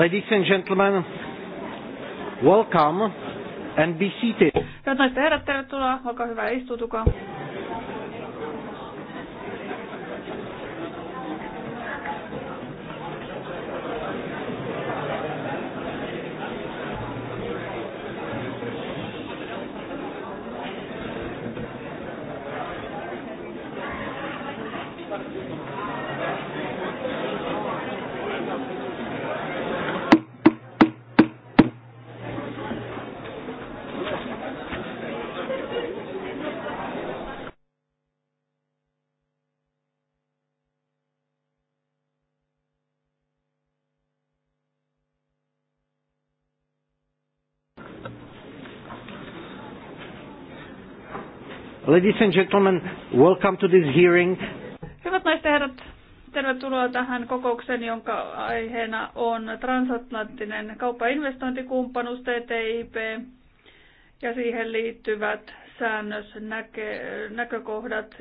Ladies and gentlemen, welcome and be seated. Hyvät naiset ja herrat, tervetuloa. Olkaa hyvä, istuutukaa. Ladies and gentlemen, welcome to this hearing. Hyvät naiset ja herrat, tervetuloa tähän kokoukseen, jonka aiheena on transatlanttinen kauppa- ja investointikumppanuus TTIP ja siihen liittyvät säännösnäkökohdat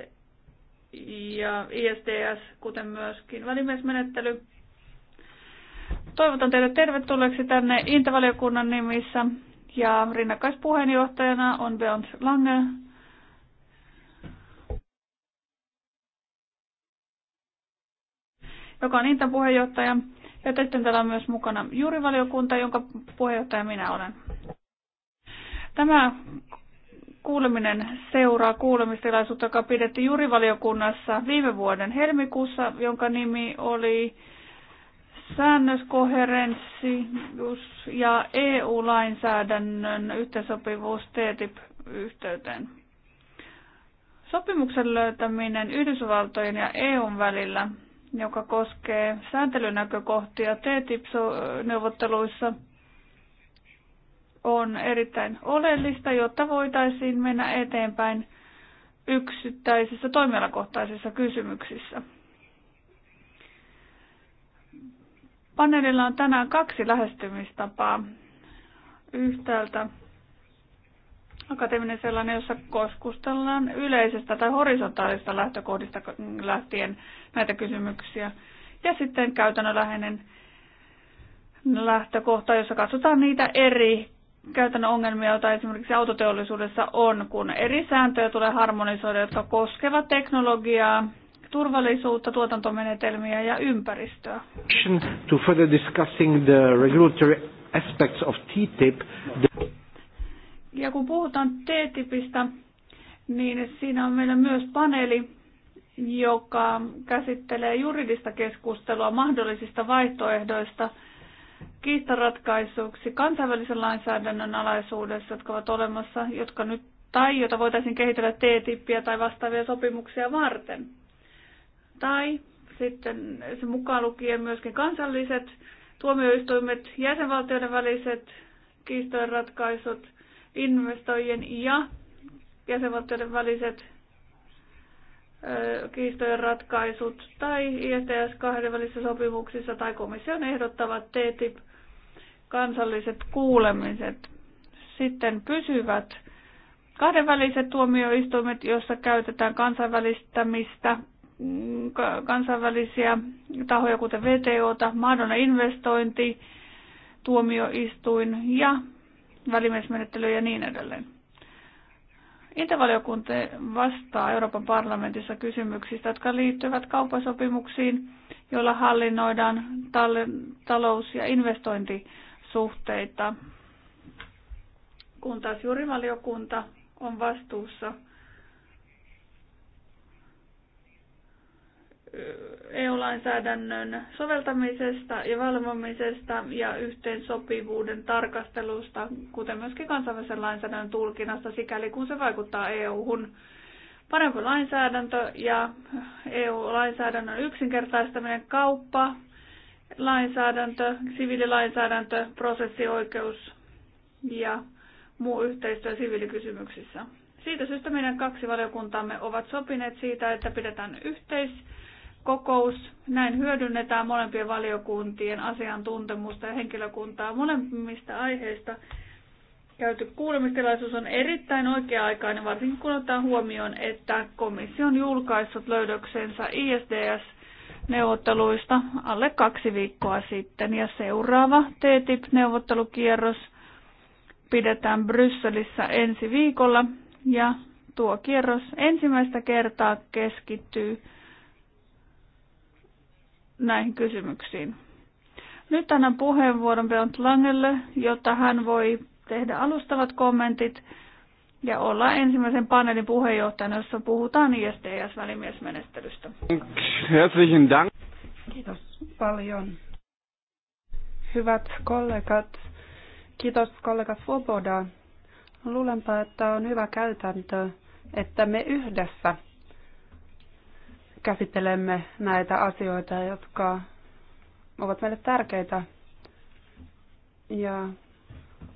ja ISDS, kuten myöskin välimiesmenettely. Toivotan teidät tervetulleeksi tänne Intavaliokunnan nimissä ja rinnakkaispuheenjohtajana on Beont Lange, joka on Intan puheenjohtaja. Ja sitten täällä on myös mukana juurivaliokunta, jonka puheenjohtaja minä olen. Tämä kuuleminen seuraa kuulemistilaisuutta, joka pidettiin juurivaliokunnassa viime vuoden helmikuussa, jonka nimi oli säännöskoherenssi ja EU-lainsäädännön yhteensopivuus TTIP-yhteyteen. E Sopimuksen löytäminen Yhdysvaltojen ja EUn välillä joka koskee sääntelynäkökohtia TTIP-neuvotteluissa, on erittäin oleellista, jotta voitaisiin mennä eteenpäin yksittäisissä toimialakohtaisissa kysymyksissä. Paneelilla on tänään kaksi lähestymistapaa. Yhtäältä akateeminen sellainen, jossa keskustellaan yleisestä tai horisontaalista lähtökohdista lähtien näitä kysymyksiä. Ja sitten käytännönläheinen lähtökohta, jossa katsotaan niitä eri käytännön ongelmia, joita esimerkiksi autoteollisuudessa on, kun eri sääntöjä tulee harmonisoida, jotka koskevat teknologiaa, turvallisuutta, tuotantomenetelmiä ja ympäristöä. To further discussing the regulatory aspects of TTIP, the ja kun puhutaan t T-tipistä, niin siinä on meillä myös paneeli, joka käsittelee juridista keskustelua mahdollisista vaihtoehdoista kiistaratkaisuksi kansainvälisen lainsäädännön alaisuudessa, jotka ovat olemassa, jotka nyt, tai jota voitaisiin kehitellä T-tippiä tai vastaavia sopimuksia varten. Tai sitten se mukaan lukien myöskin kansalliset tuomioistuimet, jäsenvaltioiden väliset kiistojen ratkaisut – investoijien ja jäsenvaltioiden väliset kiistojen ratkaisut tai ISTS kahdenvälisissä sopimuksissa tai komission ehdottavat TTIP kansalliset kuulemiset. Sitten pysyvät kahdenväliset tuomioistuimet, joissa käytetään kansainvälistämistä, mm, kansainvälisiä tahoja kuten VTOta, mahdollinen investointi, tuomioistuin ja välimiesmenettely ja niin edelleen. Itävaliokunta vastaa Euroopan parlamentissa kysymyksistä, jotka liittyvät kauppasopimuksiin, joilla hallinnoidaan talous- ja investointisuhteita, kun taas juurivaliokunta on vastuussa – EU-lainsäädännön soveltamisesta ja valvomisesta ja yhteensopivuuden tarkastelusta, kuten myöskin kansainvälisen lainsäädännön tulkinnasta, sikäli kun se vaikuttaa EU-hun. Parempi lainsäädäntö ja EU-lainsäädännön yksinkertaistaminen, kauppa, lainsäädäntö, siviililainsäädäntö, prosessioikeus ja muu yhteistyö siviilikysymyksissä. Siitä syystä meidän kaksi valiokuntaamme ovat sopineet siitä, että pidetään yhteis- kokous. Näin hyödynnetään molempien valiokuntien asiantuntemusta ja henkilökuntaa molemmista aiheista. Käyty kuulemistilaisuus on erittäin oikea-aikainen, varsinkin kun ottaa huomioon, että komissio on julkaissut löydöksensä ISDS-neuvotteluista alle kaksi viikkoa sitten. Ja seuraava TTIP-neuvottelukierros pidetään Brysselissä ensi viikolla ja tuo kierros ensimmäistä kertaa keskittyy näihin kysymyksiin. Nyt annan puheenvuoron Bernd Langelle, jotta hän voi tehdä alustavat kommentit ja olla ensimmäisen paneelin puheenjohtajana, jossa puhutaan ISTS-välimiesmenestelystä. Herzlichen Dank. Kiitos paljon. Hyvät kollegat, kiitos kollega Svoboda. Luulenpa, että on hyvä käytäntö, että me yhdessä käsittelemme näitä asioita, jotka ovat meille tärkeitä. Ja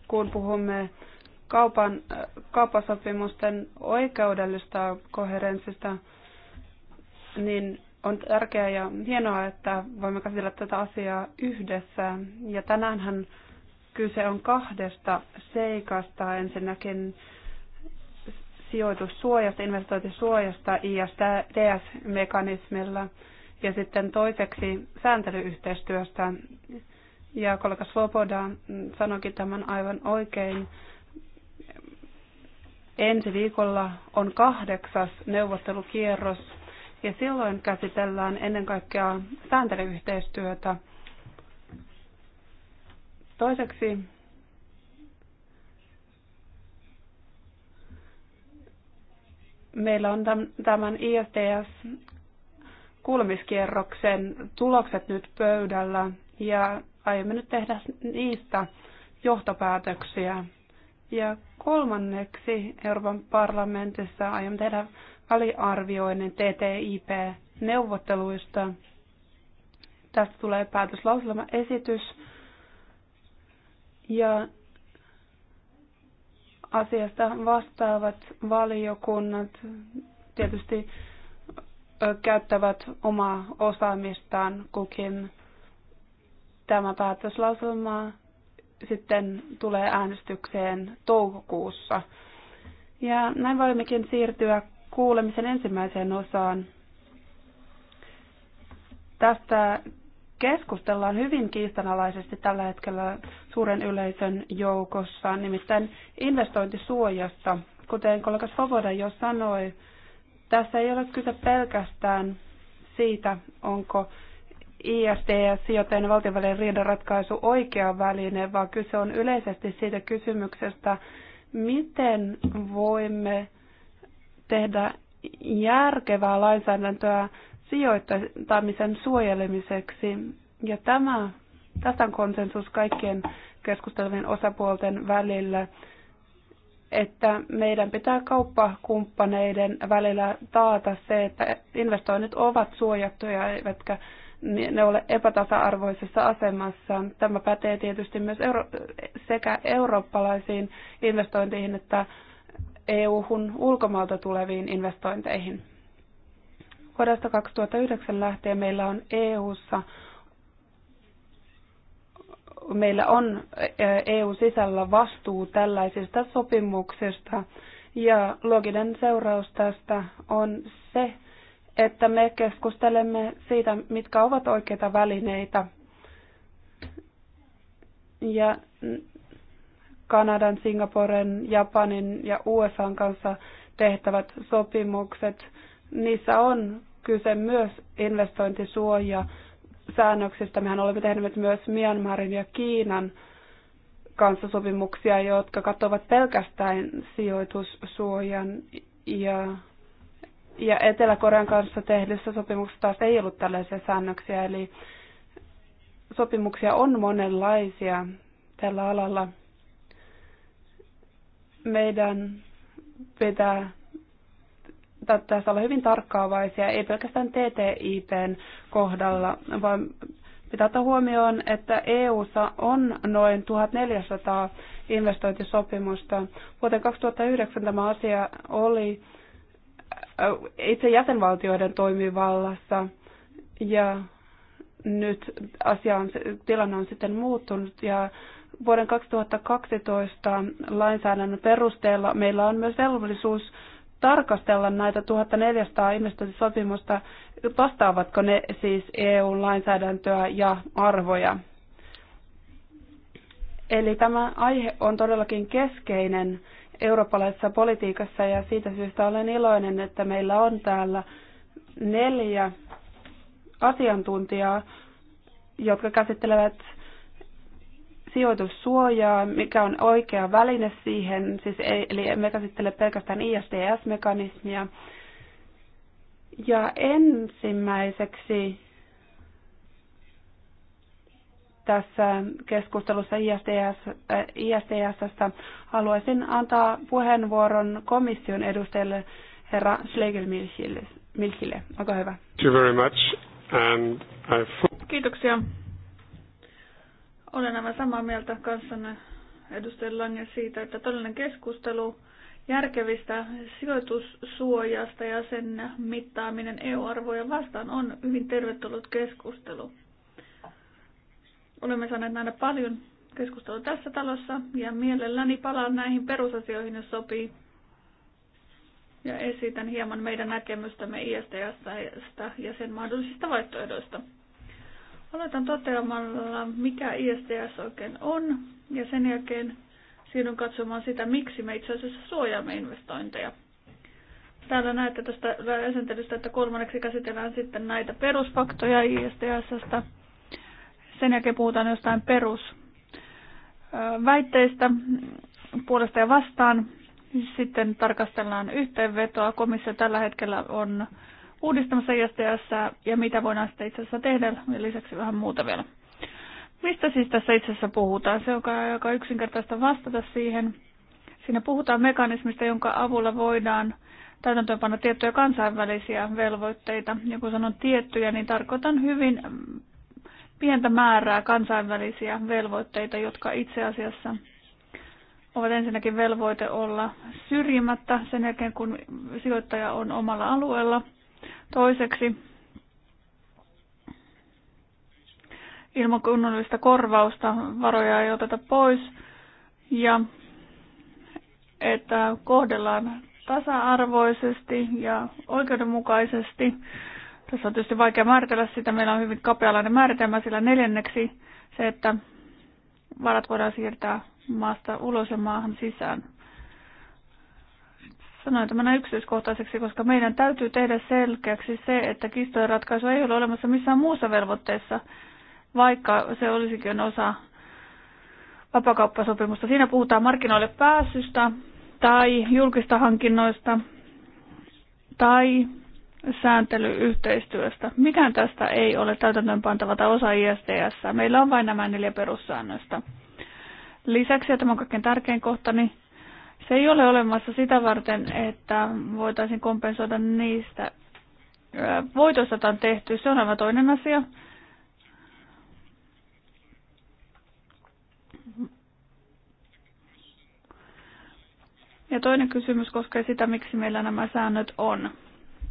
kun puhumme kaupan, kauppasopimusten oikeudellista koherenssista, niin on tärkeää ja hienoa, että voimme käsitellä tätä asiaa yhdessä. Ja tänäänhän kyse on kahdesta seikasta. Ensinnäkin sijoitussuojasta, investointisuojasta ISDS-mekanismilla ja sitten toiseksi sääntelyyhteistyöstä. Ja kollega Svoboda sanoikin tämän aivan oikein. Ensi viikolla on kahdeksas neuvottelukierros ja silloin käsitellään ennen kaikkea sääntelyyhteistyötä. Toiseksi meillä on tämän ists kuulemiskierroksen tulokset nyt pöydällä ja aiomme nyt tehdä niistä johtopäätöksiä. Ja kolmanneksi Euroopan parlamentissa aion tehdä väliarvioinnin TTIP-neuvotteluista. Tästä tulee päätöslauselma, esitys Ja asiasta vastaavat valiokunnat tietysti käyttävät omaa osaamistaan kukin. Tämä päätöslauselma sitten tulee äänestykseen toukokuussa. Ja näin voimmekin siirtyä kuulemisen ensimmäiseen osaan. Tästä keskustellaan hyvin kiistanalaisesti tällä hetkellä suuren yleisön joukossa, nimittäin investointisuojasta. Kuten kollega Svoboda jo sanoi, tässä ei ole kyse pelkästään siitä, onko ja sijoittajien valtionvälinen riidanratkaisu oikea väline, vaan kyse on yleisesti siitä kysymyksestä, miten voimme tehdä järkevää lainsäädäntöä sijoittamisen suojelemiseksi. Ja tämä, tästä on konsensus kaikkien keskustelujen osapuolten välillä, että meidän pitää kauppakumppaneiden välillä taata se, että investoinnit ovat suojattuja eivätkä ne ole epätasa-arvoisessa asemassa. Tämä pätee tietysti myös euro- sekä eurooppalaisiin investointeihin että EU-hun ulkomaalta tuleviin investointeihin. Vuodesta 2009 lähtien meillä on EU:ssa meillä on EU-sisällä vastuu tällaisista sopimuksista ja loginen seuraus tästä on se, että me keskustelemme siitä, mitkä ovat oikeita välineitä. Ja Kanadan, Singaporen, Japanin ja USAn kanssa tehtävät sopimukset – niissä on kyse myös investointisuoja säännöksistä. Mehän olemme tehneet myös Myanmarin ja Kiinan kanssa sopimuksia, jotka katsovat pelkästään sijoitussuojan ja, ja Etelä-Korean kanssa tehdyssä sopimuksessa taas ei ollut tällaisia säännöksiä, eli sopimuksia on monenlaisia tällä alalla. Meidän pitää tässä olla hyvin tarkkaavaisia, ei pelkästään TTIPn kohdalla, vaan pitää ottaa huomioon, että EU:ssa on noin 1400 investointisopimusta. Vuoteen 2009 tämä asia oli äh, itse jäsenvaltioiden toimivallassa ja nyt asia on, tilanne on sitten muuttunut ja vuoden 2012 lainsäädännön perusteella meillä on myös velvollisuus tarkastella näitä 1400 investointisopimusta, vastaavatko ne siis EU-lainsäädäntöä ja arvoja. Eli tämä aihe on todellakin keskeinen eurooppalaisessa politiikassa ja siitä syystä olen iloinen, että meillä on täällä neljä asiantuntijaa, jotka käsittelevät sijoitussuojaa, mikä on oikea väline siihen, siis ei, eli emme käsittele pelkästään ISDS-mekanismia. Ja ensimmäiseksi tässä keskustelussa ISDS, äh, haluaisin antaa puheenvuoron komission edustajalle herra Schlegel-Milchille. Olkaa hyvä. Thank you very much. And uh, Kiitoksia. Olen aivan samaa mieltä kanssanne edustaja ja siitä, että todellinen keskustelu järkevistä sijoitussuojasta ja sen mittaaminen EU-arvoja vastaan on hyvin tervetullut keskustelu. Olemme saaneet nähdä paljon keskustelua tässä talossa ja mielelläni palaan näihin perusasioihin, jos sopii. Ja esitän hieman meidän näkemystämme ISTS ja sen mahdollisista vaihtoehdoista. Aloitan toteamalla, mikä ISDS oikein on, ja sen jälkeen siirryn katsomaan sitä, miksi me itse asiassa suojaamme investointeja. Täällä näette tästä jäsentelystä, että kolmanneksi käsitellään sitten näitä perusfaktoja ISDSstä. Sen jälkeen puhutaan jostain perusväitteistä puolesta ja vastaan. Sitten tarkastellaan yhteenvetoa. Komissio tällä hetkellä on uudistamassa ISTS ja mitä voidaan sitten itse asiassa tehdä ja lisäksi vähän muuta vielä. Mistä siis tässä itse asiassa puhutaan? Se on aika yksinkertaista vastata siihen. Siinä puhutaan mekanismista, jonka avulla voidaan täytäntöönpanna tiettyjä kansainvälisiä velvoitteita. Ja kun sanon tiettyjä, niin tarkoitan hyvin mm, pientä määrää kansainvälisiä velvoitteita, jotka itse asiassa ovat ensinnäkin velvoite olla syrjimättä sen jälkeen, kun sijoittaja on omalla alueella – Toiseksi ilman kunnollista korvausta varoja ei oteta pois ja että kohdellaan tasa-arvoisesti ja oikeudenmukaisesti. Tässä on tietysti vaikea määritellä sitä. Meillä on hyvin kapealainen määritelmä, sillä neljänneksi se, että varat voidaan siirtää maasta ulos ja maahan sisään. Sanoin tämän yksityiskohtaiseksi, koska meidän täytyy tehdä selkeäksi se, että kistojen ratkaisu ei ole olemassa missään muussa velvoitteessa, vaikka se olisikin osa vapakauppasopimusta. Siinä puhutaan markkinoille pääsystä tai julkista hankinnoista tai sääntelyyhteistyöstä. Mikään tästä ei ole täytäntöönpantava tai osa ISDS. Meillä on vain nämä neljä perussäännöstä. Lisäksi, ja tämä on kaikkein tärkein kohta, niin se ei ole olemassa sitä varten, että voitaisiin kompensoida niistä voitosta on tehty. Se on aivan toinen asia. Ja toinen kysymys koskee sitä, miksi meillä nämä säännöt on.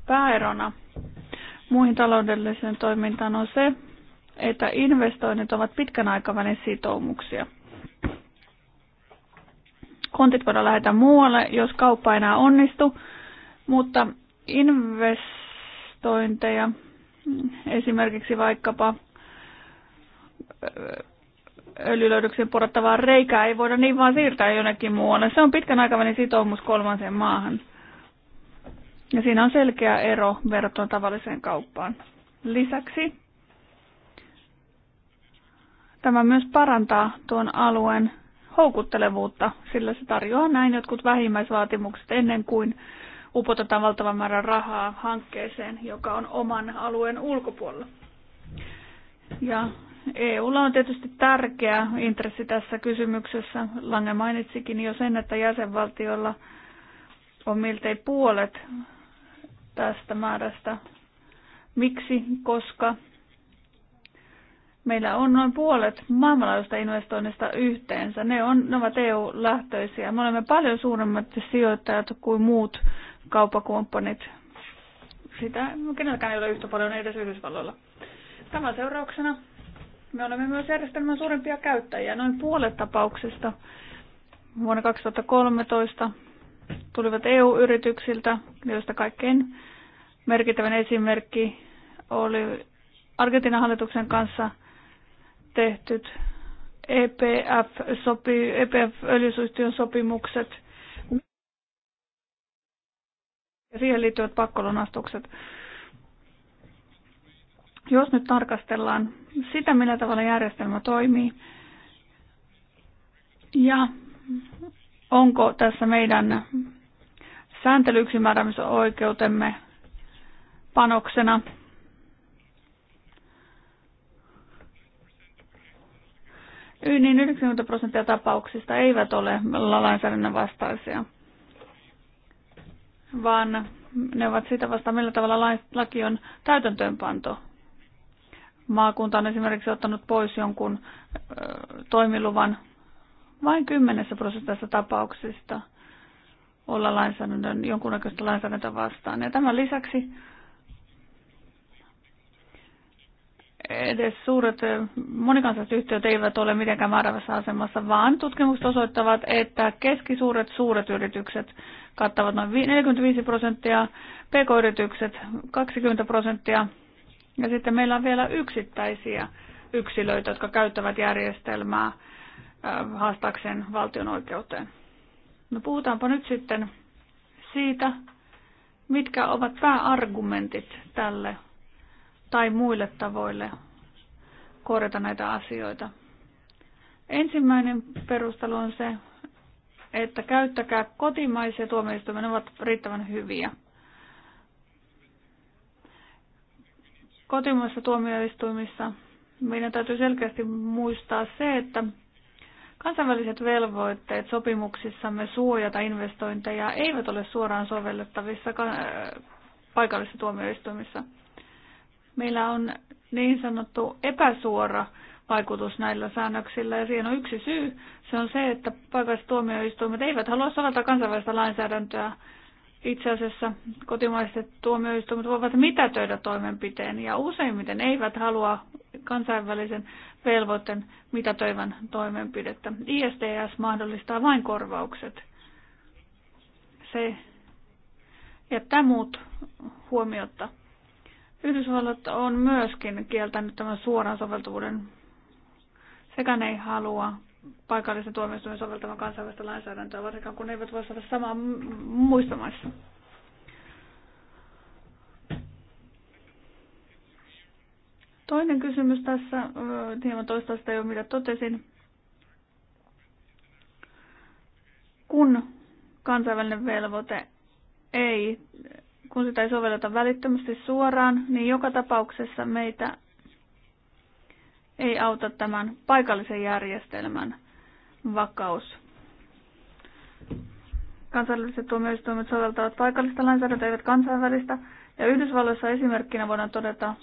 Pääerona muihin taloudelliseen toimintaan on se, että investoinnit ovat pitkän aikavälin sitoumuksia – kontit voidaan lähettää muualle, jos kauppa ei enää onnistu, mutta investointeja, esimerkiksi vaikkapa öljylöydöksen porattavaa reikää ei voida niin vaan siirtää jonnekin muualle. Se on pitkän aikavälin sitoumus kolmanseen maahan. Ja siinä on selkeä ero verrattuna tavalliseen kauppaan. Lisäksi tämä myös parantaa tuon alueen houkuttelevuutta, sillä se tarjoaa näin jotkut vähimmäisvaatimukset ennen kuin upotetaan valtavan määrän rahaa hankkeeseen, joka on oman alueen ulkopuolella. Ja EUlla on tietysti tärkeä intressi tässä kysymyksessä. Lange mainitsikin jo sen, että jäsenvaltiolla on miltei puolet tästä määrästä. Miksi? Koska Meillä on noin puolet maailmanlaajuista investoinnista yhteensä. Ne, on, ne ovat EU-lähtöisiä. Me olemme paljon suuremmat sijoittajat kuin muut kauppakumppanit. Sitä kenelläkään ei ole yhtä paljon edes Yhdysvalloilla. Tämän seurauksena me olemme myös järjestelmän suurimpia käyttäjiä. Noin puolet tapauksista vuonna 2013 tulivat EU-yrityksiltä, joista kaikkein merkittävän esimerkki oli Argentiinan hallituksen kanssa tehtyt EPF-sopi, epf sopimukset ja siihen liittyvät pakkolunastukset. Jos nyt tarkastellaan sitä, millä tavalla järjestelmä toimii ja onko tässä meidän sääntelyyksimääräämisoikeutemme panoksena niin 90 prosenttia tapauksista eivät ole lainsäädännön vastaisia, vaan ne ovat sitä vasta, millä tavalla laki on täytäntöönpanto. Maakunta on esimerkiksi ottanut pois jonkun toimiluvan vain kymmenessä prosentissa tapauksista olla lainsäädännön, jonkunnäköistä lainsäädäntöä vastaan. Ja tämän lisäksi edes suuret monikansalliset yhtiöt eivät ole mitenkään määrävässä asemassa, vaan tutkimukset osoittavat, että keskisuuret suuret yritykset kattavat noin 45 prosenttia, pk-yritykset 20 prosenttia ja sitten meillä on vielä yksittäisiä yksilöitä, jotka käyttävät järjestelmää haastakseen valtion oikeuteen. No puhutaanpa nyt sitten siitä, mitkä ovat pääargumentit tälle tai muille tavoille korjata näitä asioita. Ensimmäinen perustelu on se, että käyttäkää kotimaisia tuomioistuimia, ne ovat riittävän hyviä. Kotimaisissa tuomioistuimissa meidän täytyy selkeästi muistaa se, että kansainväliset velvoitteet sopimuksissamme suojata investointeja eivät ole suoraan sovellettavissa paikallisissa tuomioistuimissa – Meillä on niin sanottu epäsuora vaikutus näillä säännöksillä ja siihen on yksi syy. Se on se, että paikalliset tuomioistuimet eivät halua soveltaa kansainvälistä lainsäädäntöä. Itse asiassa kotimaiset tuomioistuimet voivat mitätöidä toimenpiteen ja useimmiten eivät halua kansainvälisen velvoitteen mitätöivän toimenpidettä. ISDS mahdollistaa vain korvaukset. Se jättää muut huomiotta. Yhdysvallat on myöskin kieltänyt tämän suoran soveltuvuuden. ne ei halua paikallisen tuomioistuimen soveltavan kansainvälistä lainsäädäntöä, varsinkaan kun ne eivät voi saada samaa muissa maissa. Toinen kysymys tässä, hieman toista sitä jo mitä totesin. Kun kansainvälinen velvoite ei kun sitä ei sovelleta välittömästi suoraan, niin joka tapauksessa meitä ei auta tämän paikallisen järjestelmän vakaus. Kansalliset tuomioistuimet soveltavat paikallista lainsäädäntöä, eivät kansainvälistä. Ja Yhdysvalloissa esimerkkinä voidaan todeta,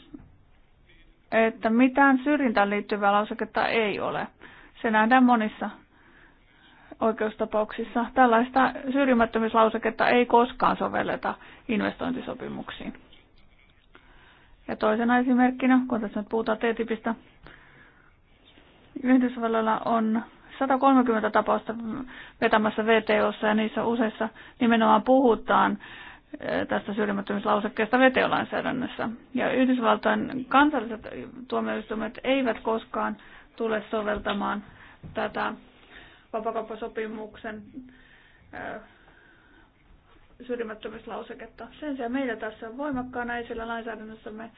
että mitään syrjintään liittyvää lauseketta ei ole. Se nähdään monissa oikeustapauksissa tällaista syrjimättömyyslauseketta ei koskaan sovelleta investointisopimuksiin. Ja toisena esimerkkinä, kun tässä nyt puhutaan T-tipistä, Yhdysvalloilla on 130 tapausta vetämässä VTOssa ja niissä useissa nimenomaan puhutaan e, tästä syrjimättömyyslausekkeesta VTO-lainsäädännössä. Ja Yhdysvaltain kansalliset tuomioistuimet eivät koskaan tule soveltamaan tätä vapakauppasopimuksen syrjimättömyyslauseketta. Sen sijaan meillä tässä on voimakkaana esillä lainsäädännössämme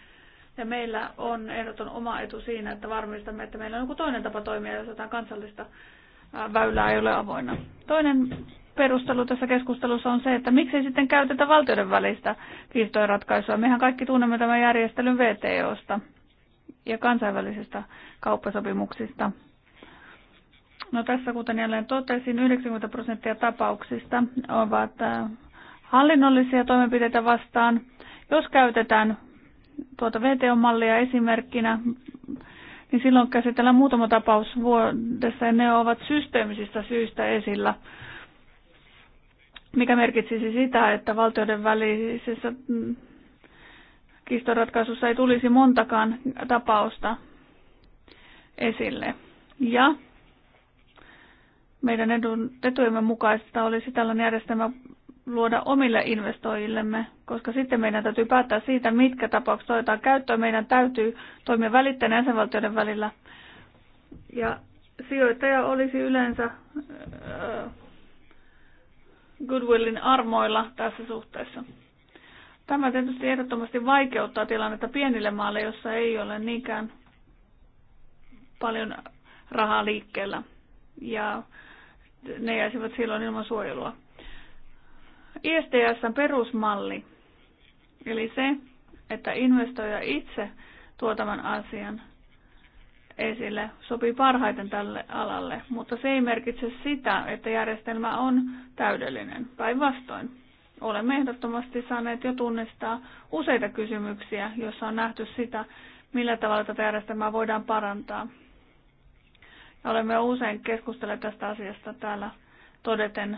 ja meillä on ehdoton oma etu siinä, että varmistamme, että meillä on joku toinen tapa toimia, jos jotain kansallista väylää ei ole avoinna. Toinen perustelu tässä keskustelussa on se, että miksei sitten käytetä valtioiden välistä kiistojen ratkaisua. Mehän kaikki tunnemme tämän järjestelyn VTOsta ja kansainvälisistä kauppasopimuksista. No tässä kuten jälleen totesin, 90 prosenttia tapauksista ovat äh, hallinnollisia toimenpiteitä vastaan. Jos käytetään tuota VTO-mallia esimerkkinä, niin silloin käsitellään muutama tapaus vuodessa ja ne ovat systeemisistä syistä esillä, mikä merkitsisi sitä, että valtioiden välisessä mm, kistoratkaisussa ei tulisi montakaan tapausta esille. Ja meidän edun, etujemme mukaista olisi tällainen järjestelmä luoda omille investoijillemme, koska sitten meidän täytyy päättää siitä, mitkä tapaukset otetaan käyttöön. Meidän täytyy toimia välittäjän jäsenvaltioiden välillä. Ja sijoittaja olisi yleensä äh, goodwillin armoilla tässä suhteessa. Tämä tietysti ehdottomasti vaikeuttaa tilannetta pienille maille, jossa ei ole niinkään paljon rahaa liikkeellä. Ja ne jäisivät silloin ilman suojelua. ISDSn perusmalli, eli se, että investoija itse tuo tämän asian esille, sopii parhaiten tälle alalle, mutta se ei merkitse sitä, että järjestelmä on täydellinen. Päinvastoin, olemme ehdottomasti saaneet jo tunnistaa useita kysymyksiä, joissa on nähty sitä, millä tavalla tätä järjestelmää voidaan parantaa. Olemme usein keskustelleet tästä asiasta täällä todeten,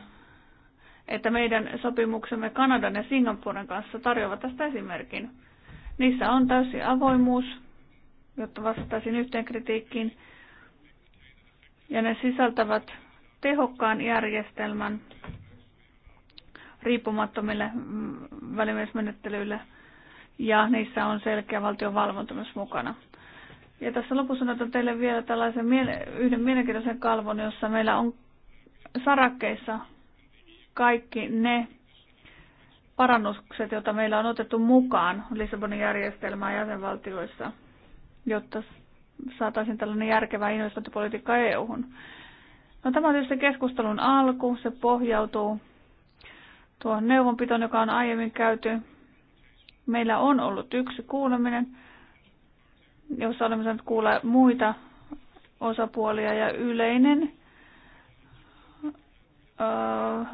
että meidän sopimuksemme Kanadan ja Singaporen kanssa tarjoavat tästä esimerkin. Niissä on täysi avoimuus, jotta vastaisin yhteen kritiikkiin, ja ne sisältävät tehokkaan järjestelmän riippumattomille mm, välimiesmenettelyille, ja niissä on selkeä valtion valvonta myös mukana. Ja tässä lopussa näytän teille vielä tällaisen miele- yhden mielenkiintoisen kalvon, jossa meillä on sarakkeissa kaikki ne parannukset, joita meillä on otettu mukaan Lissabonin järjestelmää jäsenvaltioissa, jotta saataisiin tällainen järkevä investointipolitiikka EU-hun. No, tämä on tietysti keskustelun alku, se pohjautuu tuohon neuvonpitoon, joka on aiemmin käyty. Meillä on ollut yksi kuuleminen, jos olemme saaneet kuulla muita osapuolia ja yleinen äh,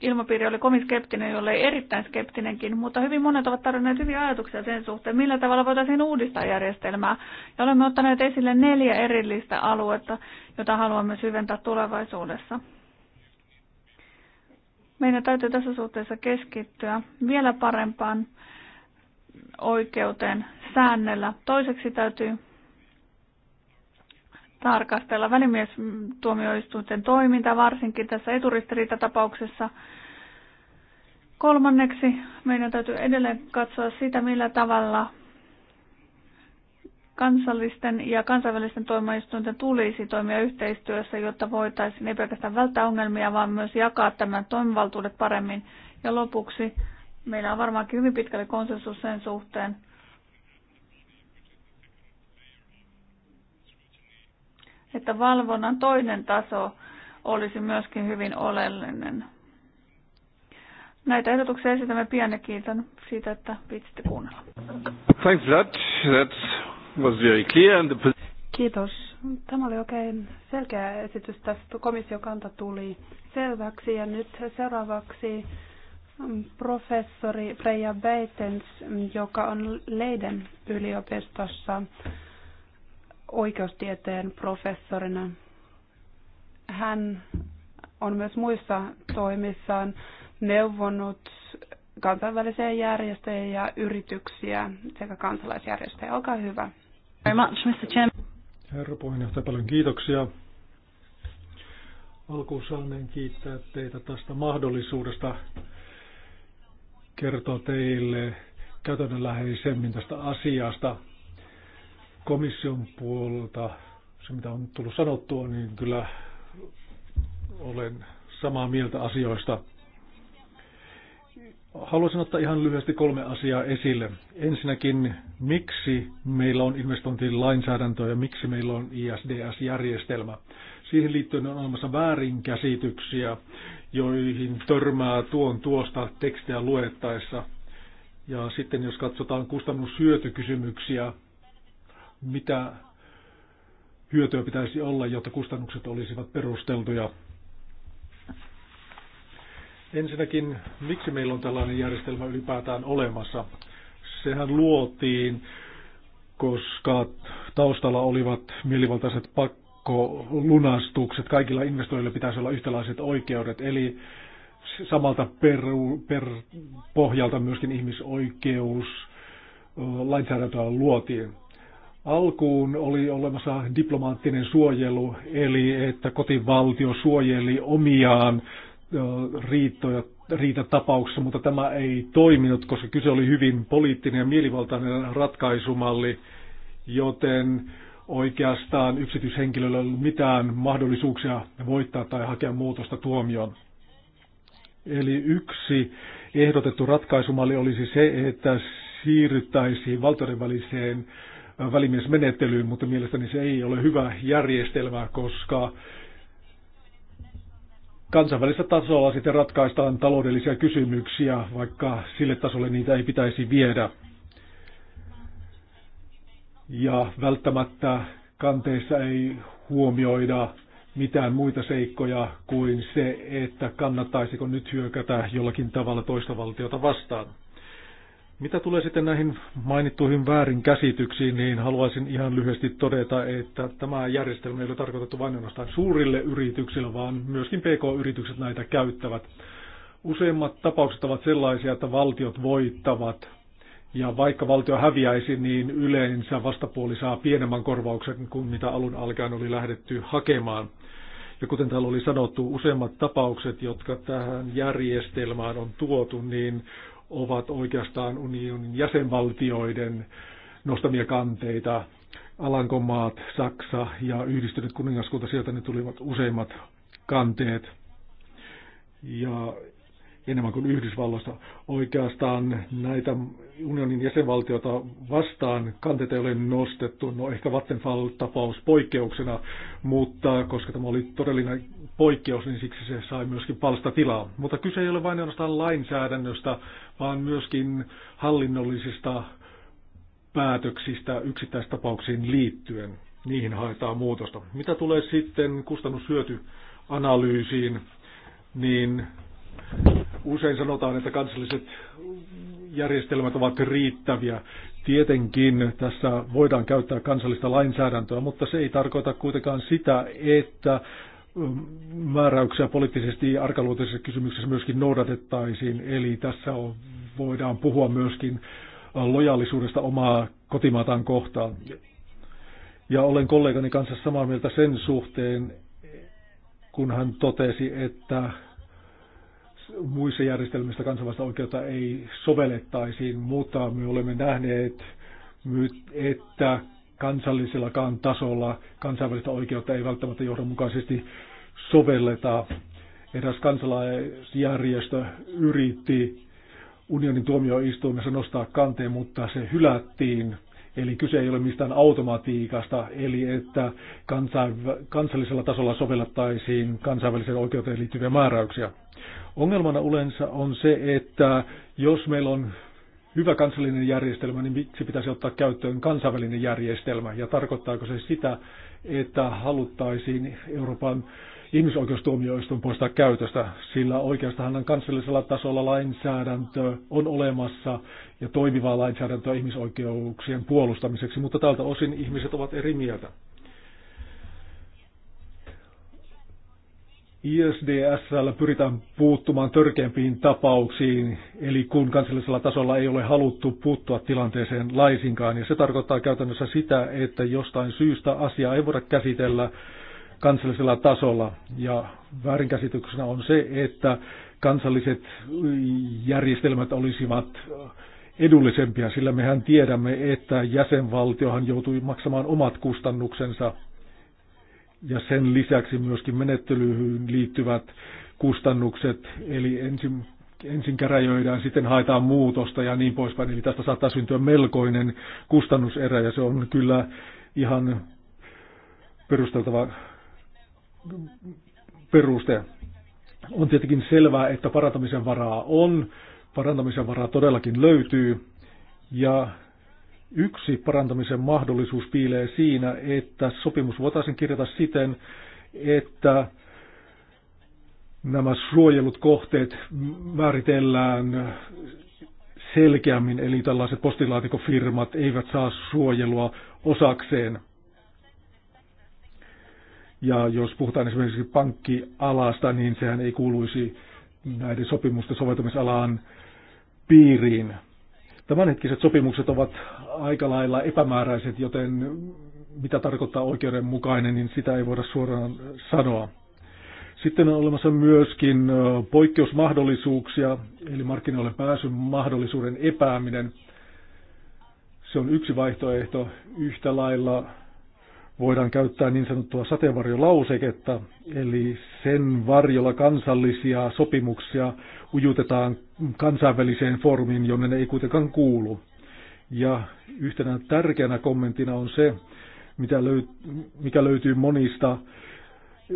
ilmapiiri oli kovin skeptinen, ei erittäin skeptinenkin, mutta hyvin monet ovat tarjonneet hyviä ajatuksia sen suhteen, millä tavalla voitaisiin uudistaa järjestelmää. Ja olemme ottaneet esille neljä erillistä aluetta, jota haluamme syventää tulevaisuudessa. Meidän täytyy tässä suhteessa keskittyä vielä parempaan oikeuteen säännellä. Toiseksi täytyy tarkastella välimiestuomioistuinten toimintaa, varsinkin tässä eturistiriitatapauksessa. Kolmanneksi meidän täytyy edelleen katsoa sitä, millä tavalla kansallisten ja kansainvälisten toimijoiden tulisi toimia yhteistyössä, jotta voitaisiin ei pelkästään välttää ongelmia, vaan myös jakaa tämän toimivaltuudet paremmin. Ja lopuksi meillä on varmaankin hyvin pitkälle konsensus sen suhteen, että valvonnan toinen taso olisi myöskin hyvin oleellinen. Näitä ehdotuksia esitämme pian ja kiitän siitä, että viitsitte kuunnella. Thanks a lot. That was very clear. And the... Kiitos. Tämä oli oikein selkeä esitys. Tästä komissiokanta tuli selväksi ja nyt seuraavaksi professori Freja Beitens, joka on Leiden yliopistossa oikeustieteen professorina. Hän on myös muissa toimissaan neuvonut kansainvälisiä järjestöjä ja yrityksiä sekä kansalaisjärjestöjä. Olkaa hyvä. Very much, Mr. Chairman. Herra puheenjohtaja, paljon kiitoksia. Alkuun saaneen kiittää teitä tästä mahdollisuudesta kertoa teille käytännönläheisemmin tästä asiasta komission puolelta, se mitä on tullut sanottua, niin kyllä olen samaa mieltä asioista. Haluaisin ottaa ihan lyhyesti kolme asiaa esille. Ensinnäkin, miksi meillä on investointilainsäädäntö ja miksi meillä on ISDS-järjestelmä. Siihen liittyen on olemassa väärinkäsityksiä, joihin törmää tuon tuosta tekstiä luettaessa. Ja sitten jos katsotaan kustannushyötykysymyksiä, mitä hyötyä pitäisi olla, jotta kustannukset olisivat perusteltuja. Ensinnäkin, miksi meillä on tällainen järjestelmä ylipäätään olemassa? Sehän luotiin, koska taustalla olivat mielivaltaiset pakkolunastukset. Kaikilla investoijilla pitäisi olla yhtäläiset oikeudet, eli samalta peru, per, pohjalta myöskin ihmisoikeus lainsäädäntöä luotiin. Alkuun oli olemassa diplomaattinen suojelu, eli että kotivaltio suojeli omiaan riittoja, riitatapauksessa, mutta tämä ei toiminut, koska kyse oli hyvin poliittinen ja mielivaltainen ratkaisumalli, joten oikeastaan yksityishenkilöllä ei ollut mitään mahdollisuuksia voittaa tai hakea muutosta tuomioon. Eli yksi ehdotettu ratkaisumalli olisi se, että siirryttäisiin valtioiden väliseen välimiesmenettelyyn, mutta mielestäni se ei ole hyvä järjestelmä, koska kansainvälisellä tasolla sitten ratkaistaan taloudellisia kysymyksiä, vaikka sille tasolle niitä ei pitäisi viedä. Ja välttämättä kanteissa ei huomioida mitään muita seikkoja kuin se, että kannattaisiko nyt hyökätä jollakin tavalla toista valtiota vastaan. Mitä tulee sitten näihin mainittuihin väärinkäsityksiin, niin haluaisin ihan lyhyesti todeta, että tämä järjestelmä ei ole tarkoitettu vain ainoastaan suurille yrityksille, vaan myöskin PK-yritykset näitä käyttävät. Useimmat tapaukset ovat sellaisia, että valtiot voittavat ja vaikka valtio häviäisi, niin yleensä vastapuoli saa pienemmän korvauksen kuin mitä alun alkaen oli lähdetty hakemaan. Ja kuten täällä oli sanottu, useimmat tapaukset, jotka tähän järjestelmään on tuotu, niin ovat oikeastaan unionin jäsenvaltioiden nostamia kanteita. Alankomaat, Saksa ja yhdistynyt kuningaskunta, sieltä ne tulivat useimmat kanteet. Ja enemmän kuin Yhdysvalloista. Oikeastaan näitä unionin jäsenvaltiota vastaan kanteita ei ole nostettu. No ehkä Vattenfall-tapaus poikkeuksena, mutta koska tämä oli todellinen poikkeus, niin siksi se sai myöskin palsta tilaa. Mutta kyse ei ole vain ainoastaan lainsäädännöstä, vaan myöskin hallinnollisista päätöksistä yksittäistapauksiin liittyen. Niihin haetaan muutosta. Mitä tulee sitten kustannushyötyanalyysiin, niin usein sanotaan, että kansalliset järjestelmät ovat riittäviä. Tietenkin tässä voidaan käyttää kansallista lainsäädäntöä, mutta se ei tarkoita kuitenkaan sitä, että mm, määräyksiä poliittisesti arkaluonteisissa kysymyksissä myöskin noudatettaisiin. Eli tässä on, voidaan puhua myöskin lojaalisuudesta omaa kotimaataan kohtaan. Ja olen kollegani kanssa samaa mieltä sen suhteen, kun hän totesi, että muissa järjestelmissä kansainvälistä oikeutta ei sovellettaisiin, mutta me olemme nähneet, että kansallisellakaan tasolla kansainvälistä oikeutta ei välttämättä johdonmukaisesti sovelleta. Eräs kansalaisjärjestö yritti unionin tuomioistuimessa nostaa kanteen, mutta se hylättiin. Eli kyse ei ole mistään automatiikasta, eli että kansainv- kansallisella tasolla sovellettaisiin kansainväliseen oikeuteen liittyviä määräyksiä. Ongelmana yleensä on se, että jos meillä on hyvä kansallinen järjestelmä, niin miksi pitäisi ottaa käyttöön kansainvälinen järjestelmä? Ja tarkoittaako se sitä, että haluttaisiin Euroopan ihmisoikeustuomioistuin poistaa käytöstä, sillä oikeastaan kansallisella tasolla lainsäädäntö on olemassa ja toimivaa lainsäädäntöä ihmisoikeuksien puolustamiseksi, mutta tältä osin ihmiset ovat eri mieltä. ISDSL pyritään puuttumaan törkeämpiin tapauksiin, eli kun kansallisella tasolla ei ole haluttu puuttua tilanteeseen laisinkaan, ja se tarkoittaa käytännössä sitä, että jostain syystä asiaa ei voida käsitellä kansallisella tasolla, ja väärinkäsityksenä on se, että kansalliset järjestelmät olisivat edullisempia, sillä mehän tiedämme, että jäsenvaltiohan joutui maksamaan omat kustannuksensa ja sen lisäksi myöskin menettelyyn liittyvät kustannukset, eli ensin, ensin käräjöidään, sitten haetaan muutosta ja niin poispäin. Eli tästä saattaa syntyä melkoinen kustannuserä ja se on kyllä ihan perusteltava peruste. On tietenkin selvää, että parantamisen varaa on, parantamisen varaa todellakin löytyy ja Yksi parantamisen mahdollisuus piilee siinä, että sopimus voitaisiin kirjata siten, että nämä suojelut kohteet määritellään selkeämmin, eli tällaiset postilaatikofirmat eivät saa suojelua osakseen. Ja jos puhutaan esimerkiksi pankkialasta, niin sehän ei kuuluisi näiden sopimusten soveltamisalaan piiriin. Tämänhetkiset sopimukset ovat aika lailla epämääräiset, joten mitä tarkoittaa oikeudenmukainen, niin sitä ei voida suoraan sanoa. Sitten on olemassa myöskin poikkeusmahdollisuuksia, eli markkinoille pääsyn mahdollisuuden epääminen. Se on yksi vaihtoehto. Yhtä lailla voidaan käyttää niin sanottua sateenvarjolauseketta, eli sen varjolla kansallisia sopimuksia ujutetaan kansainväliseen foorumiin, jonne ne ei kuitenkaan kuulu. Ja yhtenä tärkeänä kommenttina on se, mitä löy- mikä löytyy monista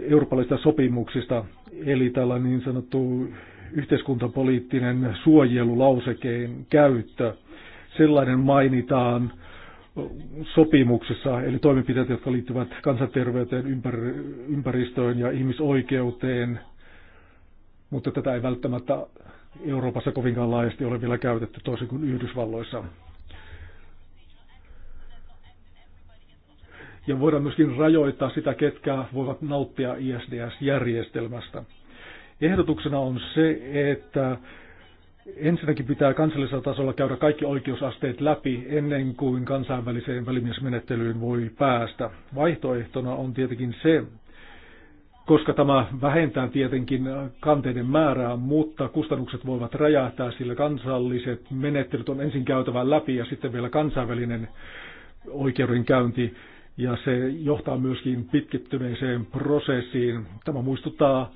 eurooppalaisista sopimuksista, eli tällainen niin sanottu yhteiskuntapoliittinen suojelulausekeen käyttö. Sellainen mainitaan sopimuksessa, eli toimenpiteet, jotka liittyvät kansanterveyteen, ympär- ympäristöön ja ihmisoikeuteen, mutta tätä ei välttämättä Euroopassa kovinkaan laajasti ole vielä käytetty toisin kuin Yhdysvalloissa. Ja voidaan myöskin rajoittaa sitä, ketkä voivat nauttia ISDS-järjestelmästä. Ehdotuksena on se, että ensinnäkin pitää kansallisella tasolla käydä kaikki oikeusasteet läpi ennen kuin kansainväliseen välimiesmenettelyyn voi päästä. Vaihtoehtona on tietenkin se, koska tämä vähentää tietenkin kanteiden määrää, mutta kustannukset voivat räjähtää, sillä kansalliset menettelyt on ensin käytävä läpi ja sitten vielä kansainvälinen oikeudenkäynti, ja se johtaa myöskin pitkittyneeseen prosessiin. Tämä muistuttaa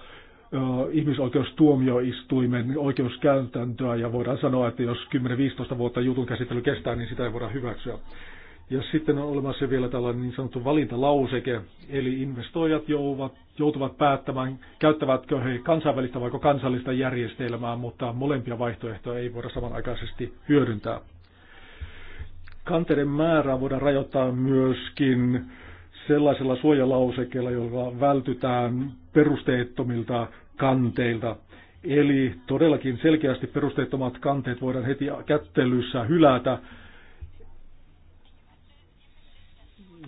ihmisoikeustuomioistuimen oikeuskäytäntöä ja voidaan sanoa, että jos 10-15 vuotta jutun käsittely kestää, niin sitä ei voida hyväksyä. Ja sitten on olemassa vielä tällainen niin sanottu valintalauseke, eli investoijat joutuvat, joutuvat päättämään, käyttävätkö he kansainvälistä vai kansallista järjestelmää, mutta molempia vaihtoehtoja ei voida samanaikaisesti hyödyntää. Kanteiden määrää voidaan rajoittaa myöskin sellaisella suojalausekella, jolla vältytään perusteettomilta kanteilta. Eli todellakin selkeästi perusteettomat kanteet voidaan heti kättelyssä hylätä,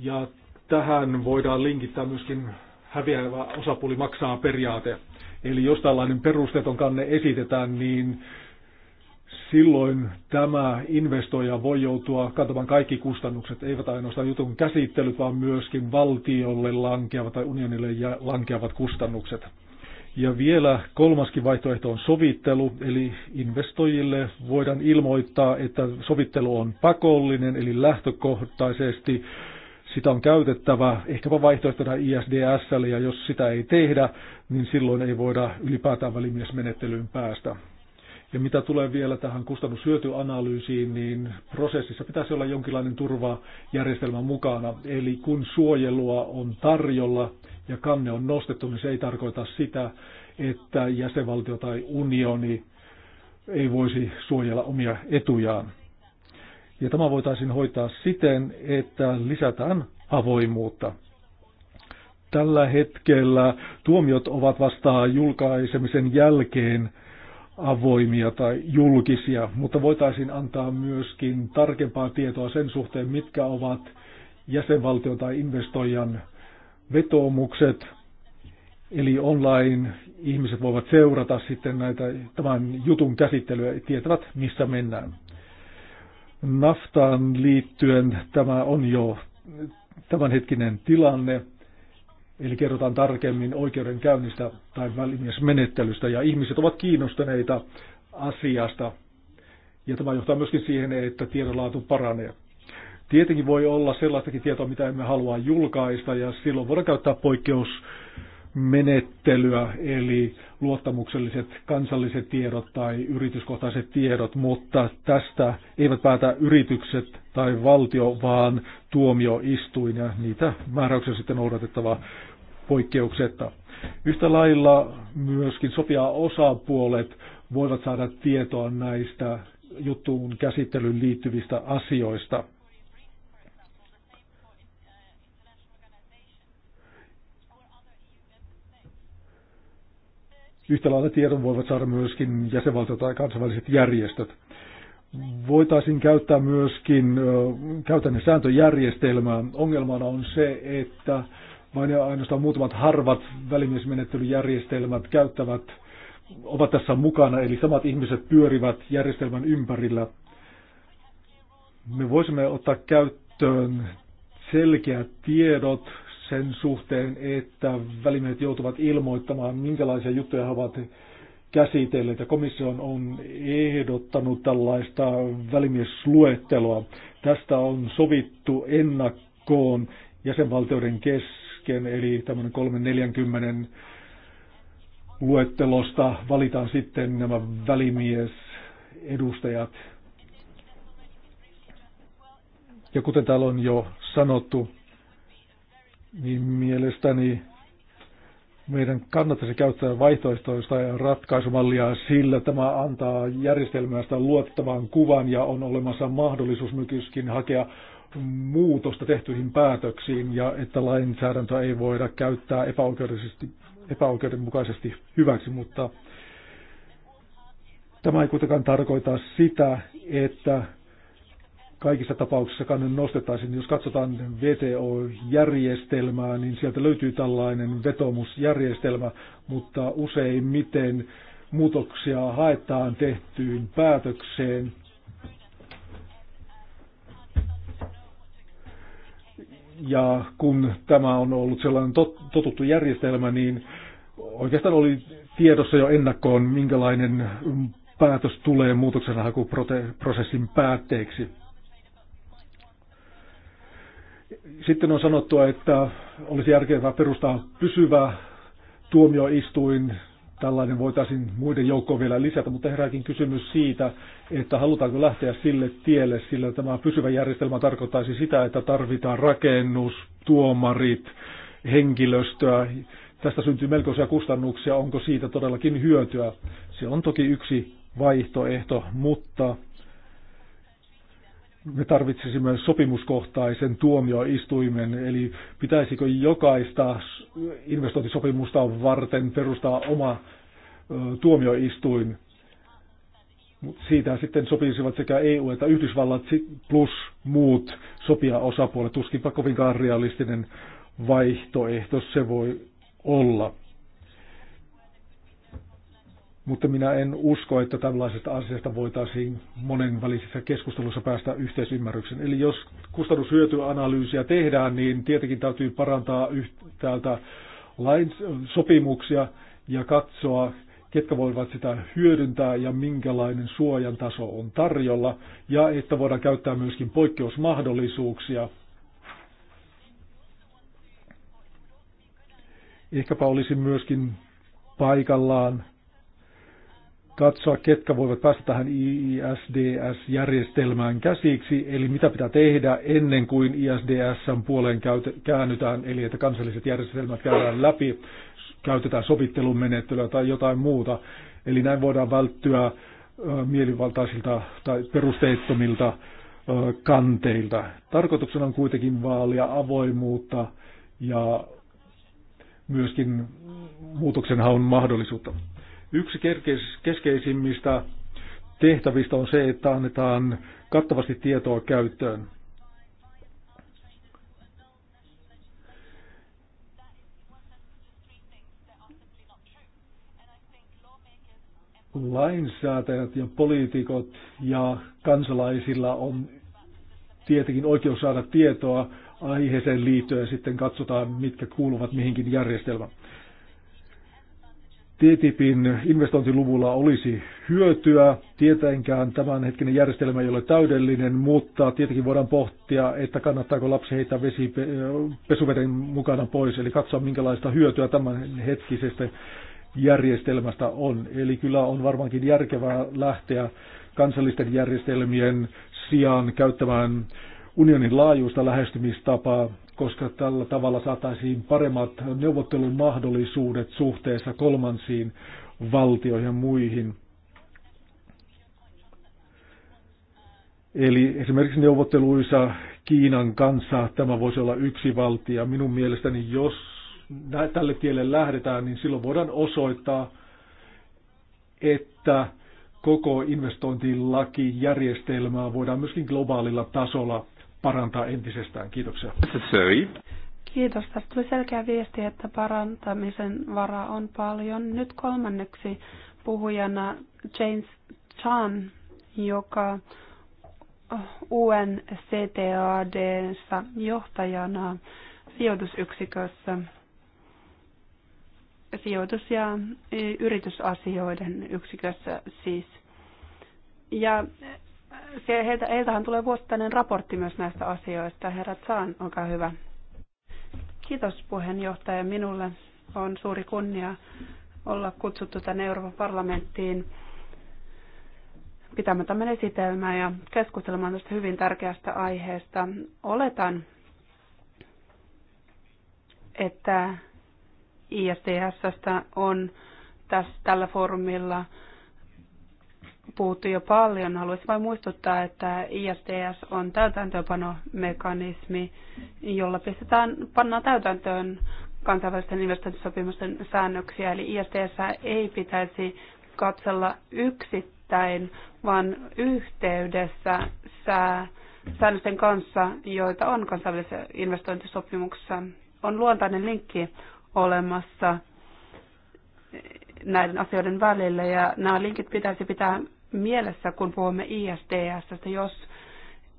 Ja tähän voidaan linkittää myöskin häviävä osapuoli maksaa periaate. Eli jos tällainen perusteeton kanne esitetään, niin silloin tämä investoija voi joutua kantamaan kaikki kustannukset, eivät ainoastaan jutun käsittelyt, vaan myöskin valtiolle lankeavat tai unionille lankeavat kustannukset. Ja vielä kolmaskin vaihtoehto on sovittelu, eli investoijille voidaan ilmoittaa, että sovittelu on pakollinen, eli lähtökohtaisesti sitä on käytettävä ehkäpä vaihtoehtona ISDS, ja jos sitä ei tehdä, niin silloin ei voida ylipäätään välimiesmenettelyyn päästä. Ja mitä tulee vielä tähän kustannushyötyanalyysiin, niin prosessissa pitäisi olla jonkinlainen turvajärjestelmä mukana. Eli kun suojelua on tarjolla ja kanne on nostettu, niin se ei tarkoita sitä, että jäsenvaltio tai unioni ei voisi suojella omia etujaan. Ja tämä voitaisiin hoitaa siten, että lisätään avoimuutta. Tällä hetkellä tuomiot ovat vasta julkaisemisen jälkeen avoimia tai julkisia, mutta voitaisiin antaa myöskin tarkempaa tietoa sen suhteen, mitkä ovat jäsenvaltion tai investoijan vetoomukset. Eli online ihmiset voivat seurata sitten näitä, tämän jutun käsittelyä ja tietävät, missä mennään. Naftaan liittyen tämä on jo tämänhetkinen tilanne, eli kerrotaan tarkemmin oikeudenkäynnistä tai välimiesmenettelystä, ja ihmiset ovat kiinnostuneita asiasta, ja tämä johtaa myöskin siihen, että tiedonlaatu paranee. Tietenkin voi olla sellaistakin tietoa, mitä emme halua julkaista, ja silloin voidaan käyttää poikkeus menettelyä, eli luottamukselliset kansalliset tiedot tai yrityskohtaiset tiedot, mutta tästä eivät päätä yritykset tai valtio, vaan tuomioistuin ja niitä määräyksiä sitten noudatettava poikkeuksetta. Yhtä lailla myöskin sopia osapuolet voivat saada tietoa näistä juttuun käsittelyyn liittyvistä asioista. Yhtä lailla tiedon voivat saada myöskin jäsenvaltiot tai kansainväliset järjestöt. Voitaisiin käyttää myöskin käytännön sääntöjärjestelmää. Ongelmana on se, että vain ainoastaan muutamat harvat välimiesmenettelyjärjestelmät käyttävät, ovat tässä mukana, eli samat ihmiset pyörivät järjestelmän ympärillä. Me voisimme ottaa käyttöön selkeät tiedot sen suhteen, että välimiehet joutuvat ilmoittamaan, minkälaisia juttuja he ovat käsitelleet. Ja komissio on ehdottanut tällaista välimiesluetteloa. Tästä on sovittu ennakkoon jäsenvaltioiden kesken, eli tämmöinen 340 luettelosta valitaan sitten nämä välimiesedustajat. Ja kuten täällä on jo sanottu, niin mielestäni meidän kannattaisi käyttää vaihtoehtoista ratkaisumallia, sillä tämä antaa järjestelmästä luottavan kuvan ja on olemassa mahdollisuus myöskin hakea muutosta tehtyihin päätöksiin ja että lainsäädäntöä ei voida käyttää epäoikeudellisesti, epäoikeudenmukaisesti hyväksi, mutta tämä ei kuitenkaan tarkoita sitä, että kaikissa tapauksissa kannen nostettaisiin. Jos katsotaan VTO-järjestelmää, niin sieltä löytyy tällainen vetomusjärjestelmä, mutta useimmiten muutoksia haetaan tehtyyn päätökseen. Ja kun tämä on ollut sellainen totuttu järjestelmä, niin oikeastaan oli tiedossa jo ennakkoon, minkälainen päätös tulee muutoksenhakuprosessin päätteeksi. Sitten on sanottu, että olisi järkevää perustaa pysyvä tuomioistuin. Tällainen voitaisiin muiden joukkoon vielä lisätä, mutta herääkin kysymys siitä, että halutaanko lähteä sille tielle, sillä tämä pysyvä järjestelmä tarkoittaisi sitä, että tarvitaan rakennus, tuomarit, henkilöstöä. Tästä syntyy melkoisia kustannuksia, onko siitä todellakin hyötyä. Se on toki yksi vaihtoehto, mutta me tarvitsisimme sopimuskohtaisen tuomioistuimen, eli pitäisikö jokaista investointisopimusta varten perustaa oma tuomioistuin. Siitä sitten sopisivat sekä EU että Yhdysvallat plus muut sopia osapuolet. Tuskinpa kovinkaan realistinen vaihtoehto se voi olla mutta minä en usko, että tällaisesta asiasta voitaisiin monenvälisissä keskustelussa päästä yhteisymmärryksen. Eli jos kustannushyötyanalyysiä tehdään, niin tietenkin täytyy parantaa täältä sopimuksia ja katsoa, ketkä voivat sitä hyödyntää ja minkälainen suojan taso on tarjolla, ja että voidaan käyttää myöskin poikkeusmahdollisuuksia. Ehkäpä olisi myöskin paikallaan katsoa, ketkä voivat päästä tähän ISDS-järjestelmään käsiksi, eli mitä pitää tehdä ennen kuin isds puoleen käännytään, eli että kansalliset järjestelmät käydään läpi, käytetään sovittelumenettelyä tai jotain muuta. Eli näin voidaan välttyä mielivaltaisilta tai perusteettomilta kanteilta. Tarkoituksena on kuitenkin vaalia avoimuutta ja myöskin muutoksenhaun mahdollisuutta. Yksi keskeisimmistä tehtävistä on se, että annetaan kattavasti tietoa käyttöön. lainsäätäjät ja poliitikot ja kansalaisilla on tietenkin oikeus saada tietoa aiheeseen liittyen sitten katsotaan, mitkä kuuluvat mihinkin järjestelmään. TTIPin investointiluvulla olisi hyötyä. Tietenkään tämänhetkinen järjestelmä ei ole täydellinen, mutta tietenkin voidaan pohtia, että kannattaako lapsi heittää vesi pesuveden mukana pois, eli katsoa minkälaista hyötyä tämänhetkisestä järjestelmästä on. Eli kyllä on varmaankin järkevää lähteä kansallisten järjestelmien sijaan käyttämään unionin laajuista lähestymistapaa koska tällä tavalla saataisiin paremmat neuvottelumahdollisuudet suhteessa kolmansiin valtioihin ja muihin. Eli esimerkiksi neuvotteluissa Kiinan kanssa tämä voisi olla yksi valtia. Minun mielestäni jos tälle tielle lähdetään, niin silloin voidaan osoittaa, että koko investointilakijärjestelmää voidaan myöskin globaalilla tasolla parantaa entisestään. Kiitoksia. Kiitos. Tästä tuli selkeä viesti, että parantamisen varaa on paljon. Nyt kolmanneksi puhujana James Chan, joka ssa johtajana sijoitusyksikössä sijoitus- ja yritysasioiden yksikössä siis. Ja heiltä, heiltähän tulee vuosittainen raportti myös näistä asioista. Herrat Saan, olkaa hyvä. Kiitos puheenjohtaja. Minulle on suuri kunnia olla kutsuttu tänne Euroopan parlamenttiin pitämään tämän esitelmän ja keskustelemaan tästä hyvin tärkeästä aiheesta. Oletan, että ISDSstä on tässä, tällä foorumilla – puhuttu jo paljon. Haluaisin vain muistuttaa, että ISTS on täytäntöönpanomekanismi, jolla pistetään, pannaan täytäntöön kansainvälisten investointisopimusten säännöksiä. Eli ISTS ei pitäisi katsella yksittäin, vaan yhteydessä sää, säännösten kanssa, joita on kansainvälisessä investointisopimuksessa. On luontainen linkki olemassa näiden asioiden välillä ja nämä linkit pitäisi pitää mielessä, kun puhumme että jos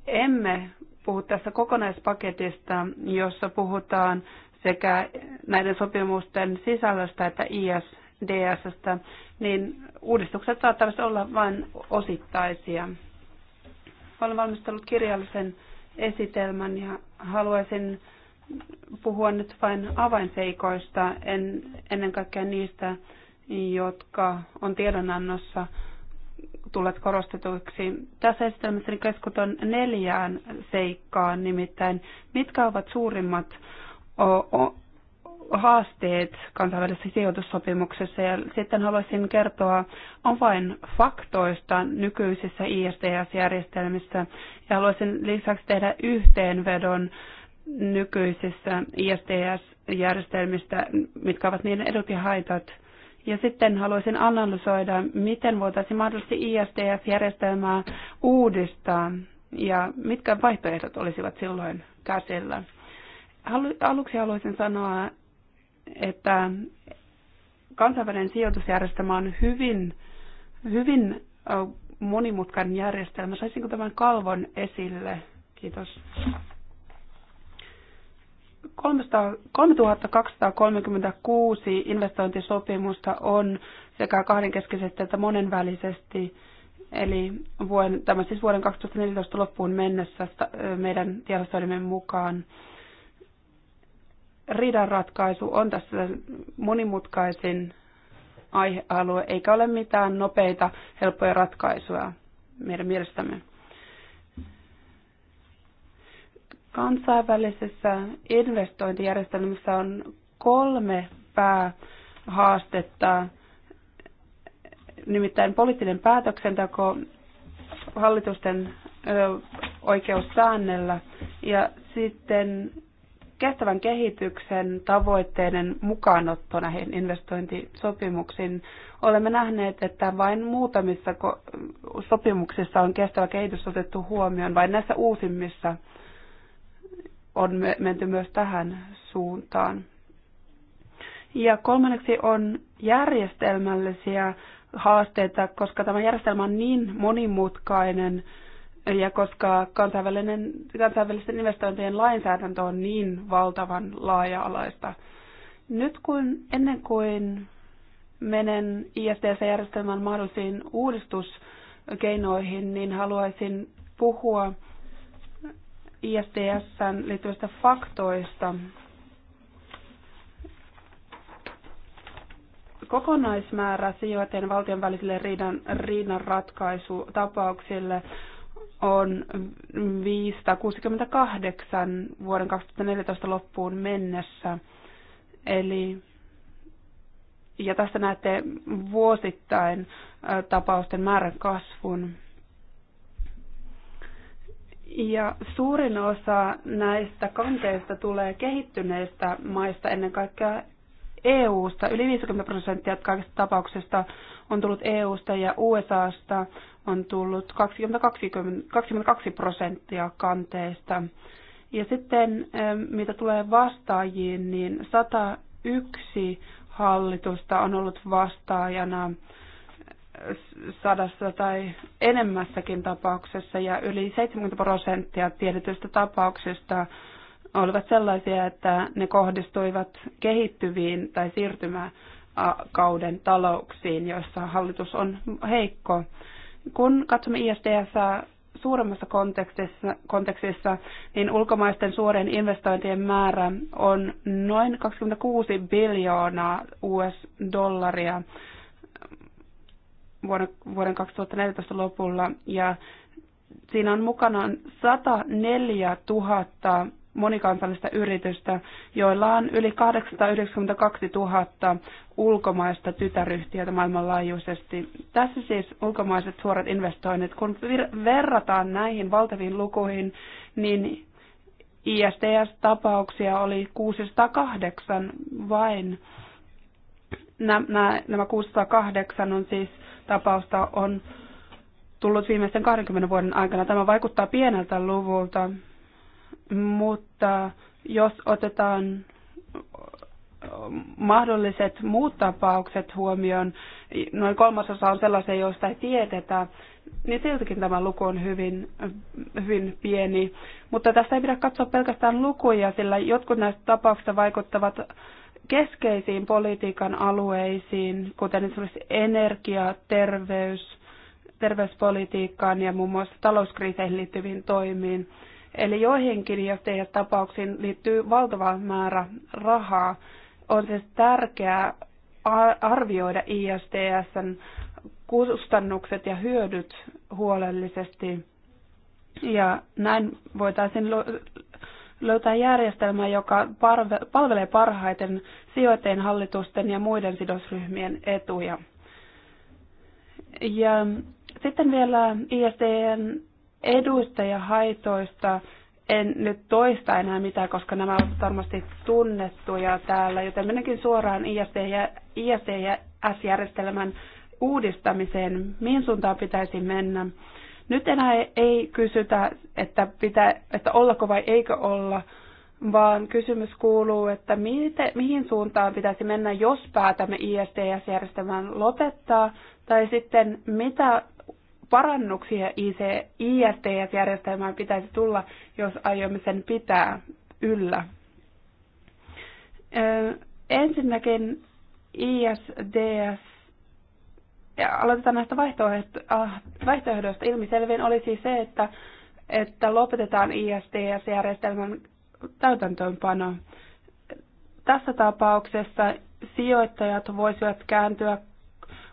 emme puhu tässä kokonaispaketista, jossa puhutaan sekä näiden sopimusten sisällöstä että ISDS, niin uudistukset saattavat olla vain osittaisia. Olen valmistellut kirjallisen esitelmän ja haluaisin puhua nyt vain avainseikoista, en, ennen kaikkea niistä, jotka on tiedonannossa – tulleet korostetuiksi. Tässä esitelmässäni keskutan neljään seikkaan, nimittäin mitkä ovat suurimmat haasteet kansainvälisessä sijoitussopimuksessa ja sitten haluaisin kertoa avain faktoista nykyisissä ISDS-järjestelmissä ja haluaisin lisäksi tehdä yhteenvedon nykyisissä ISDS-järjestelmistä, mitkä ovat niiden edut ja haitat. Ja sitten haluaisin analysoida, miten voitaisiin mahdollisesti isdf järjestelmää uudistaa ja mitkä vaihtoehdot olisivat silloin käsillä. Aluksi haluaisin sanoa, että kansainvälinen sijoitusjärjestelmä on hyvin, hyvin monimutkainen järjestelmä. Saisinko tämän kalvon esille? Kiitos. 3236 investointisopimusta on sekä kahdenkeskisesti että monenvälisesti, eli vuoden, tämä siis vuoden 2014 loppuun mennessä meidän tiedostoidemme mukaan. Riidanratkaisu on tässä monimutkaisin aihealue, eikä ole mitään nopeita, helppoja ratkaisuja meidän mielestämme. Kansainvälisessä investointijärjestelmässä on kolme päähaastetta, nimittäin poliittinen päätöksenteko, hallitusten oikeus säännellä ja sitten kestävän kehityksen tavoitteiden mukaanotto näihin investointisopimuksiin. Olemme nähneet, että vain muutamissa sopimuksissa on kestävä kehitys otettu huomioon, vain näissä uusimmissa on menty myös tähän suuntaan. Ja kolmanneksi on järjestelmällisiä haasteita, koska tämä järjestelmä on niin monimutkainen ja koska kansainvälinen, kansainvälisten investointien lainsäädäntö on niin valtavan laaja-alaista. Nyt kun ennen kuin menen ISDC-järjestelmän mahdollisiin uudistuskeinoihin, niin haluaisin puhua ISDSn liittyvistä faktoista. Kokonaismäärä sijoittajien valtion välisille riidan, riidan ratkaisutapauksille on 568 vuoden 2014 loppuun mennessä. Eli, ja tästä näette vuosittain tapausten määrän kasvun. Ja suurin osa näistä kanteista tulee kehittyneistä maista, ennen kaikkea EU-sta. Yli 50 prosenttia kaikista tapauksista on tullut EU-sta ja USAsta on tullut 22, 22 prosenttia kanteista. Ja sitten eh, mitä tulee vastaajiin, niin 101 hallitusta on ollut vastaajana sadassa tai enemmässäkin tapauksessa ja yli 70 prosenttia tiedetyistä tapauksista olivat sellaisia, että ne kohdistuivat kehittyviin tai siirtymäkauden talouksiin, joissa hallitus on heikko. Kun katsomme ISDS suuremmassa kontekstissa, kontekstissa, niin ulkomaisten suorien investointien määrä on noin 26 biljoonaa US-dollaria vuoden 2014 lopulla ja siinä on mukana 104 000 monikansallista yritystä, joilla on yli 892 000 ulkomaista tytäryhtiötä maailmanlaajuisesti. Tässä siis ulkomaiset suorat investoinnit. Kun verrataan näihin valtaviin lukuihin, niin ISTS-tapauksia oli 608 vain. Nämä, nämä 608 on siis tapausta on tullut viimeisten 20 vuoden aikana. Tämä vaikuttaa pieneltä luvulta, mutta jos otetaan mahdolliset muut tapaukset huomioon, noin kolmasosa on sellaisia, joista ei tiedetä, niin siltikin tämä luku on hyvin, hyvin pieni. Mutta tästä ei pidä katsoa pelkästään lukuja, sillä jotkut näistä tapauksista vaikuttavat keskeisiin politiikan alueisiin, kuten esimerkiksi energia, terveys, terveyspolitiikkaan ja muun muassa talouskriiseihin liittyviin toimiin. Eli joihinkin jos teidän tapauksiin liittyy valtava määrä rahaa. On siis tärkeää arvioida ISTSn kustannukset ja hyödyt huolellisesti. Ja näin voitaisiin löytää järjestelmä, joka palvelee parhaiten sijoittajien, hallitusten ja muiden sidosryhmien etuja. Ja sitten vielä ISDn eduista ja haitoista. En nyt toista enää mitään, koska nämä ovat varmasti tunnettuja täällä, joten menenkin suoraan ISD ja, ISD ja S-järjestelmän uudistamiseen, mihin suuntaan pitäisi mennä. Nyt enää ei kysytä, että, pitää, että ollako vai eikö olla, vaan kysymys kuuluu, että miten, mihin suuntaan pitäisi mennä, jos päätämme ISDS-järjestelmän lopettaa, tai sitten mitä parannuksia ISDS-järjestelmään pitäisi tulla, jos aiomme sen pitää yllä. Ensinnäkin ISDS ja aloitetaan näistä ah, vaihtoehdoista. Ilmiselvin oli siis se, että, että lopetetaan ISDS-järjestelmän täytäntöönpano. Tässä tapauksessa sijoittajat voisivat kääntyä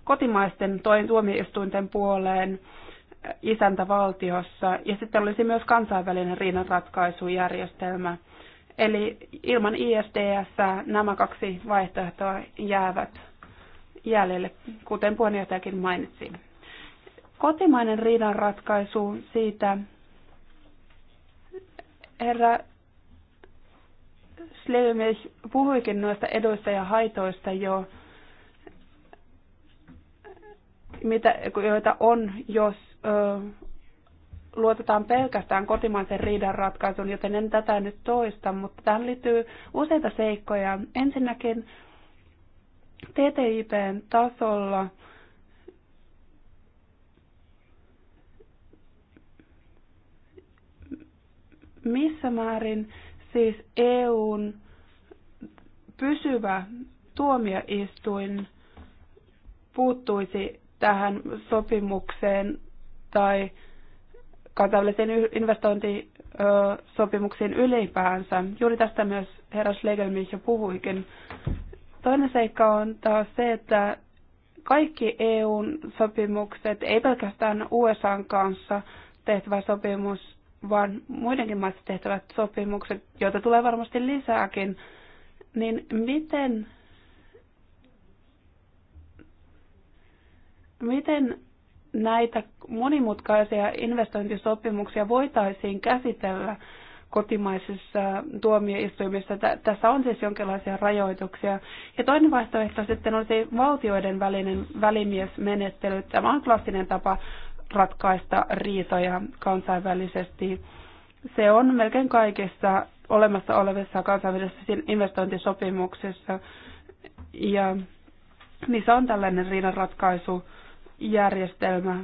kotimaisten tuomioistuinten puoleen isäntävaltiossa ja sitten olisi myös kansainvälinen riidanratkaisujärjestelmä. Eli ilman ISDS nämä kaksi vaihtoehtoa jäävät jäljelle, kuten puheenjohtajakin mainitsi. Kotimainen riidanratkaisu siitä, herra Slevimies puhuikin noista eduista ja haitoista jo, mitä, joita on, jos ö, luotetaan pelkästään kotimaisen riidan ratkaisuun, joten en tätä nyt toista, mutta tähän liittyy useita seikkoja. Ensinnäkin TTIPn tasolla missä määrin siis EUn pysyvä tuomioistuin puuttuisi tähän sopimukseen tai kansainvälisiin investointisopimuksiin ylipäänsä. Juuri tästä myös herra Schlegelmich jo puhuikin. Toinen seikka on taas se, että kaikki EUn sopimukset, ei pelkästään USAn kanssa tehtävä sopimus, vaan muidenkin maissa tehtävät sopimukset, joita tulee varmasti lisääkin, niin miten, miten näitä monimutkaisia investointisopimuksia voitaisiin käsitellä kotimaisessa tuomioistuimissa. Tässä on siis jonkinlaisia rajoituksia. Ja toinen vaihtoehto sitten se valtioiden välinen välimiesmenettely. Tämä on klassinen tapa ratkaista riitoja kansainvälisesti. Se on melkein kaikissa olemassa olevissa kansainvälisissä investointisopimuksissa. Ja se on tällainen riidanratkaisujärjestelmä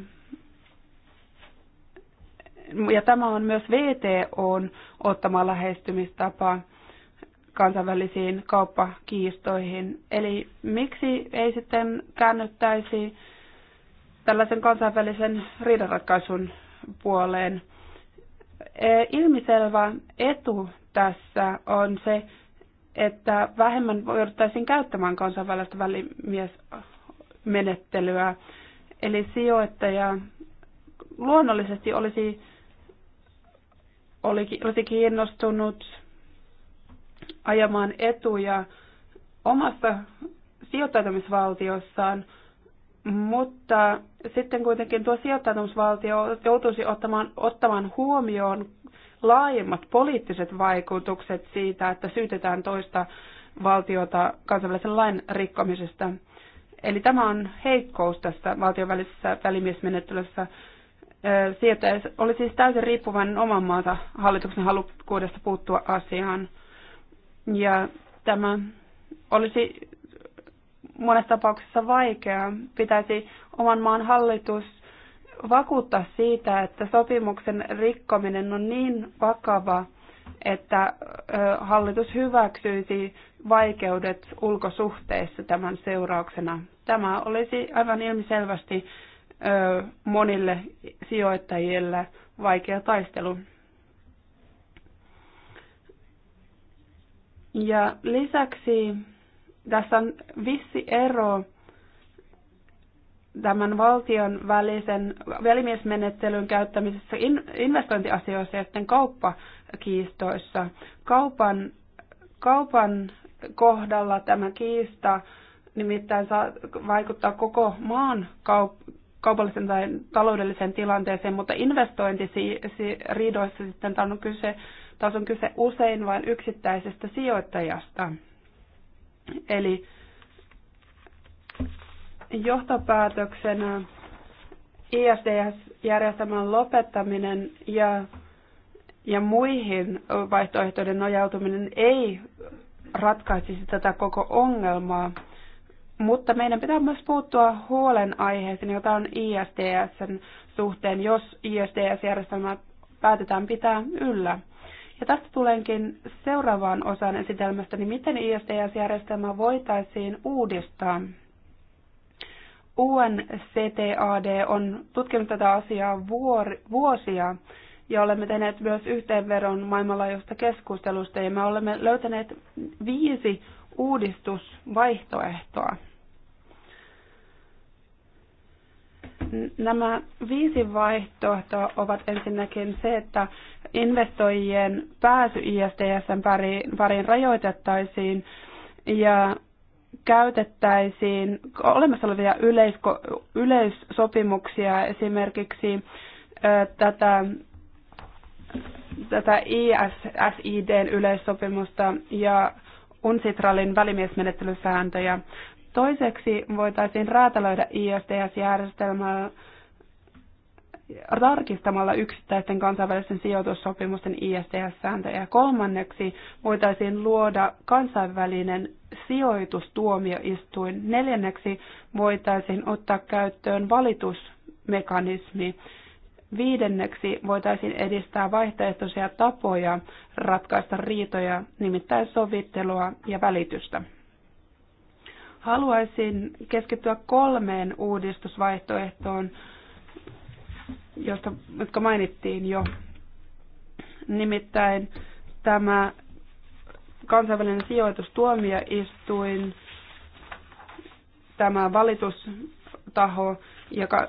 ja tämä on myös VTOn ottama lähestymistapa kansainvälisiin kauppakiistoihin. Eli miksi ei sitten käännyttäisi tällaisen kansainvälisen riidanratkaisun puoleen? E, ilmiselvä etu tässä on se, että vähemmän voitaisiin käyttämään kansainvälistä välimiesmenettelyä. Eli sijoittaja luonnollisesti olisi oli, olisi kiinnostunut ajamaan etuja omassa sijoittautumisvaltiossaan, mutta sitten kuitenkin tuo sijoittautumisvaltio joutuisi ottamaan, ottamaan huomioon laajemmat poliittiset vaikutukset siitä, että syytetään toista valtiota kansainvälisen lain rikkomisesta. Eli tämä on heikkous tässä valtion välisessä välimiesmenettelyssä siirtäjä oli siis täysin riippuvainen oman maansa hallituksen halukkuudesta puuttua asiaan. Ja tämä olisi monessa tapauksessa vaikeaa. Pitäisi oman maan hallitus vakuuttaa siitä, että sopimuksen rikkominen on niin vakava, että hallitus hyväksyisi vaikeudet ulkosuhteissa tämän seurauksena. Tämä olisi aivan ilmiselvästi monille sijoittajille vaikea taistelu. Ja lisäksi tässä on vissi ero tämän valtion välisen välimiesmenettelyn käyttämisessä investointiasioissa ja sitten kauppakiistoissa. Kaupan, kaupan kohdalla tämä kiista nimittäin saa vaikuttaa koko maan kaup- kaupallisen tai taloudelliseen tilanteeseen, mutta investointiriidoissa sitten on, kyse, taas on kyse usein vain yksittäisestä sijoittajasta. Eli johtopäätöksenä ISDS-järjestelmän lopettaminen ja, ja muihin vaihtoehtoiden nojautuminen ei ratkaisisi tätä koko ongelmaa. Mutta meidän pitää myös puuttua huolenaiheeseen, jota on ISDSn suhteen, jos ISDS-järjestelmää päätetään pitää yllä. Ja tästä tulenkin seuraavaan osaan esitelmästä, niin miten ISDS-järjestelmä voitaisiin uudistaa. UNCTAD on tutkinut tätä asiaa vuosia ja olemme tehneet myös yhteenveron maailmanlaajuista keskustelusta ja me olemme löytäneet viisi uudistusvaihtoehtoa. Nämä viisi vaihtoehtoa ovat ensinnäkin se, että investoijien pääsy ISDSn pariin rajoitettaisiin ja käytettäisiin olemassa olevia yleisko, yleissopimuksia, esimerkiksi ö, tätä, tätä ISSIDn yleissopimusta ja UNCITRALin välimiesmenettelysääntöjä. Toiseksi voitaisiin räätälöidä ISDS-järjestelmää tarkistamalla yksittäisten kansainvälisten sijoitussopimusten ISDS-sääntöjä. Kolmanneksi voitaisiin luoda kansainvälinen sijoitustuomioistuin. Neljänneksi voitaisiin ottaa käyttöön valitusmekanismi. Viidenneksi voitaisiin edistää vaihtoehtoisia tapoja ratkaista riitoja, nimittäin sovittelua ja välitystä. Haluaisin keskittyä kolmeen uudistusvaihtoehtoon, josta, jotka mainittiin jo. Nimittäin tämä kansainvälinen sijoitustuomioistuin, tämä valitustaho joka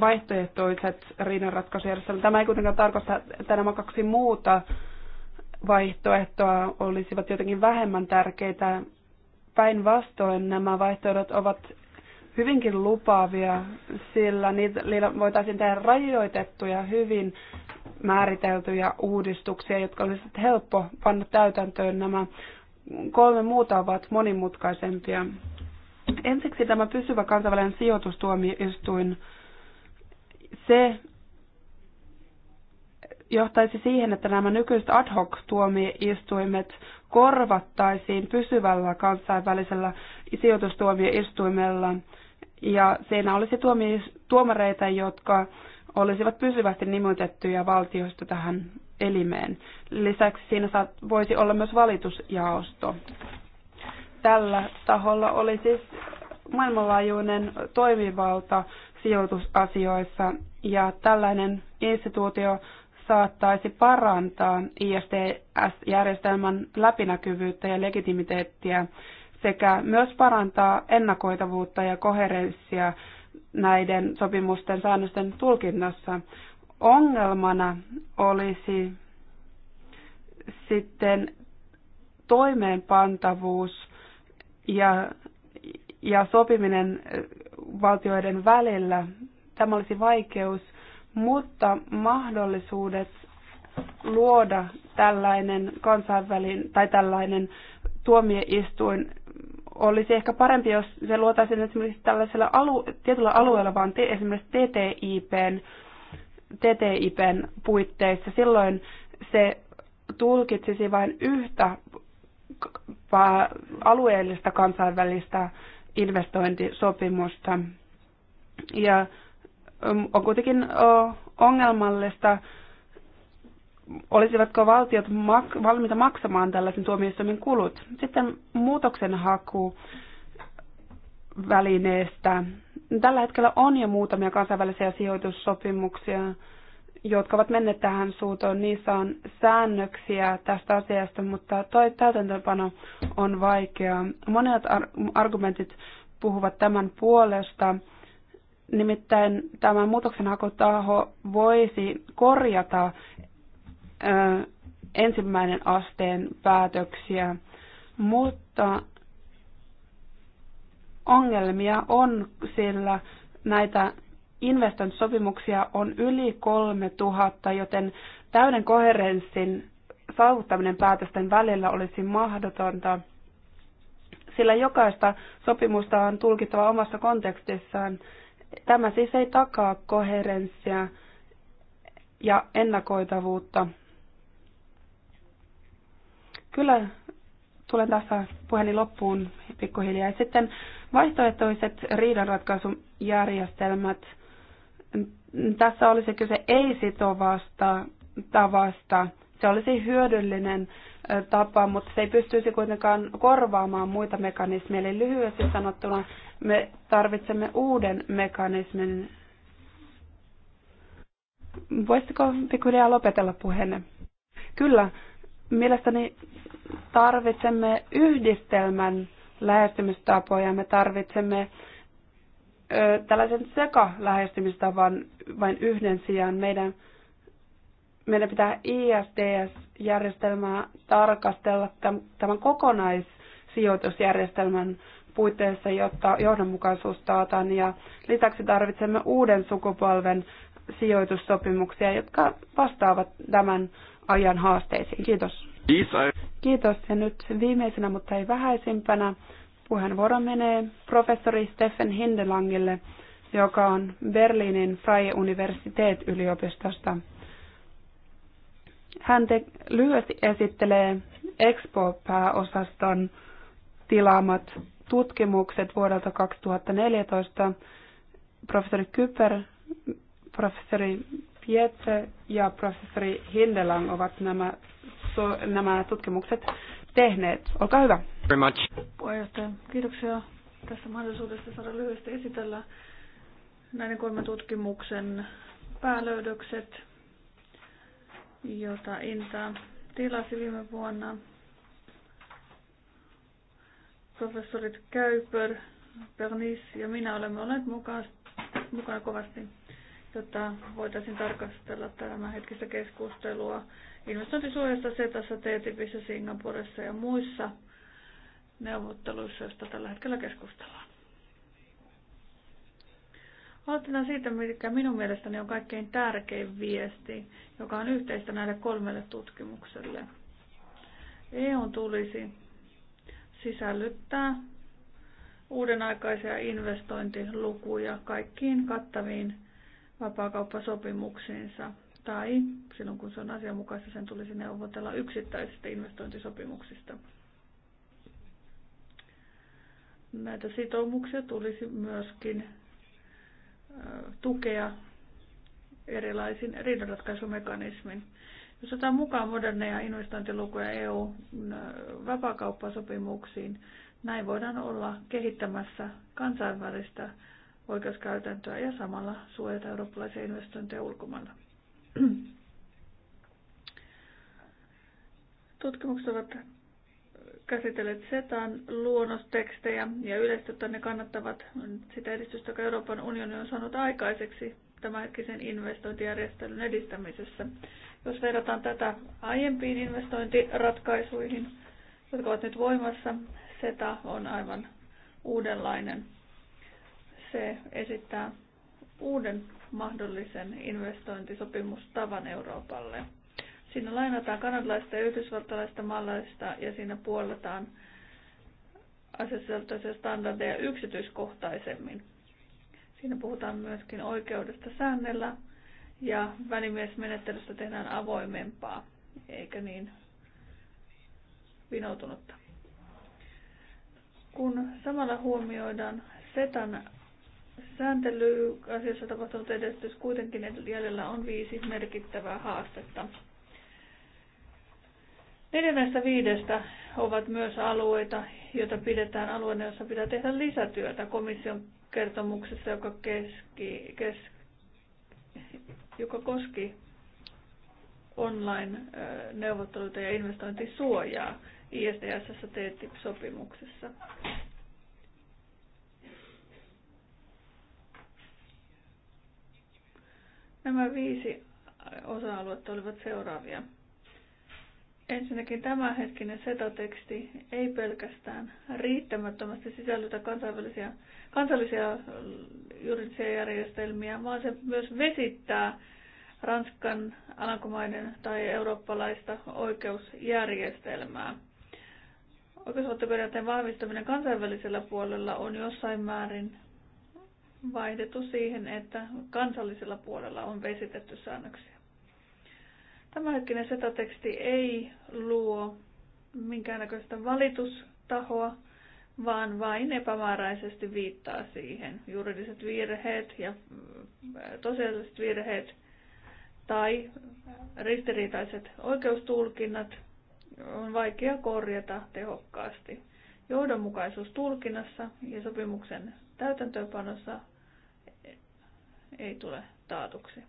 vaihtoehtoiset riidanratkaisujärjestelmät. Tämä ei kuitenkaan tarkoita, että nämä kaksi muuta vaihtoehtoa olisivat jotenkin vähemmän tärkeitä. Päinvastoin nämä vaihtoehdot ovat hyvinkin lupaavia, sillä niillä voitaisiin tehdä rajoitettuja, hyvin määriteltyjä uudistuksia, jotka olisivat helppo panna täytäntöön. Nämä kolme muuta ovat monimutkaisempia. Ensiksi tämä pysyvä kansainvälinen sijoitustuomioistuin, se johtaisi siihen, että nämä nykyiset ad hoc tuomioistuimet korvattaisiin pysyvällä kansainvälisellä sijoitustuomioistuimella. Ja siinä olisi tuomareita, jotka olisivat pysyvästi nimitettyjä valtioista tähän elimeen. Lisäksi siinä voisi olla myös valitusjaosto tällä taholla oli siis maailmanlaajuinen toimivalta sijoitusasioissa ja tällainen instituutio saattaisi parantaa ISTS-järjestelmän läpinäkyvyyttä ja legitimiteettiä sekä myös parantaa ennakoitavuutta ja koherenssia näiden sopimusten säännösten tulkinnassa. Ongelmana olisi sitten toimeenpantavuus ja, ja sopiminen valtioiden välillä. Tämä olisi vaikeus, mutta mahdollisuudet luoda tällainen kansainvälinen tai tällainen tuomioistuin olisi ehkä parempi, jos se luotaisiin esimerkiksi tällaisella alu, tietyllä alueella, vaan te, esimerkiksi TTIPn, TTIPn puitteissa. Silloin se tulkitsisi vain yhtä alueellista kansainvälistä investointisopimusta. Ja mm, on kuitenkin ongelmallista, olisivatko valtiot mak- valmiita maksamaan tällaisen tuomioistuimen kulut. Sitten muutoksenhaku välineestä. Tällä hetkellä on jo muutamia kansainvälisiä sijoitussopimuksia, jotka ovat menneet tähän suutoon, niissä on säännöksiä tästä asiasta, mutta toi täytäntöpano on vaikeaa. Monet ar- argumentit puhuvat tämän puolesta. Nimittäin tämä muutoksenhakutaho voisi korjata ö, ensimmäinen asteen päätöksiä, mutta ongelmia on, sillä näitä investointisopimuksia on yli 3000, joten täyden koherenssin saavuttaminen päätösten välillä olisi mahdotonta, sillä jokaista sopimusta on tulkittava omassa kontekstissaan. Tämä siis ei takaa koherenssia ja ennakoitavuutta. Kyllä tulen tässä puheeni loppuun pikkuhiljaa. Sitten vaihtoehtoiset riidanratkaisujärjestelmät – tässä olisi kyse ei-sitovasta tavasta. Se olisi hyödyllinen tapa, mutta se ei pystyisi kuitenkaan korvaamaan muita mekanismeja. Eli lyhyesti sanottuna me tarvitsemme uuden mekanismin. Voisitko pikkuhiljaa lopetella puheenne? Kyllä, mielestäni tarvitsemme yhdistelmän lähestymistapoja. Me tarvitsemme tällaisen sekalähestymistavan vain yhden sijaan. Meidän, meidän pitää ISDS-järjestelmää tarkastella tämän kokonaissijoitusjärjestelmän puitteissa, jotta johdonmukaisuus taataan. Ja lisäksi tarvitsemme uuden sukupolven sijoitussopimuksia, jotka vastaavat tämän ajan haasteisiin. Kiitos. Kiitos. Ja nyt viimeisenä, mutta ei vähäisimpänä, Puheenvuoro menee professori Steffen Hindelangille, joka on Berliinin Freie Universität yliopistosta. Hän te- lyhyesti esittelee Expo-pääosaston tilaamat tutkimukset vuodelta 2014. Professori Kyper, professori Pietse ja professori Hindelang ovat nämä, nämä tutkimukset tehneet. Olkaa hyvä. Very much. Puheenjohtaja, kiitoksia tästä mahdollisuudesta saada lyhyesti esitellä näiden kolmen tutkimuksen päälöydökset, jota Inta tilasi viime vuonna. Professorit Käyper, Pernis ja minä olemme olleet mukaan, mukana kovasti, jotta voitaisiin tarkastella tämän hetkistä keskustelua investointisuojasta CETassa, TTIPissä, Singapurissa ja muissa neuvotteluissa, joista tällä hetkellä keskustellaan. Aloitetaan siitä, mikä minun mielestäni on kaikkein tärkein viesti, joka on yhteistä näille kolmelle tutkimukselle. EU tulisi sisällyttää uudenaikaisia investointilukuja kaikkiin kattaviin vapaakauppasopimuksiinsa – tai silloin kun se on asianmukaista, sen tulisi neuvotella yksittäisistä investointisopimuksista. Näitä sitoumuksia tulisi myöskin tukea erilaisin riidanratkaisumekanismin. Jos otetaan mukaan moderneja investointilukuja EU-vapaakauppasopimuksiin, näin voidaan olla kehittämässä kansainvälistä oikeuskäytäntöä ja samalla suojata eurooppalaisia investointeja ulkomailla. Tutkimukset ovat käsitelleet SETAn luonnostekstejä ja yleisesti ne kannattavat sitä edistystä, joka Euroopan unioni on saanut aikaiseksi tämänhetkisen investointijärjestelyn edistämisessä. Jos verrataan tätä aiempiin investointiratkaisuihin, jotka ovat nyt voimassa, SETA on aivan uudenlainen. Se esittää uuden mahdollisen investointisopimustavan Euroopalle. Siinä lainataan kanadalaista ja yhdysvaltalaista mallista ja siinä puoletaan asiasisältöisiä standardeja yksityiskohtaisemmin. Siinä puhutaan myöskin oikeudesta säännellä ja välimiesmenettelystä tehdään avoimempaa, eikä niin vinoutunutta. Kun samalla huomioidaan SETAn Sääntelyasiassa tapahtunut edistys kuitenkin jäljellä on viisi merkittävää haastetta. Neljä näistä viidestä ovat myös alueita, joita pidetään alueena, jossa pitää tehdä lisätyötä komission kertomuksessa, joka, keski, kes, joka koski online-neuvotteluita ja investointisuojaa isds sopimuksessa Nämä viisi osa-aluetta olivat seuraavia. Ensinnäkin tämänhetkinen SETA-teksti ei pelkästään riittämättömästi sisällytä kansainvälisiä, kansallisia juridisia järjestelmiä, vaan se myös vesittää Ranskan, Alankomaiden tai eurooppalaista oikeusjärjestelmää. Oikeusvaltioperiaatteen vahvistaminen kansainvälisellä puolella on jossain määrin vaihdettu siihen, että kansallisella puolella on vesitetty säännöksiä. Tämänhetkinen SETA-teksti ei luo minkäännäköistä valitustahoa, vaan vain epämääräisesti viittaa siihen. Juridiset virheet ja äh, tosiasialliset virheet tai äh, ristiriitaiset oikeustulkinnat on vaikea korjata tehokkaasti. Johdonmukaisuus tulkinnassa ja sopimuksen täytäntöönpanossa ei tule taatuksi.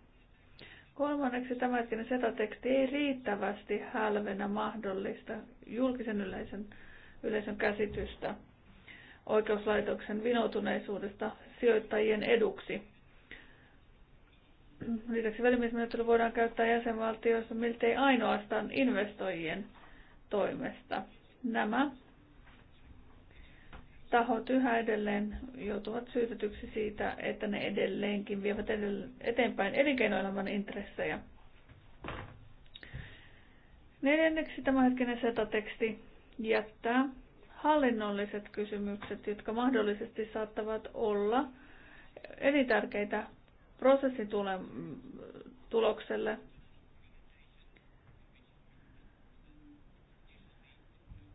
Kolmanneksi tämänhetkinen setateksti ei riittävästi hälvenä mahdollista julkisen yleisön, yleisön käsitystä oikeuslaitoksen vinoutuneisuudesta sijoittajien eduksi. Lisäksi välimiesmenettely voidaan käyttää jäsenvaltioissa miltei ainoastaan investoijien toimesta. Nämä tahot yhä edelleen joutuvat syytetyksi siitä, että ne edelleenkin vievät eteenpäin elinkeinoelämän intressejä. Neljänneksi tämänhetkinen SETA-teksti jättää hallinnolliset kysymykset, jotka mahdollisesti saattavat olla elintärkeitä prosessin tulokselle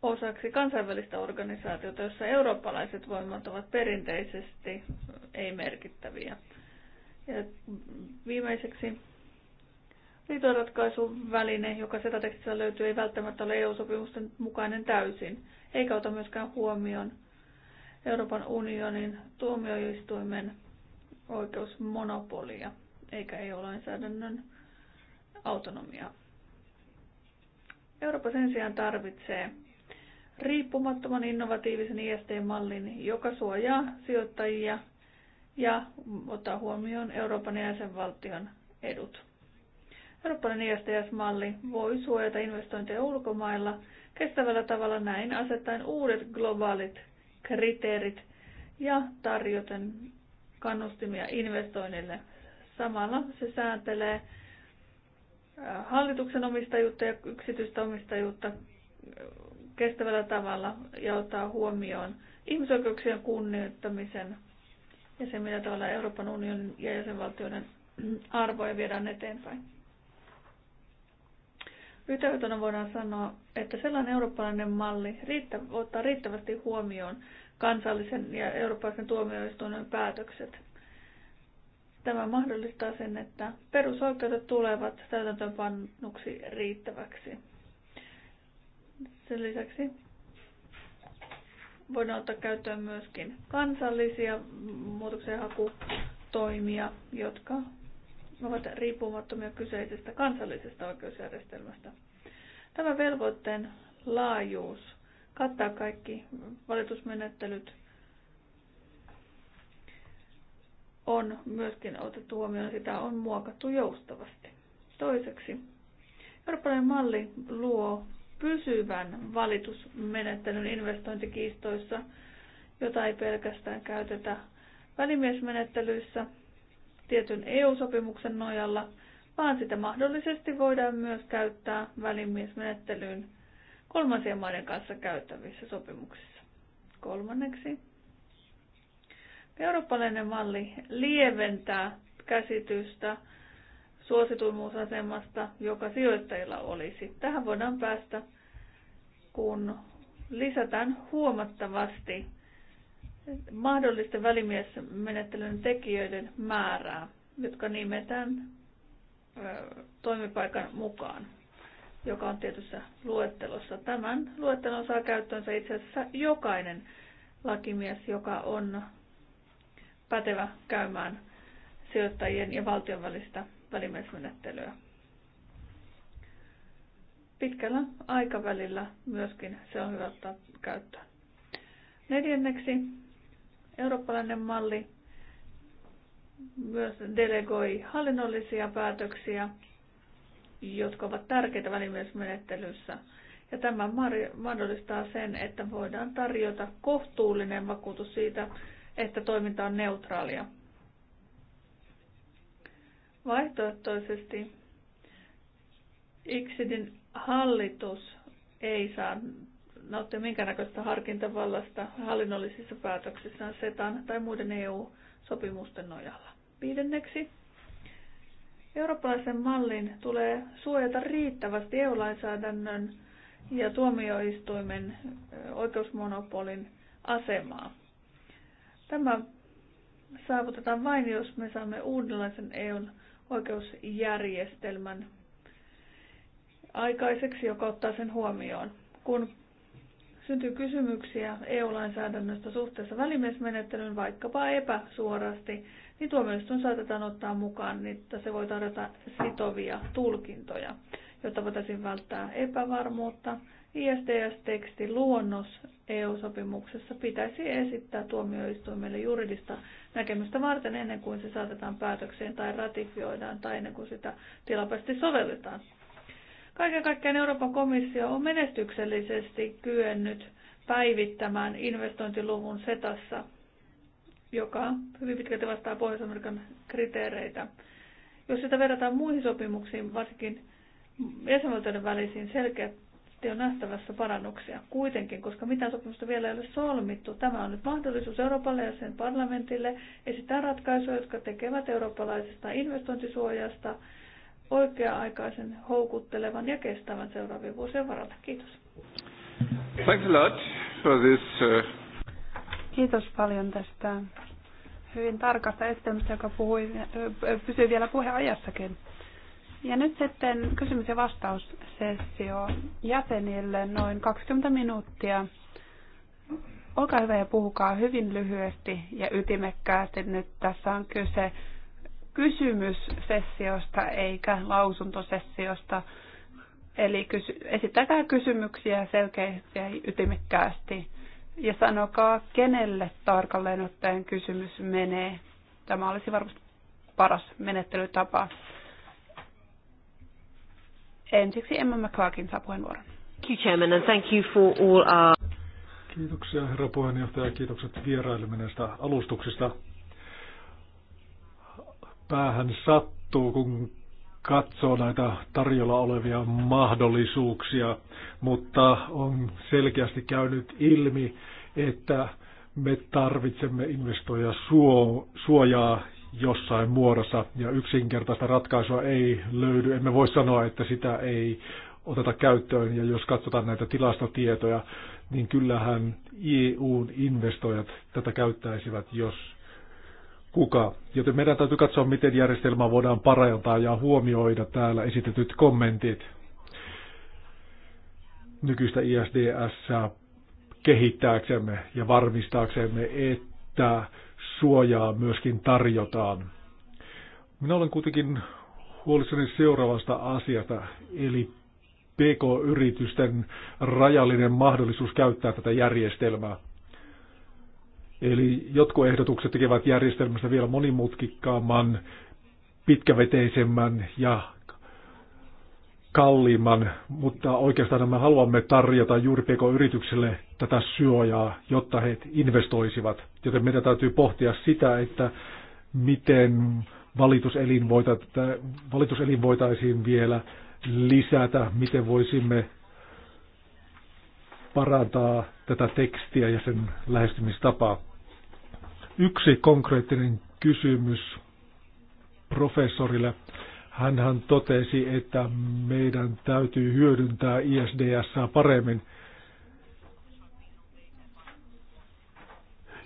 osaksi kansainvälistä organisaatiota, jossa eurooppalaiset voimat ovat perinteisesti ei-merkittäviä. Ja viimeiseksi väline, joka setatekstissä löytyy, ei välttämättä ole EU-sopimusten mukainen täysin, eikä ota myöskään huomioon Euroopan unionin tuomioistuimen oikeusmonopolia, eikä EU-lainsäädännön autonomiaa. Eurooppa sen sijaan tarvitsee riippumattoman innovatiivisen IST-mallin, joka suojaa sijoittajia ja ottaa huomioon Euroopan ja jäsenvaltion edut. Eurooppalainen ISTS-malli voi suojata investointeja ulkomailla kestävällä tavalla näin asettaen uudet globaalit kriteerit ja tarjoten kannustimia investoinnille. Samalla se sääntelee äh, hallituksen omistajuutta ja yksityistä omistajuutta kestävällä tavalla ja ottaa huomioon ihmisoikeuksien kunnioittamisen ja sen, millä tavalla Euroopan unionin ja jäsenvaltioiden arvoja viedään eteenpäin. Yhteenvetona voidaan sanoa, että sellainen eurooppalainen malli riittä, ottaa riittävästi huomioon kansallisen ja eurooppalaisen tuomioistuimen päätökset. Tämä mahdollistaa sen, että perusoikeudet tulevat täytäntöönpannuksi riittäväksi. Sen lisäksi voidaan ottaa käyttöön myöskin kansallisia muutoksenhakutoimia, jotka ovat riippumattomia kyseisestä kansallisesta oikeusjärjestelmästä. Tämä velvoitteen laajuus kattaa kaikki valitusmenettelyt on myöskin otettu huomioon, sitä on muokattu joustavasti. Toiseksi, eurooppalainen malli luo pysyvän valitusmenettelyn investointikiistoissa, jota ei pelkästään käytetä välimiesmenettelyissä tietyn EU-sopimuksen nojalla, vaan sitä mahdollisesti voidaan myös käyttää välimiesmenettelyyn kolmansien maiden kanssa käyttävissä sopimuksissa. Kolmanneksi, eurooppalainen malli lieventää käsitystä suosituimuusasemasta, joka sijoittajilla olisi. Tähän voidaan päästä, kun lisätään huomattavasti mahdollisten välimiesmenettelyn tekijöiden määrää, jotka nimetään toimipaikan mukaan, joka on tietyssä luettelossa. Tämän luettelon saa käyttöönsä itse asiassa jokainen lakimies, joka on pätevä käymään sijoittajien ja valtion välistä välimiesmenettelyä. Pitkällä aikavälillä myöskin se on hyvä ottaa käyttöön. Neljänneksi eurooppalainen malli myös delegoi hallinnollisia päätöksiä, jotka ovat tärkeitä välimiesmenettelyssä. Ja tämä mahdollistaa sen, että voidaan tarjota kohtuullinen vakuutus siitä, että toiminta on neutraalia Vaihtoehtoisesti Iksidin hallitus ei saa nauttia minkäännäköistä harkintavallasta hallinnollisissa päätöksissään SETAN tai muiden EU-sopimusten nojalla. Viidenneksi, eurooppalaisen mallin tulee suojata riittävästi EU-lainsäädännön ja tuomioistuimen oikeusmonopolin asemaa. Tämä saavutetaan vain, jos me saamme uudenlaisen EUn oikeusjärjestelmän aikaiseksi, joka ottaa sen huomioon. Kun syntyy kysymyksiä EU-lainsäädännöstä suhteessa välimiesmenettelyyn vaikkapa epäsuorasti, niin tuomioistuin saatetaan ottaa mukaan, niin että se voi tarjota sitovia tulkintoja, jotta voitaisiin välttää epävarmuutta. ISTS-teksti luonnos EU-sopimuksessa pitäisi esittää tuomioistuimelle juridista näkemystä varten ennen kuin se saatetaan päätökseen tai ratifioidaan tai ennen kuin sitä tilapäisesti sovelletaan. Kaiken kaikkiaan Euroopan komissio on menestyksellisesti kyennyt päivittämään investointiluvun setassa, joka hyvin pitkälti vastaa Pohjois-Amerikan kriteereitä. Jos sitä verrataan muihin sopimuksiin, varsinkin jäsenvaltioiden välisiin selkeät on nähtävässä parannuksia. Kuitenkin, koska mitään sopimusta vielä ei ole solmittu, tämä on nyt mahdollisuus Euroopalle ja sen parlamentille esittää ratkaisuja, jotka tekevät eurooppalaisesta investointisuojasta oikea-aikaisen, houkuttelevan ja kestävän seuraavien vuosien varalta. Kiitos. Thanks a lot for this, uh... Kiitos paljon tästä hyvin tarkasta esittämistä, joka puhui, pysyy vielä puheajassakin. Ja nyt sitten kysymys- ja vastaussessio jäsenille noin 20 minuuttia. Olkaa hyvä ja puhukaa hyvin lyhyesti ja ytimekkäästi. Nyt tässä on kyse kysymyssessiosta eikä lausuntosessiosta. Eli kysy- esittäkää kysymyksiä selkeästi ja ytimekkäästi ja sanokaa, kenelle tarkalleen ottaen kysymys menee. Tämä olisi varmasti paras menettelytapa. Ensiksi Emma McClarkin saa puheenvuoron. Chairman, and thank you for all our... Kiitoksia, herra puheenjohtaja, ja kiitokset näistä alustuksista. Päähän sattuu, kun katsoo näitä tarjolla olevia mahdollisuuksia, mutta on selkeästi käynyt ilmi, että me tarvitsemme investoja suojaa jossain muodossa ja yksinkertaista ratkaisua ei löydy. Emme voi sanoa, että sitä ei oteta käyttöön ja jos katsotaan näitä tilastotietoja, niin kyllähän EUn investoijat tätä käyttäisivät, jos kuka. Joten meidän täytyy katsoa, miten järjestelmää voidaan parantaa ja huomioida täällä esitetyt kommentit nykyistä ISDS kehittääksemme ja varmistaaksemme, että suojaa myöskin tarjotaan. Minä olen kuitenkin huolissani seuraavasta asiasta, eli PK-yritysten rajallinen mahdollisuus käyttää tätä järjestelmää. Eli jotkut ehdotukset tekevät järjestelmästä vielä monimutkikkaamman, pitkäveteisemmän ja kalliimman, mutta oikeastaan me haluamme tarjota juuri PK-yritykselle tätä syöjää, jotta he investoisivat. Joten meidän täytyy pohtia sitä, että miten valituselin, voita, valituselin voitaisiin vielä lisätä, miten voisimme parantaa tätä tekstiä ja sen lähestymistapaa. Yksi konkreettinen kysymys professorille. Hänhän totesi, että meidän täytyy hyödyntää ISDS paremmin –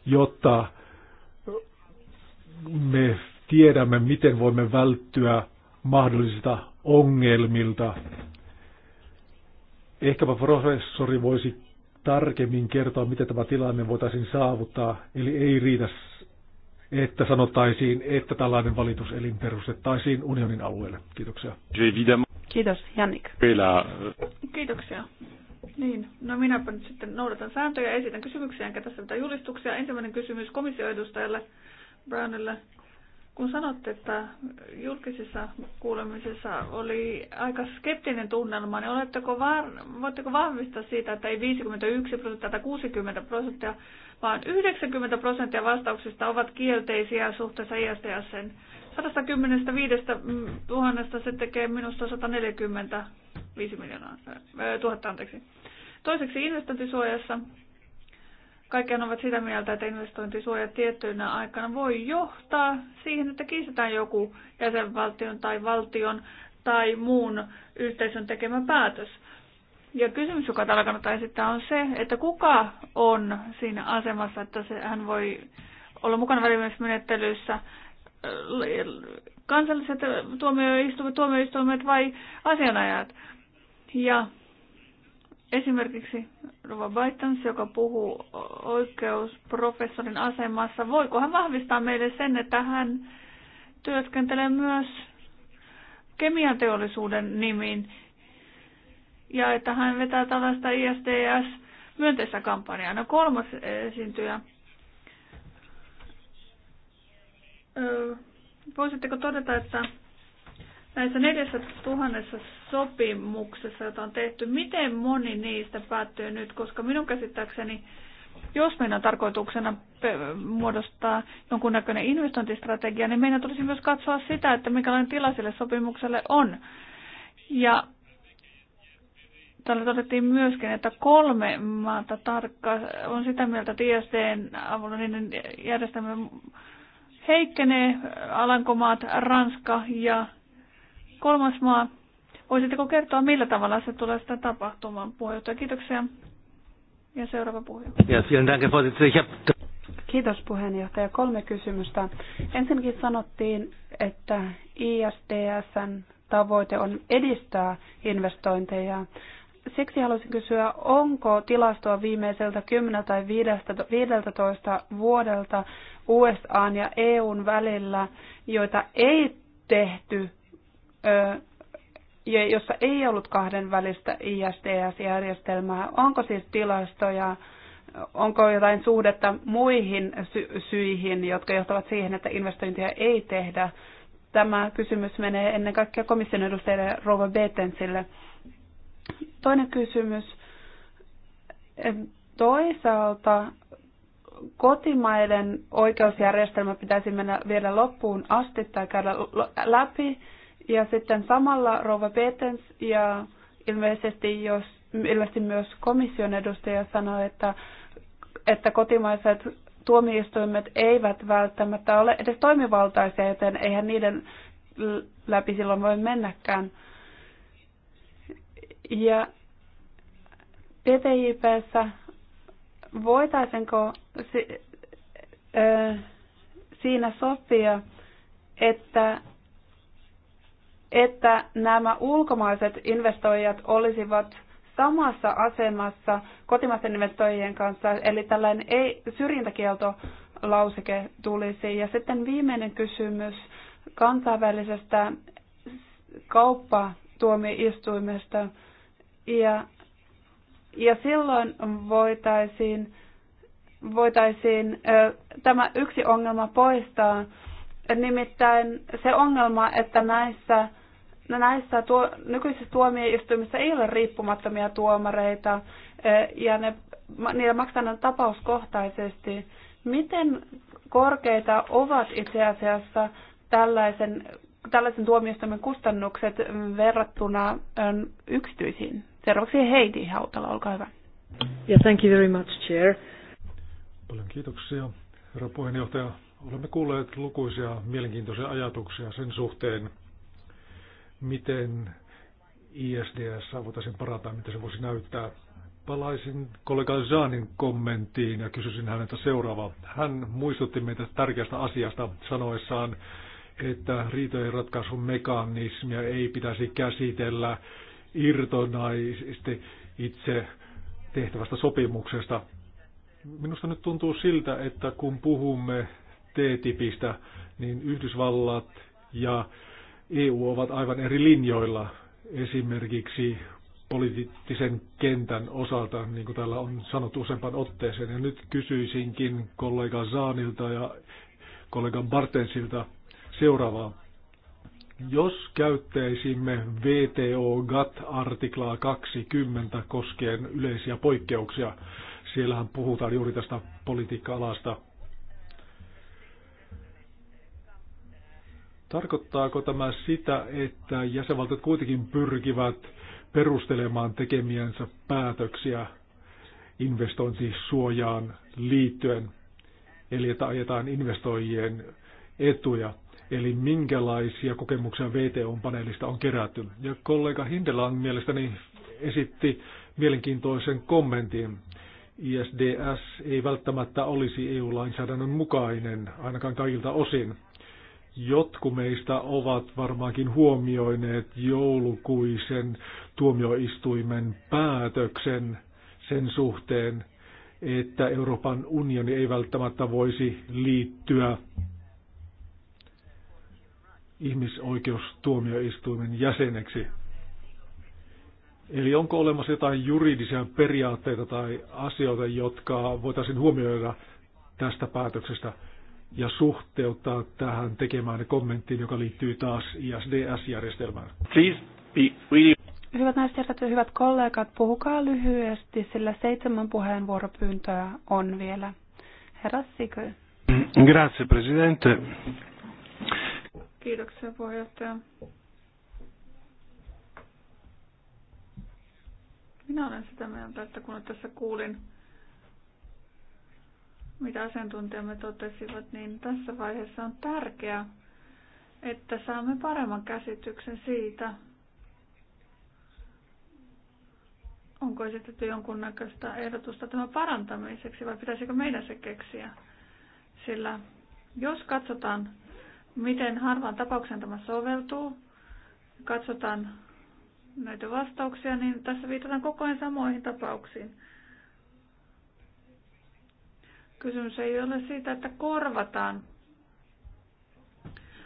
jotta me tiedämme, miten voimme välttyä mahdollisilta ongelmilta. Ehkäpä professori voisi tarkemmin kertoa, miten tämä tilanne voitaisiin saavuttaa. Eli ei riitä, että sanottaisiin, että tällainen valituselin perustettaisiin unionin alueelle. Kiitoksia. Kiitos, Jannik. Kiitoksia. Niin, no minäpä nyt sitten noudatan sääntöjä ja esitän kysymyksiä, enkä tässä mitään julistuksia. Ensimmäinen kysymys komissioedustajalle Brownille. Kun sanotte, että julkisessa kuulemisessa oli aika skeptinen tunnelma, niin oletteko var, voitteko vahvistaa siitä, että ei 51 prosenttia tai 60 prosenttia, vaan 90 prosenttia vastauksista ovat kielteisiä suhteessa ISTS. 110 000 se tekee minusta 140 5 miljoonaa, äh, tuhatta anteeksi. Toiseksi investointisuojassa. Kaikkiaan ovat sitä mieltä, että investointisuoja tiettyinä aikana voi johtaa siihen, että kiistetään joku jäsenvaltion tai valtion tai muun yhteisön tekemä päätös. Ja kysymys, joka täällä kannattaa esittää, on se, että kuka on siinä asemassa, että se, hän voi olla mukana välimiesmenettelyssä, äh, kansalliset tuomioistuimet, tuomioistuimet vai asianajat. Ja esimerkiksi Rova Baitans, joka puhuu oikeusprofessorin asemassa, voiko hän vahvistaa meille sen, että hän työskentelee myös kemian teollisuuden nimiin ja että hän vetää tällaista ISDS myönteistä kampanjaa. No kolmas esiintyjä. voisitteko todeta, että Näissä neljässä tuhannessa sopimuksessa, jota on tehty, miten moni niistä päättyy nyt? Koska minun käsittääkseni, jos meidän on tarkoituksena muodostaa jonkunnäköinen investointistrategia, niin meidän tulisi myös katsoa sitä, että minkälainen tila sille sopimukselle on. Ja täällä todettiin myöskin, että kolme maata tarkka on sitä mieltä, että ISDn avulla niiden järjestelmä heikkenee, Alankomaat, Ranska ja Kolmas maa. Voisitteko kertoa, millä tavalla se tulee sitä tapahtumaan? Puheenjohtaja, kiitoksia. Ja seuraava puheenjohtaja. Kiitos puheenjohtaja. Kolme kysymystä. Ensinnäkin sanottiin, että ISDSn tavoite on edistää investointeja. Siksi haluaisin kysyä, onko tilastoa viimeiseltä 10 tai 15 vuodelta USA ja EUn välillä, joita ei tehty ja jossa ei ollut kahden välistä ISDS-järjestelmää. Onko siis tilastoja, onko jotain suhdetta muihin sy- syihin, jotka johtavat siihen, että investointia ei tehdä? Tämä kysymys menee ennen kaikkea komission edustajille Rova Betensille. Toinen kysymys. Toisaalta kotimaiden oikeusjärjestelmä pitäisi mennä vielä loppuun asti tai käydä läpi ja sitten samalla Rova Petens ja ilmeisesti, jos, ilmeisesti myös komission edustaja sanoi, että, että kotimaiset tuomioistuimet eivät välttämättä ole edes toimivaltaisia, joten eihän niiden läpi silloin voi mennäkään. Ja TTIPssä voitaisenko si, äh, siinä sopia, että että nämä ulkomaiset investoijat olisivat samassa asemassa kotimaisten investoijien kanssa, eli tällainen ei, syrjintäkielto lauseke tulisi. Ja sitten viimeinen kysymys kansainvälisestä kauppatuomioistuimesta. Ja, ja silloin voitaisiin, voitaisiin tämä yksi ongelma poistaa, nimittäin se ongelma, että näissä näissä tuo, nykyisissä tuomioistuimissa ei ole riippumattomia tuomareita e, ja ne, niillä maksetaan tapauskohtaisesti. Miten korkeita ovat itse asiassa tällaisen, tällaisen tuomioistuimen kustannukset verrattuna yksityisiin? Seuraavaksi Heidi Hautala, olkaa hyvä. Yeah, thank you very much, Chair. Paljon kiitoksia, herra puheenjohtaja. Olemme kuulleet lukuisia mielenkiintoisia ajatuksia sen suhteen, miten ISDS voitaisiin parantaa, mitä se voisi näyttää. Palaisin kollega Zanin kommenttiin ja kysyisin häneltä seuraavaa. Hän muistutti meitä tärkeästä asiasta sanoessaan, että riitojen ratkaisun mekanismia ei pitäisi käsitellä irtonaisesti itse tehtävästä sopimuksesta. Minusta nyt tuntuu siltä, että kun puhumme T-tipistä, niin Yhdysvallat ja EU ovat aivan eri linjoilla esimerkiksi poliittisen kentän osalta, niin kuin täällä on sanottu useampaan otteeseen. Ja nyt kysyisinkin kollega Zaanilta ja kollega Bartensilta seuraavaa. Jos käyttäisimme VTO GATT-artiklaa 20 koskien yleisiä poikkeuksia, siellähän puhutaan juuri tästä politiikka-alasta – Tarkoittaako tämä sitä, että jäsenvaltiot kuitenkin pyrkivät perustelemaan tekemiänsä päätöksiä investointisuojaan liittyen, eli että ajetaan investoijien etuja, eli minkälaisia kokemuksia VTO-paneelista on kerätty. Ja kollega Hindelang mielestäni esitti mielenkiintoisen kommentin. ISDS ei välttämättä olisi EU-lainsäädännön mukainen, ainakaan kaikilta osin. Jotkut meistä ovat varmaankin huomioineet joulukuisen tuomioistuimen päätöksen sen suhteen, että Euroopan unioni ei välttämättä voisi liittyä ihmisoikeustuomioistuimen jäseneksi. Eli onko olemassa jotain juridisia periaatteita tai asioita, jotka voitaisiin huomioida tästä päätöksestä? ja suhteuttaa tähän tekemään kommenttiin, joka liittyy taas ISDS-järjestelmään. Please be really... Hyvät naiset ja hyvät kollegat, puhukaa lyhyesti, sillä seitsemän puheenvuoropyyntöä on vielä. Herra Sikö. Grazie, presidente. Kiitoksia, puheenjohtaja. Minä olen sitä mieltä, että kun tässä kuulin mitä asiantuntijamme totesivat, niin tässä vaiheessa on tärkeää, että saamme paremman käsityksen siitä, onko esitetty jonkunnäköistä ehdotusta tämän parantamiseksi vai pitäisikö meidän se keksiä. Sillä jos katsotaan, miten harvaan tapauksen tämä soveltuu, katsotaan näitä vastauksia, niin tässä viitataan koko ajan samoihin tapauksiin. Kysymys ei ole siitä, että korvataan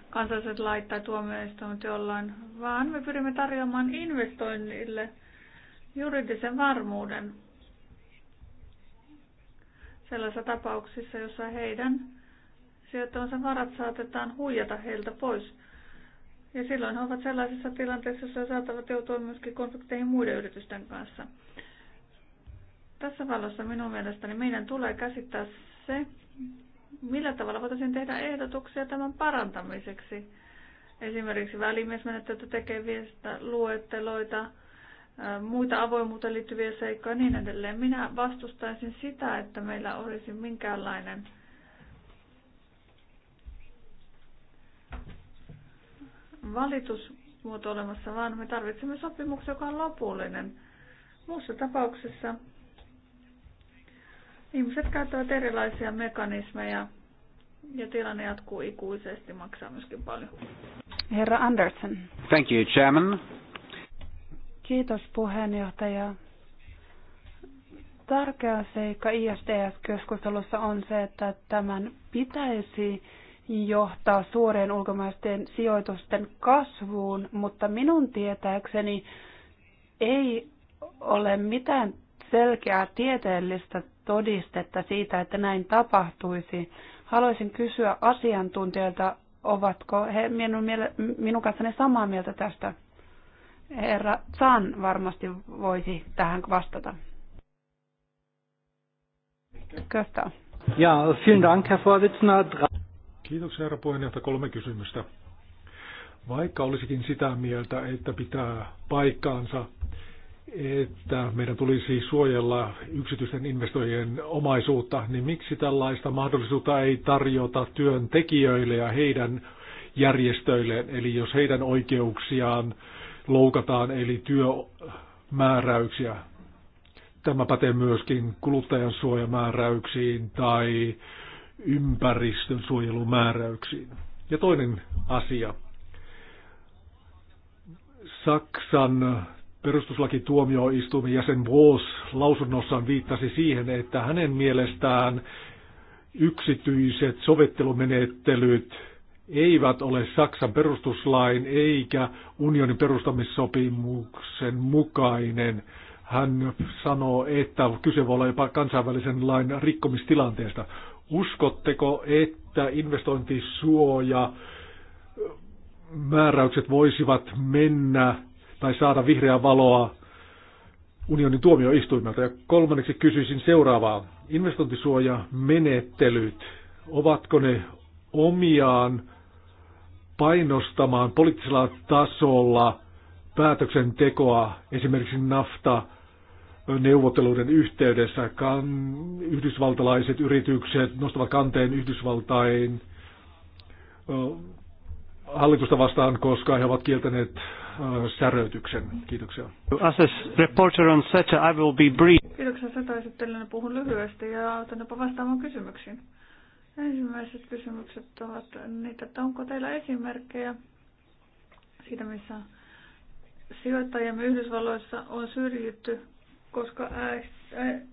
kansalliset lait tai tuomioistuimet jollain, vaan me pyrimme tarjoamaan investoinnille juridisen varmuuden sellaisissa tapauksissa, jossa heidän sijoittamansa varat saatetaan huijata heiltä pois. Ja silloin he ovat sellaisessa tilanteessa, jossa saattavat joutua myöskin konflikteihin muiden yritysten kanssa. Tässä valossa minun mielestäni meidän tulee käsittää se, millä tavalla voitaisiin tehdä ehdotuksia tämän parantamiseksi. Esimerkiksi välimiesmenettelytä tekeviä luetteloita, muita avoimuuteen liittyviä seikkoja ja niin edelleen. Minä vastustaisin sitä, että meillä olisi minkäänlainen valitusmuoto olemassa, vaan me tarvitsemme sopimuksen, joka on lopullinen. Muussa tapauksessa Ihmiset käyttävät erilaisia mekanismeja ja tilanne jatkuu ikuisesti, maksaa myöskin paljon. Herra Anderson. Thank you, Chairman. Kiitos puheenjohtaja. Tärkeä seikka ISDS-keskustelussa on se, että tämän pitäisi johtaa suureen ulkomaisten sijoitusten kasvuun, mutta minun tietääkseni ei ole mitään selkeää tieteellistä todistetta siitä, että näin tapahtuisi. Haluaisin kysyä asiantuntijoilta, ovatko he minun, minun kanssani samaa mieltä tästä. Herra Zan varmasti voisi tähän vastata. Köstä. Ja, vielen Dank, Herr Vorsitzender. Kiitoksia, herra puheenjohtaja. Kolme kysymystä. Vaikka olisikin sitä mieltä, että pitää paikkaansa, että meidän tulisi suojella yksityisten investoijien omaisuutta, niin miksi tällaista mahdollisuutta ei tarjota työntekijöille ja heidän järjestöilleen, eli jos heidän oikeuksiaan loukataan, eli työmääräyksiä. Tämä pätee myöskin kuluttajan suojamääräyksiin tai ympäristön suojelumääräyksiin. Ja toinen asia. Saksan perustuslakituomioistuimen jäsen Boos lausunnossaan viittasi siihen, että hänen mielestään yksityiset sovittelumenettelyt eivät ole Saksan perustuslain eikä unionin perustamissopimuksen mukainen. Hän sanoo, että kyse voi olla jopa kansainvälisen lain rikkomistilanteesta. Uskotteko, että investointisuoja määräykset voisivat mennä tai saada vihreää valoa unionin tuomioistuimelta. Ja kolmanneksi kysyisin seuraavaa. Investointisuojamenettelyt, ovatko ne omiaan painostamaan poliittisella tasolla päätöksentekoa esimerkiksi nafta neuvotteluiden yhteydessä kan, yhdysvaltalaiset yritykset nostavat kanteen Yhdysvaltain hallitusta vastaan, koska he ovat kieltäneet säröityksen. Kiitoksia. As a reporter on SETA, I will be brief. Kiitoksia SETA-esittelijänä. Puhun lyhyesti ja autan jopa vastaamaan kysymyksiin. Ensimmäiset kysymykset ovat niitä, että onko teillä esimerkkejä siitä, missä sijoittajiemme Yhdysvalloissa on syrjitty, koska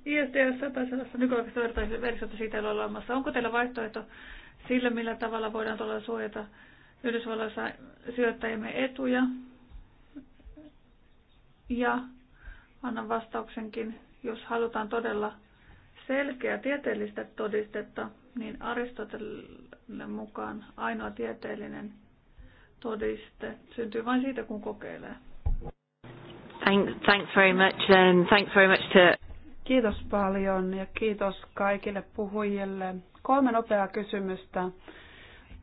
ISDS tai sellaista nykyaikaista vertaisversiota siitä ei ole olemassa. Onko teillä vaihtoehto sillä millä tavalla voidaan tuolla suojata Yhdysvalloissa sijoittajiemme etuja ja annan vastauksenkin, jos halutaan todella selkeä tieteellistä todistetta, niin Aristotelille mukaan ainoa tieteellinen todiste syntyy vain siitä, kun kokeilee. Thanks very much and um, thanks very much to... Kiitos paljon ja kiitos kaikille puhujille. Kolme nopeaa kysymystä.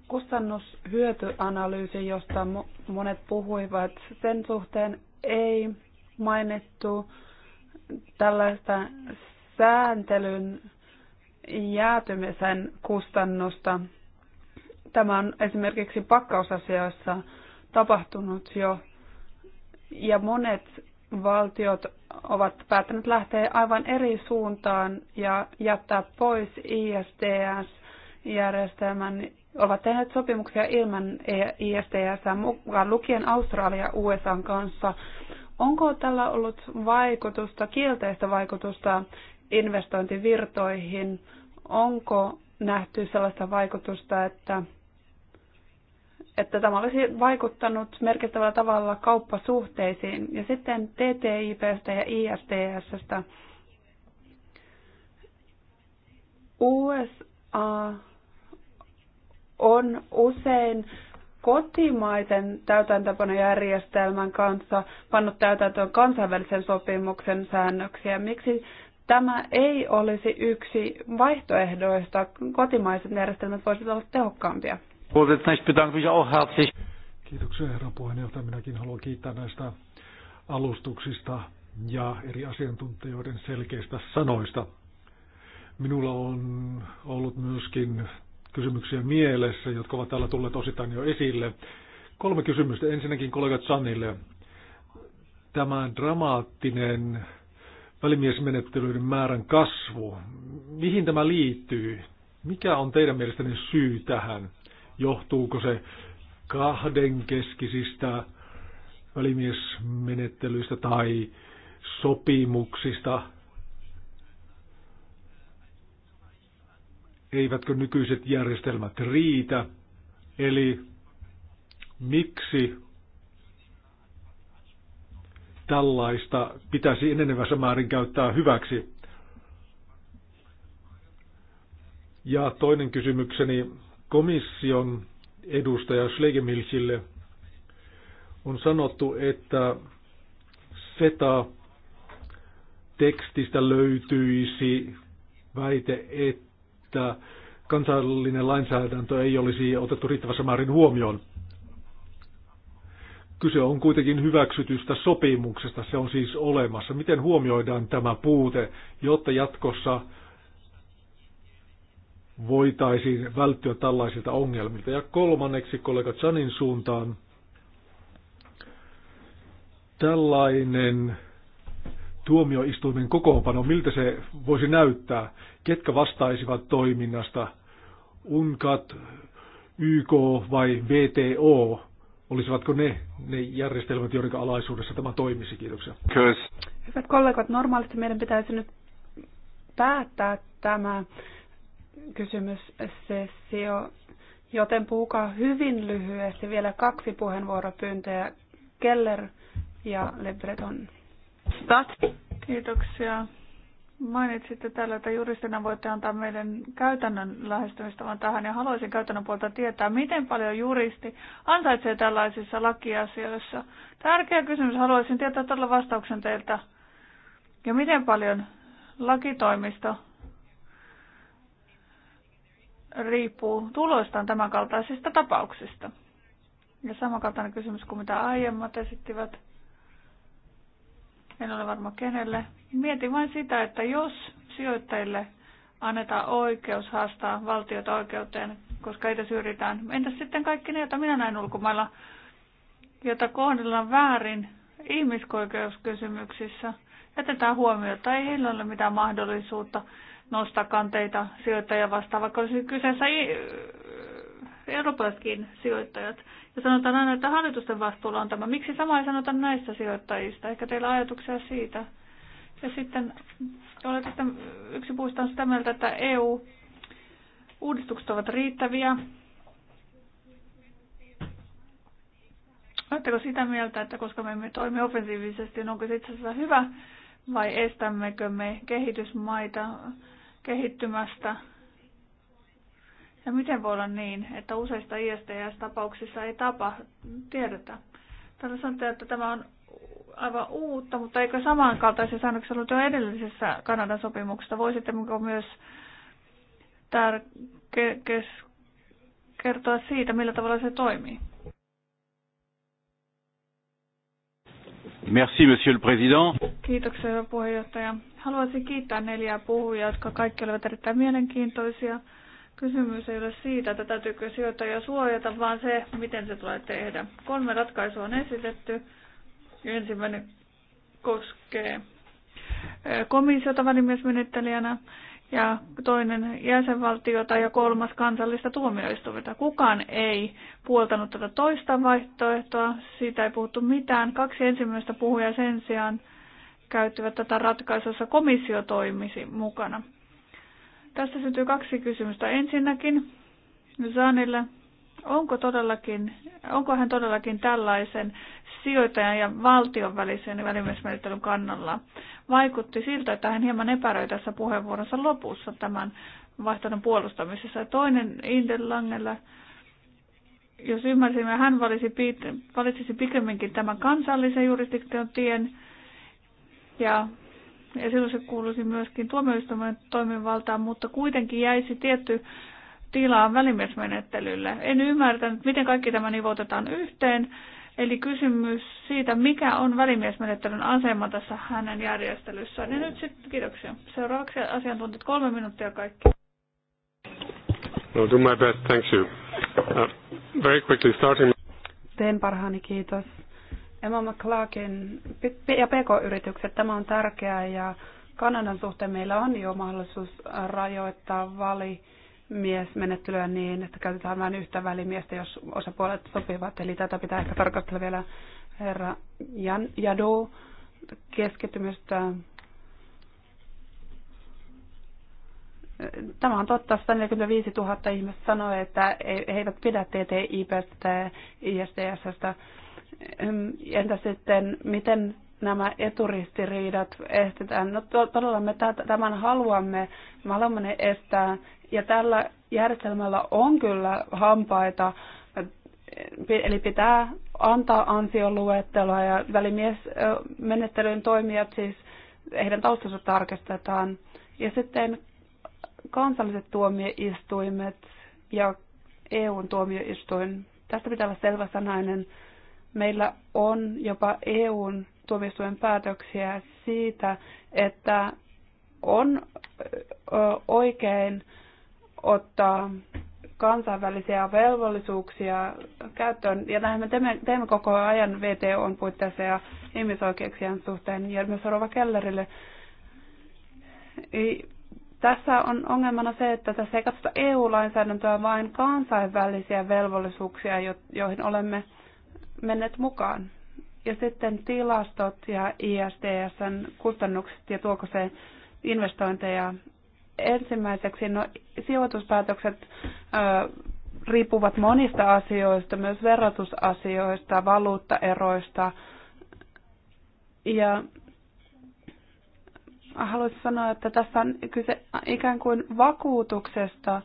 Kustannushyötyanalyysi, josta monet puhuivat, sen suhteen ei mainittu tällaista sääntelyn jäätymisen kustannusta. Tämä on esimerkiksi pakkausasioissa tapahtunut jo, ja monet valtiot ovat päättäneet lähteä aivan eri suuntaan ja jättää pois ISDS-järjestelmän, ovat tehneet sopimuksia ilman ISDS, mukaan lukien Australia USAn kanssa – Onko tällä ollut vaikutusta, kielteistä vaikutusta investointivirtoihin? Onko nähty sellaista vaikutusta, että, että tämä olisi vaikuttanut merkittävällä tavalla kauppasuhteisiin? Ja sitten TTIPstä ja ISTSstä. USA on usein kotimaisen täytäntöpanojärjestelmän kanssa pannut täytäntöön kansainvälisen sopimuksen säännöksiä? Miksi tämä ei olisi yksi vaihtoehdoista? Kotimaiset järjestelmät voisivat olla tehokkaampia. Kiitoksia herra puheenjohtaja. Minäkin haluan kiittää näistä alustuksista ja eri asiantuntijoiden selkeistä sanoista. Minulla on ollut myöskin kysymyksiä mielessä, jotka ovat täällä tulleet osittain jo esille. Kolme kysymystä. Ensinnäkin kollegat Sanille. Tämä dramaattinen välimiesmenettelyiden määrän kasvu, mihin tämä liittyy? Mikä on teidän mielestänne syy tähän? Johtuuko se kahdenkeskisistä välimiesmenettelyistä tai sopimuksista eivätkö nykyiset järjestelmät riitä, eli miksi tällaista pitäisi enenevässä määrin käyttää hyväksi. Ja toinen kysymykseni komission edustaja Schlegemilsille on sanottu, että SETA tekstistä löytyisi väite, että että kansallinen lainsäädäntö ei olisi otettu riittävässä määrin huomioon. Kyse on kuitenkin hyväksytystä sopimuksesta, se on siis olemassa. Miten huomioidaan tämä puute, jotta jatkossa voitaisiin välttyä tällaisilta ongelmilta? Ja kolmanneksi kollega Chanin suuntaan, tällainen tuomioistuimen kokoonpano, miltä se voisi näyttää, ketkä vastaisivat toiminnasta, UNCAT, YK vai VTO, olisivatko ne ne järjestelmät, joiden alaisuudessa tämä toimisi? Kiitoksia. Kyllä. Hyvät kollegat, normaalisti meidän pitäisi nyt päättää tämä kysymyssessio, joten puhukaa hyvin lyhyesti vielä kaksi puheenvuoropyyntöjä, Keller ja Lebreton that... Kiitoksia. Mainitsitte täällä, että juristina voitte antaa meidän käytännön lähestymistavan tähän ja haluaisin käytännön puolta tietää, miten paljon juristi ansaitsee tällaisissa lakiasioissa. Tärkeä kysymys, haluaisin tietää tällä vastauksen teiltä. Ja miten paljon lakitoimisto riippuu tuloistaan tämänkaltaisista tapauksista. Ja samankaltainen kysymys kuin mitä aiemmat esittivät en ole varma kenelle. Mietin vain sitä, että jos sijoittajille annetaan oikeus haastaa valtiota oikeuteen, koska heitä syrjitään, entäs sitten kaikki ne, joita minä näin ulkomailla, joita kohdellaan väärin ihmisoikeuskysymyksissä, jätetään että ei heillä ole mitään mahdollisuutta nostaa kanteita sijoittajia vastaan, vaikka olisi kyseessä eurooppalaisetkin sijoittajat. Ja sanotaan aina, että hallitusten vastuulla on tämä. Miksi sama ei sanota näistä sijoittajista? Ehkä teillä on ajatuksia siitä. Ja sitten olet tästä yksi puistaan sitä mieltä, että EU-uudistukset ovat riittäviä. Oletteko sitä mieltä, että koska me emme toimi offensiivisesti, niin onko se itse asiassa hyvä vai estämmekö me kehitysmaita kehittymästä ja miten voi olla niin, että useista ISTS-tapauksissa ei tapa tiedetä? Täällä sanotaan, että tämä on aivan uutta, mutta eikö samankaltaisia säännöksiä ollut jo edellisessä Kanadan sopimuksessa? Voisitteko myös tär- ke- kes- kertoa siitä, millä tavalla se toimii? Merci, Monsieur le Président. Kiitoksia, hyvä puheenjohtaja. Haluaisin kiittää neljää puhujaa, jotka kaikki olivat erittäin mielenkiintoisia. Kysymys ei ole siitä, että täytyykö sijoittajia suojata, vaan se, miten se tulee tehdä. Kolme ratkaisua on esitetty. Ensimmäinen koskee komissiota välimiesmenettelijänä ja toinen jäsenvaltiota ja kolmas kansallista tuomioistuvilta. Kukaan ei puoltanut tätä toista vaihtoehtoa, siitä ei puhuttu mitään. Kaksi ensimmäistä puhujaa sen sijaan käyttivät tätä ratkaisussa komissio toimisi mukana. Tästä syntyy kaksi kysymystä. Ensinnäkin Zanille, onko, todellakin, onko hän todellakin tällaisen sijoittajan ja valtion välisen välimiesmenettelyn kannalla? Vaikutti siltä, että hän hieman epäröi tässä puheenvuoronsa lopussa tämän vaihtoehdon puolustamisessa. Ja toinen Indelangella, jos ymmärsimme, hän valitsisi pikemminkin tämän kansallisen jurisdiktion tien ja ja silloin se kuuluisi myöskin tuomioistuimen toimivaltaan, mutta kuitenkin jäisi tietty tilaan välimiesmenettelylle. En ymmärtänyt, miten kaikki tämä nivotetaan yhteen. Eli kysymys siitä, mikä on välimiesmenettelyn asema tässä hänen järjestelyssään. Ja nyt sitten kiitoksia. Seuraavaksi asiantuntijat kolme minuuttia kaikki. No, do my best, thank you. Uh, very quickly starting. Teen parhaani, kiitos. Emma McClarkin ja PK-yritykset, tämä on tärkeää ja Kanadan suhteen meillä on jo mahdollisuus rajoittaa vali miesmenettelyä niin, että käytetään vain yhtä välimiestä, jos osapuolet sopivat. Eli tätä pitää ehkä tarkastella vielä herra Jan, Jadu keskittymistä. Tämä on totta. 145 000 ihmistä sanoi, että he eivät pidä TTIPstä ja ISDSstä Entä sitten, miten nämä eturistiriidat estetään? No todella me tämän haluamme, me haluamme ne estää. Ja tällä järjestelmällä on kyllä hampaita, eli pitää antaa ansioluetteloa ja välimiesmenettelyn toimijat siis heidän taustansa tarkistetaan. Ja sitten kansalliset tuomioistuimet ja EUn tuomioistuin. Tästä pitää olla selvä sanainen Meillä on jopa EUn tuomioistuimen päätöksiä siitä, että on oikein ottaa kansainvälisiä velvollisuuksia käyttöön. Ja näin me teemme, teemme koko ajan VTOn puitteissa ja ihmisoikeuksien suhteen ja myös Rova Kellerille. Tässä on ongelmana se, että tässä ei katsota EU-lainsäädäntöä, vaan kansainvälisiä velvollisuuksia, joihin olemme menneet mukaan. Ja sitten tilastot ja ISDSn kustannukset ja tuoko se investointeja ensimmäiseksi, no sijoituspäätökset ö, riippuvat monista asioista, myös verotusasioista, valuuttaeroista. Ja haluaisin sanoa, että tässä on kyse ikään kuin vakuutuksesta,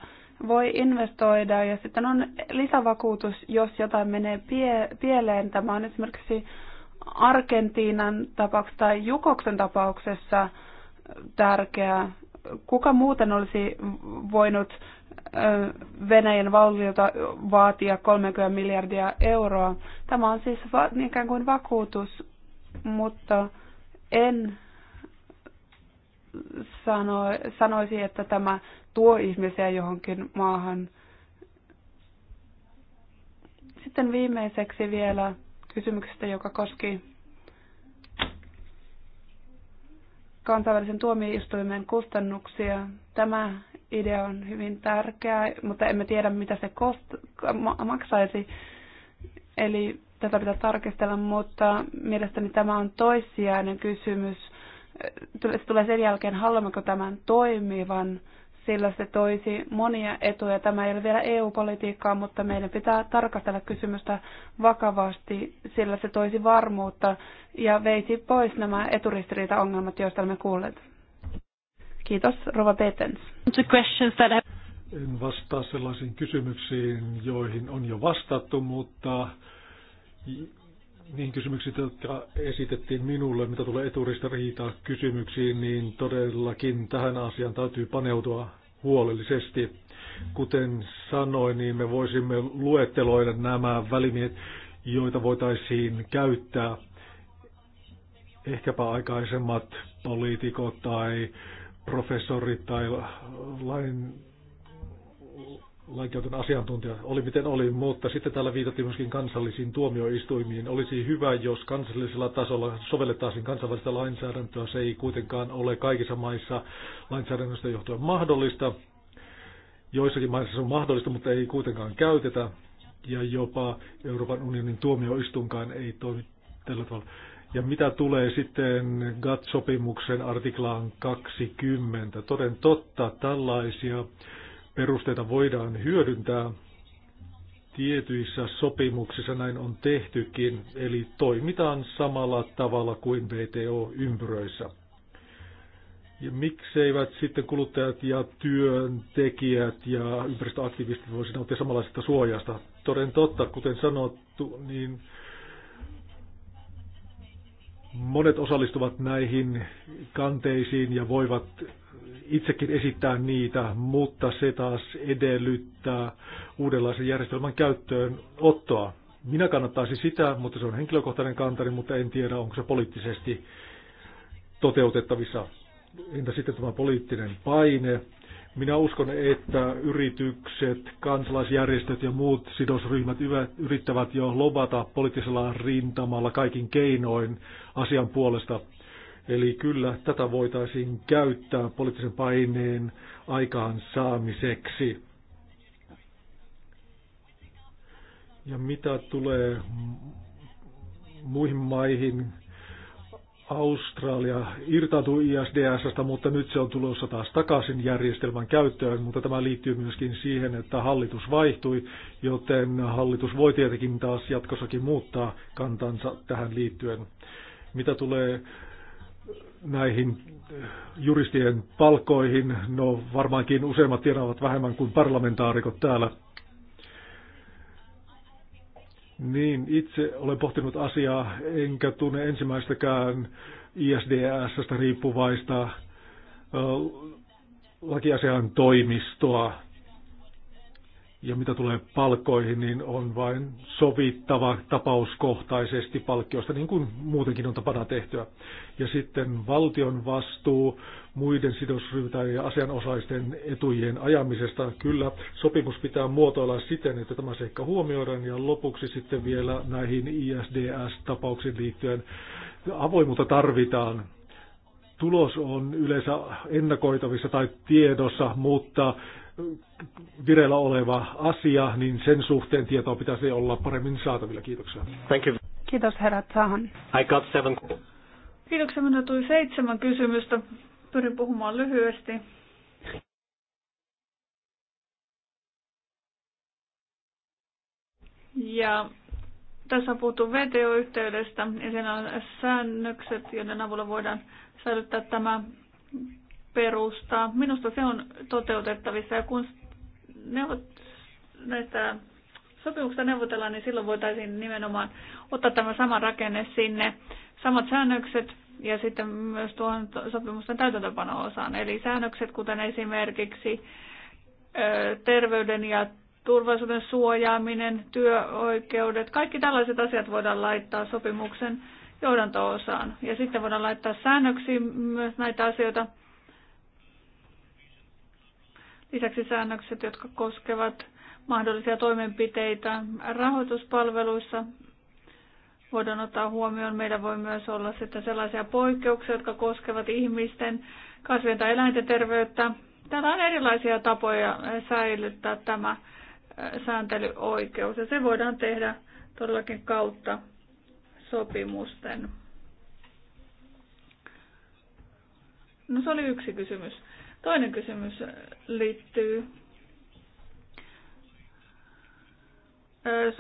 voi investoida ja sitten on lisävakuutus, jos jotain menee pie- pieleen. Tämä on esimerkiksi Argentiinan tapauksessa tai Jukoksen tapauksessa tärkeää. Kuka muuten olisi voinut Venäjän valtiolta vaatia 30 miljardia euroa? Tämä on siis va- ikään kuin vakuutus, mutta en sano, sanoisi, että tämä tuo ihmisiä johonkin maahan. Sitten viimeiseksi vielä kysymyksestä, joka koski kansainvälisen tuomioistuimen kustannuksia. Tämä idea on hyvin tärkeä, mutta emme tiedä, mitä se kost- maksaisi. Eli tätä pitää tarkistella, mutta mielestäni tämä on toissijainen kysymys se tulee sen jälkeen, haluammeko tämän toimivan, sillä se toisi monia etuja. Tämä ei ole vielä EU-politiikkaa, mutta meidän pitää tarkastella kysymystä vakavasti, sillä se toisi varmuutta ja veisi pois nämä ongelmat, joista olemme kuulleet. Kiitos, Rova Petens. En vastaa sellaisiin kysymyksiin, joihin on jo vastattu, mutta niin kysymyksiin, jotka esitettiin minulle, mitä tulee riitaa kysymyksiin, niin todellakin tähän asiaan täytyy paneutua huolellisesti. Kuten sanoin, niin me voisimme luetteloida nämä välineet, joita voitaisiin käyttää. Ehkäpä aikaisemmat poliitikot tai professorit tai lain Lainkäytön asiantuntija, oli miten oli, mutta sitten täällä viitattiin myöskin kansallisiin tuomioistuimiin. Olisi hyvä, jos kansallisella tasolla sovellettaisiin kansainvälistä lainsäädäntöä. Se ei kuitenkaan ole kaikissa maissa lainsäädännöstä johtuen mahdollista. Joissakin maissa se on mahdollista, mutta ei kuitenkaan käytetä. Ja jopa Euroopan unionin tuomioistuinkaan ei toimi tällä tavalla. Ja mitä tulee sitten GATT-sopimuksen artiklaan 20? Toden totta, tällaisia perusteita voidaan hyödyntää tietyissä sopimuksissa näin on tehtykin, eli toimitaan samalla tavalla kuin VTO-ympyröissä. Ja mikseivät sitten kuluttajat ja työntekijät ja ympäristöaktivistit voisi nauttia samanlaisesta suojasta? Toden totta, kuten sanottu, niin monet osallistuvat näihin kanteisiin ja voivat itsekin esittää niitä, mutta se taas edellyttää uudenlaisen järjestelmän käyttöön ottoa. Minä kannattaisin sitä, mutta se on henkilökohtainen kantari, mutta en tiedä, onko se poliittisesti toteutettavissa. Entä sitten tämä poliittinen paine? Minä uskon, että yritykset, kansalaisjärjestöt ja muut sidosryhmät yrittävät jo lobata poliittisella rintamalla kaikin keinoin asian puolesta. Eli kyllä tätä voitaisiin käyttää poliittisen paineen aikaan saamiseksi. Ja mitä tulee muihin maihin, Australia irtautui ISDSstä, mutta nyt se on tulossa taas takaisin järjestelmän käyttöön, mutta tämä liittyy myöskin siihen, että hallitus vaihtui, joten hallitus voi tietenkin taas jatkossakin muuttaa kantansa tähän liittyen. Mitä tulee näihin juristien palkoihin. No varmaankin useimmat tienaavat vähemmän kuin parlamentaarikot täällä. Niin, itse olen pohtinut asiaa, enkä tunne ensimmäistäkään ISDS-stä riippuvaista lakiasian toimistoa. Ja mitä tulee palkoihin, niin on vain sovittava tapauskohtaisesti palkkiosta, niin kuin muutenkin on tapana tehtyä. Ja sitten valtion vastuu muiden sidosryhmien ja asianosaisten etujen ajamisesta. Kyllä, sopimus pitää muotoilla siten, että tämä seikka huomioidaan. Ja lopuksi sitten vielä näihin ISDS-tapauksiin liittyen avoimuutta tarvitaan tulos on yleensä ennakoitavissa tai tiedossa, mutta vireillä oleva asia, niin sen suhteen tietoa pitäisi olla paremmin saatavilla. Kiitoksia. Thank you. Kiitos herra Tahan. I got seven. Kiitoksia, minä tuli seitsemän kysymystä. Pyrin puhumaan lyhyesti. Ja tässä on puhuttu VTO-yhteydestä ja siinä on säännökset, joiden avulla voidaan säilyttää tämä perusta. Minusta se on toteutettavissa ja kun neuvot, näistä sopimuksista neuvotellaan, niin silloin voitaisiin nimenomaan ottaa tämä sama rakenne sinne, samat säännökset ja sitten myös tuohon sopimusten täytäntöpano-osaan. Eli säännökset, kuten esimerkiksi terveyden ja turvallisuuden suojaaminen, työoikeudet, kaikki tällaiset asiat voidaan laittaa sopimuksen johdanto-osaan. Ja sitten voidaan laittaa säännöksiin myös näitä asioita. Lisäksi säännökset, jotka koskevat mahdollisia toimenpiteitä rahoituspalveluissa, voidaan ottaa huomioon. Meidän voi myös olla sitten sellaisia poikkeuksia, jotka koskevat ihmisten kasvien tai eläinten terveyttä. Täällä on erilaisia tapoja säilyttää tämä sääntelyoikeus. Ja se voidaan tehdä todellakin kautta sopimusten. No se oli yksi kysymys. Toinen kysymys liittyy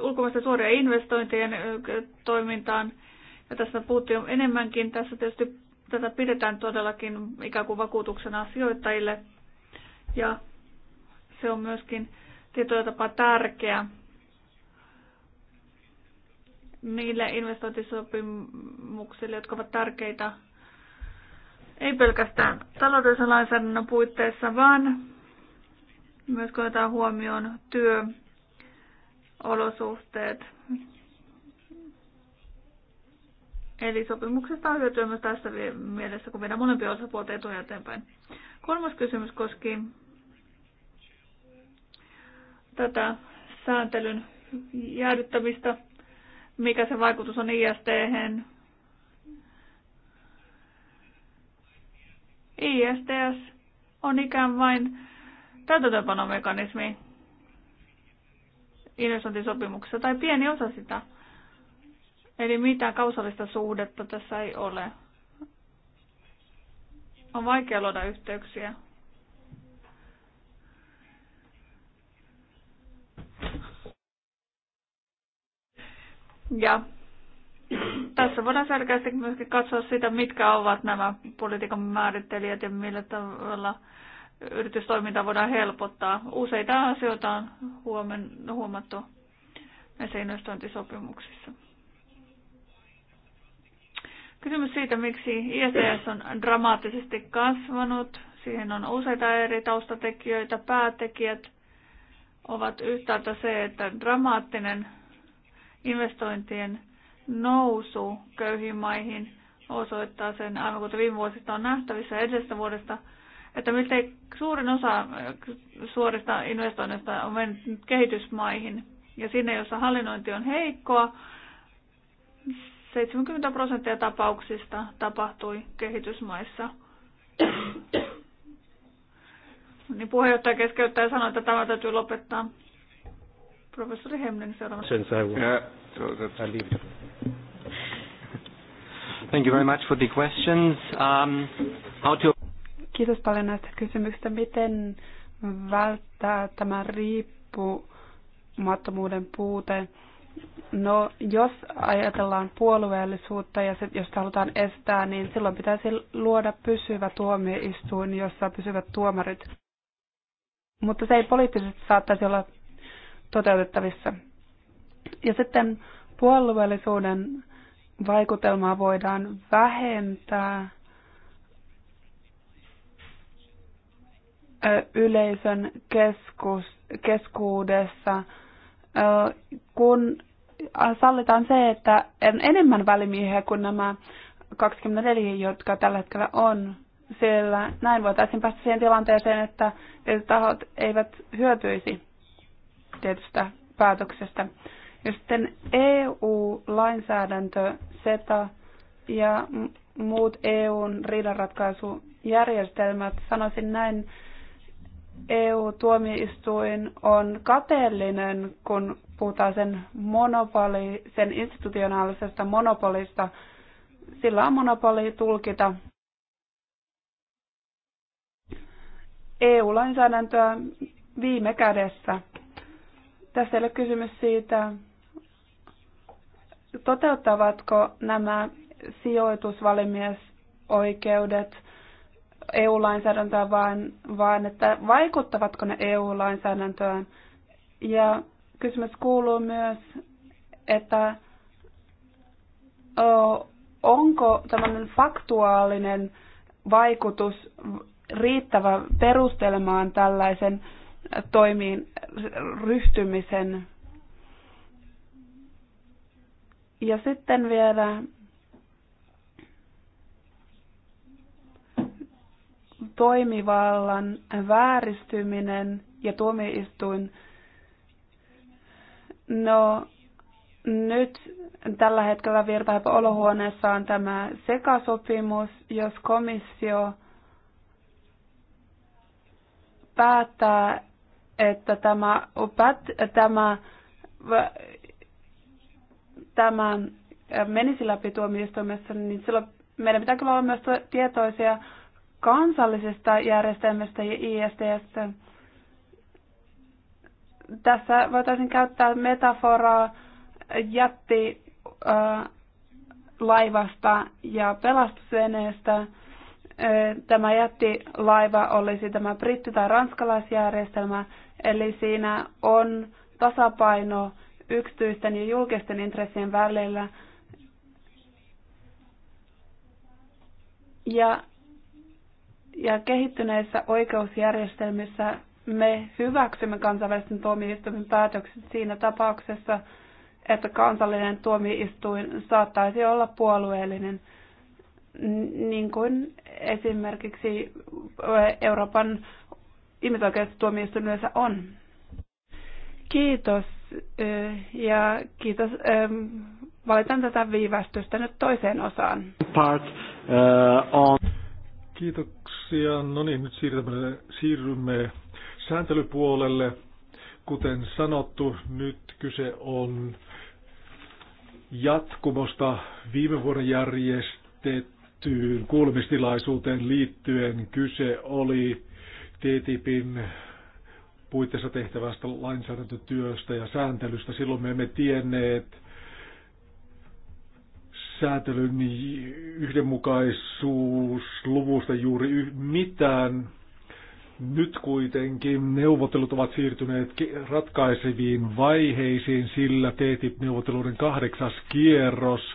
ulkomaisten suoria investointien toimintaan. Ja tässä puhuttiin jo enemmänkin. Tässä tietysti tätä pidetään todellakin ikään kuin vakuutuksena sijoittajille. Ja se on myöskin tietyllä tapaa tärkeä niille investointisopimuksille, jotka ovat tärkeitä ei pelkästään taloudellisen lainsäädännön puitteissa, vaan myös kun otetaan huomioon työolosuhteet. Eli sopimuksesta on hyötyä myös tässä mielessä, kun meidän molempia osapuolta etuja eteenpäin. Kolmas kysymys koski tätä sääntelyn jäädyttämistä, mikä se vaikutus on IST. -hän. ISTS on ikään vain täytäntöönpanomekanismi investointisopimuksessa tai pieni osa sitä. Eli mitään kausallista suhdetta tässä ei ole. On vaikea luoda yhteyksiä. Ja tässä voidaan selkeästi myöskin katsoa sitä, mitkä ovat nämä politiikan määrittelijät ja millä tavalla yritystoimintaa voidaan helpottaa. Useita asioita on huomen, huomattu näissä investointisopimuksissa. Kysymys siitä, miksi ISDS on dramaattisesti kasvanut. Siihen on useita eri taustatekijöitä. Päätekijät ovat yhtäältä se, että dramaattinen investointien nousu köyhiin maihin osoittaa sen, aivan kuten viime vuosista on nähtävissä edellisestä vuodesta, että miltei suurin osa äh, suorista investoinneista on mennyt kehitysmaihin. Ja sinne, jossa hallinnointi on heikkoa, 70 prosenttia tapauksista tapahtui kehitysmaissa. niin puheenjohtaja keskeyttää ja sanoi, että tämä täytyy lopettaa. Professori Hemling seuraavaksi. Thank you very much for the questions. Um, how to... Kiitos paljon näistä kysymyksistä. Miten välttää tämä riippumattomuuden puute? No, jos ajatellaan puolueellisuutta ja se, jos halutaan estää, niin silloin pitäisi luoda pysyvä tuomioistuin, jossa pysyvät tuomarit. Mutta se ei poliittisesti saattaisi olla toteutettavissa. Ja sitten puolueellisuuden vaikutelmaa voidaan vähentää yleisön keskus, keskuudessa, kun sallitaan se, että on enemmän välimiehiä kuin nämä 24, jotka tällä hetkellä on, sillä näin voitaisiin päästä siihen tilanteeseen, että tahot eivät hyötyisi tietystä päätöksestä. Ja sitten EU-lainsäädäntö, SETA ja muut EUn riidanratkaisujärjestelmät, sanoisin näin, EU-tuomioistuin on kateellinen, kun puhutaan sen, monopoli, sen institutionaalisesta monopolista. Sillä on monopoli tulkita EU-lainsäädäntöä viime kädessä. Tässä ei ole kysymys siitä, toteuttavatko nämä sijoitusvalimiesoikeudet eu lainsäädäntöön vaan, vaan että vaikuttavatko ne EU-lainsäädäntöön. Ja kysymys kuuluu myös, että onko tämmöinen faktuaalinen vaikutus riittävä perustelemaan tällaisen toimiin ryhtymisen. Ja sitten vielä toimivallan vääristyminen ja tuomioistuin. No, nyt tällä hetkellä virtaipa olohuoneessa on tämä sekasopimus, jos komissio päättää, että tämä, tämä, tämä menisi läpi tuomioistuimessa, niin silloin meidän pitää kyllä olla myös tietoisia kansallisesta järjestelmästä ja ISDstä. Tässä voitaisiin käyttää metaforaa jätti laivasta ja pelastusveneestä. Tämä laiva olisi tämä britti- tai ranskalaisjärjestelmä, Eli siinä on tasapaino yksityisten ja julkisten intressien välillä. Ja, ja kehittyneissä oikeusjärjestelmissä me hyväksymme kansainvälisten tuomioistuimen päätökset siinä tapauksessa, että kansallinen tuomioistuin saattaisi olla puolueellinen, niin kuin esimerkiksi Euroopan ihmisoikeustuomioistuimessa on. Kiitos ja kiitos. Valitan tätä viivästystä nyt toiseen osaan. Part, uh, on. Kiitoksia. No niin, nyt siirrymme, siirrymme sääntelypuolelle. Kuten sanottu, nyt kyse on jatkumosta viime vuonna järjestettyyn kuulemistilaisuuteen liittyen. Kyse oli TTIPin puitteissa tehtävästä lainsäädäntötyöstä ja sääntelystä. Silloin me emme tienneet säätelyn yhdenmukaisuusluvusta juuri mitään. Nyt kuitenkin neuvottelut ovat siirtyneet ratkaiseviin vaiheisiin, sillä TTIP-neuvotteluiden kahdeksas kierros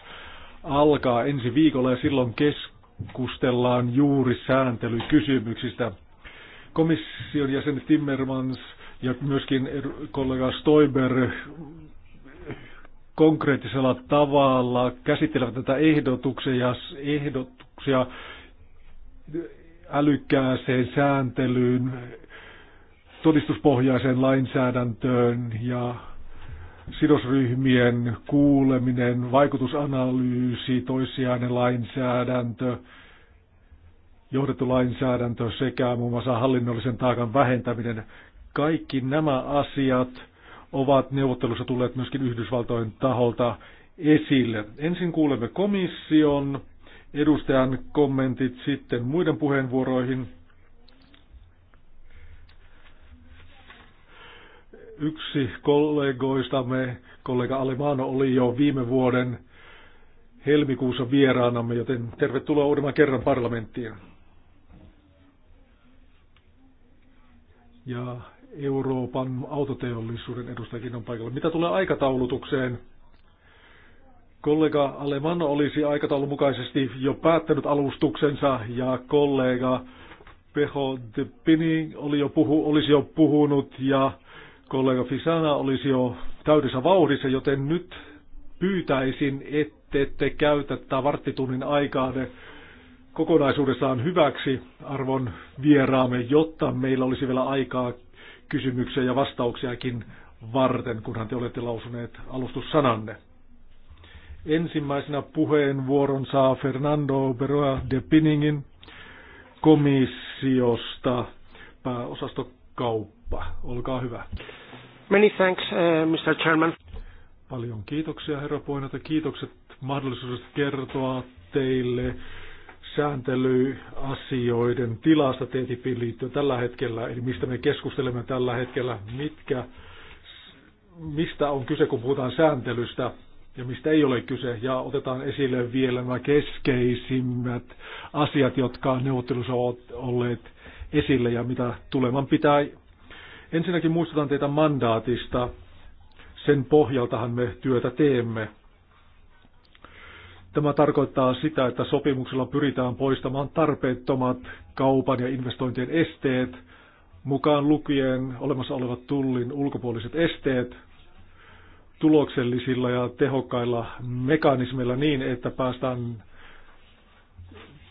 alkaa ensi viikolla ja silloin keskustellaan juuri sääntelykysymyksistä. Komission jäsen Timmermans ja myöskin kollega Stoiber konkreettisella tavalla käsittelevät tätä ehdotuksia ja ehdotuksia älykkääseen sääntelyyn, todistuspohjaiseen lainsäädäntöön ja sidosryhmien kuuleminen, vaikutusanalyysi, toissijainen lainsäädäntö – johdettu lainsäädäntö sekä muun muassa hallinnollisen taakan vähentäminen. Kaikki nämä asiat ovat neuvottelussa tulleet myöskin Yhdysvaltojen taholta esille. Ensin kuulemme komission edustajan kommentit sitten muiden puheenvuoroihin. Yksi kollegoistamme, kollega Alemano, oli jo viime vuoden helmikuussa vieraanamme, joten tervetuloa uudemman kerran parlamenttiin. ja Euroopan autoteollisuuden edustajakin on paikalla. Mitä tulee aikataulutukseen? Kollega Aleman olisi aikataulun mukaisesti jo päättänyt alustuksensa ja kollega Peho de Pini oli jo puhu, olisi jo puhunut ja kollega Fisana olisi jo täydessä vauhdissa, joten nyt pyytäisin, ette te käytä tätä varttitunnin aikaa ne kokonaisuudessaan hyväksi arvon vieraamme, jotta meillä olisi vielä aikaa kysymyksiä ja vastauksiakin varten, kunhan te olette lausuneet alustussananne. Ensimmäisenä puheenvuoron saa Fernando Beroa de Piningin komissiosta pääosastokauppa. Olkaa hyvä. Many thanks, uh, Mr. Chairman. Paljon kiitoksia, herra Poinata. Kiitokset mahdollisuudesta kertoa teille sääntelyasioiden tilasta TTIPin liittyen tällä hetkellä, eli mistä me keskustelemme tällä hetkellä, mitkä, mistä on kyse, kun puhutaan sääntelystä ja mistä ei ole kyse. Ja otetaan esille vielä nämä keskeisimmät asiat, jotka neuvottelussa ovat olleet esille ja mitä tuleman pitää. Ensinnäkin muistutan teitä mandaatista. Sen pohjaltahan me työtä teemme. Tämä tarkoittaa sitä, että sopimuksella pyritään poistamaan tarpeettomat kaupan ja investointien esteet, mukaan lukien olemassa olevat tullin ulkopuoliset esteet, tuloksellisilla ja tehokkailla mekanismeilla niin, että päästään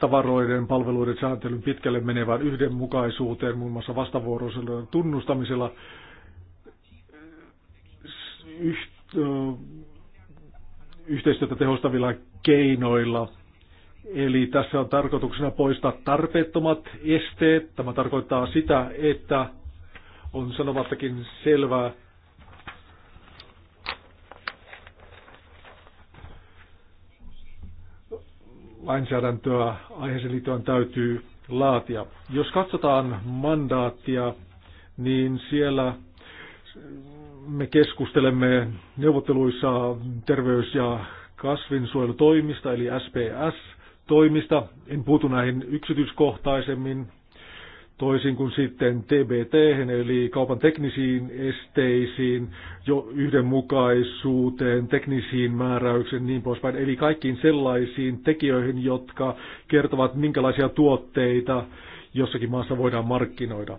tavaroiden palveluiden sääntelyn pitkälle menevään yhdenmukaisuuteen, muun muassa vastavuoroisella tunnustamisella, yhteistyötä tehostavilla keinoilla. Eli tässä on tarkoituksena poistaa tarpeettomat esteet. Tämä tarkoittaa sitä, että on sanomattakin selvää, lainsäädäntöä aiheeseen liittyen täytyy laatia. Jos katsotaan mandaattia, niin siellä me keskustelemme neuvotteluissa terveys- ja kasvinsuojelutoimista eli SPS-toimista. En puutu näihin yksityiskohtaisemmin toisin kuin sitten TBT eli kaupan teknisiin esteisiin, jo yhdenmukaisuuteen, teknisiin määräyksiin niin poispäin. Eli kaikkiin sellaisiin tekijöihin, jotka kertovat minkälaisia tuotteita jossakin maassa voidaan markkinoida.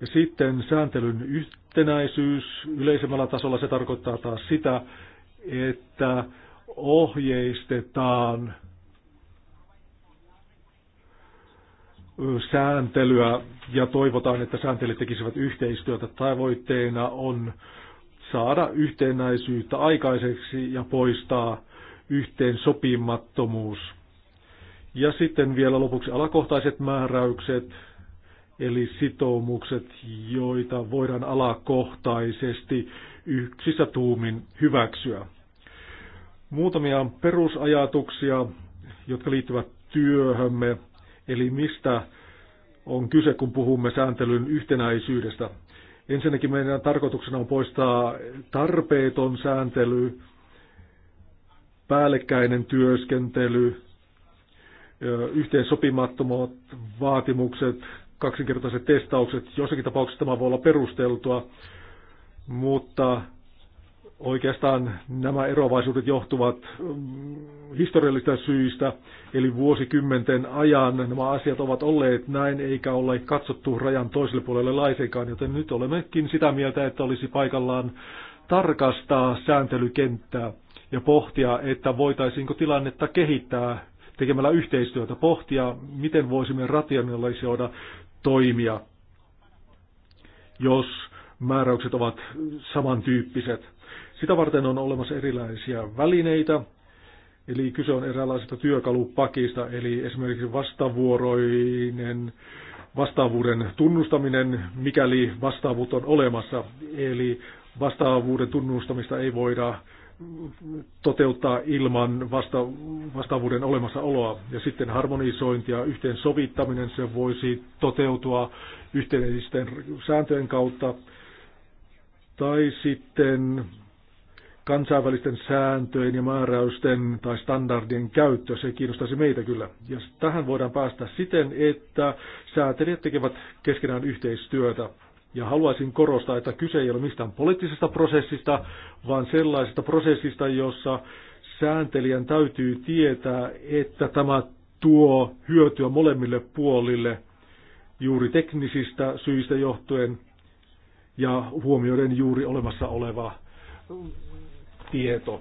Ja sitten sääntelyn yhtenäisyys yleisemmällä tasolla se tarkoittaa taas sitä, että ohjeistetaan sääntelyä ja toivotaan, että sääntelijät tekisivät yhteistyötä. Tavoitteena on saada yhtenäisyyttä aikaiseksi ja poistaa yhteen sopimattomuus. Ja sitten vielä lopuksi alakohtaiset määräykset, eli sitoumukset, joita voidaan alakohtaisesti yksissä tuumin hyväksyä. Muutamia perusajatuksia, jotka liittyvät työhömme, eli mistä on kyse, kun puhumme sääntelyn yhtenäisyydestä. Ensinnäkin meidän tarkoituksena on poistaa tarpeeton sääntely, päällekkäinen työskentely, yhteensopimattomat vaatimukset, kaksinkertaiset testaukset. Jossakin tapauksessa tämä voi olla perusteltua, mutta Oikeastaan nämä eroavaisuudet johtuvat mm, historiallisista syistä, eli vuosikymmenten ajan nämä asiat ovat olleet näin, eikä ole katsottu rajan toiselle puolelle laisenkaan, joten nyt olemmekin sitä mieltä, että olisi paikallaan tarkastaa sääntelykenttää ja pohtia, että voitaisiinko tilannetta kehittää tekemällä yhteistyötä, pohtia, miten voisimme rationalisoida toimia, jos määräykset ovat samantyyppiset. Sitä varten on olemassa erilaisia välineitä, eli kyse on eräänlaisesta työkalupakista, eli esimerkiksi vastavuoroinen vastaavuuden tunnustaminen, mikäli vastaavuut on olemassa, eli vastaavuuden tunnustamista ei voida toteuttaa ilman vasta, vastaavuuden olemassaoloa. Ja sitten harmonisointi ja yhteensovittaminen, se voisi toteutua yhteisten sääntöjen kautta. Tai sitten kansainvälisten sääntöjen ja määräysten tai standardien käyttö, se kiinnostaisi meitä kyllä. Ja tähän voidaan päästä siten, että säätelijät tekevät keskenään yhteistyötä. Ja haluaisin korostaa, että kyse ei ole mistään poliittisesta prosessista, vaan sellaisesta prosessista, jossa sääntelijän täytyy tietää, että tämä tuo hyötyä molemmille puolille juuri teknisistä syistä johtuen ja huomioiden juuri olemassa olevaa tieto.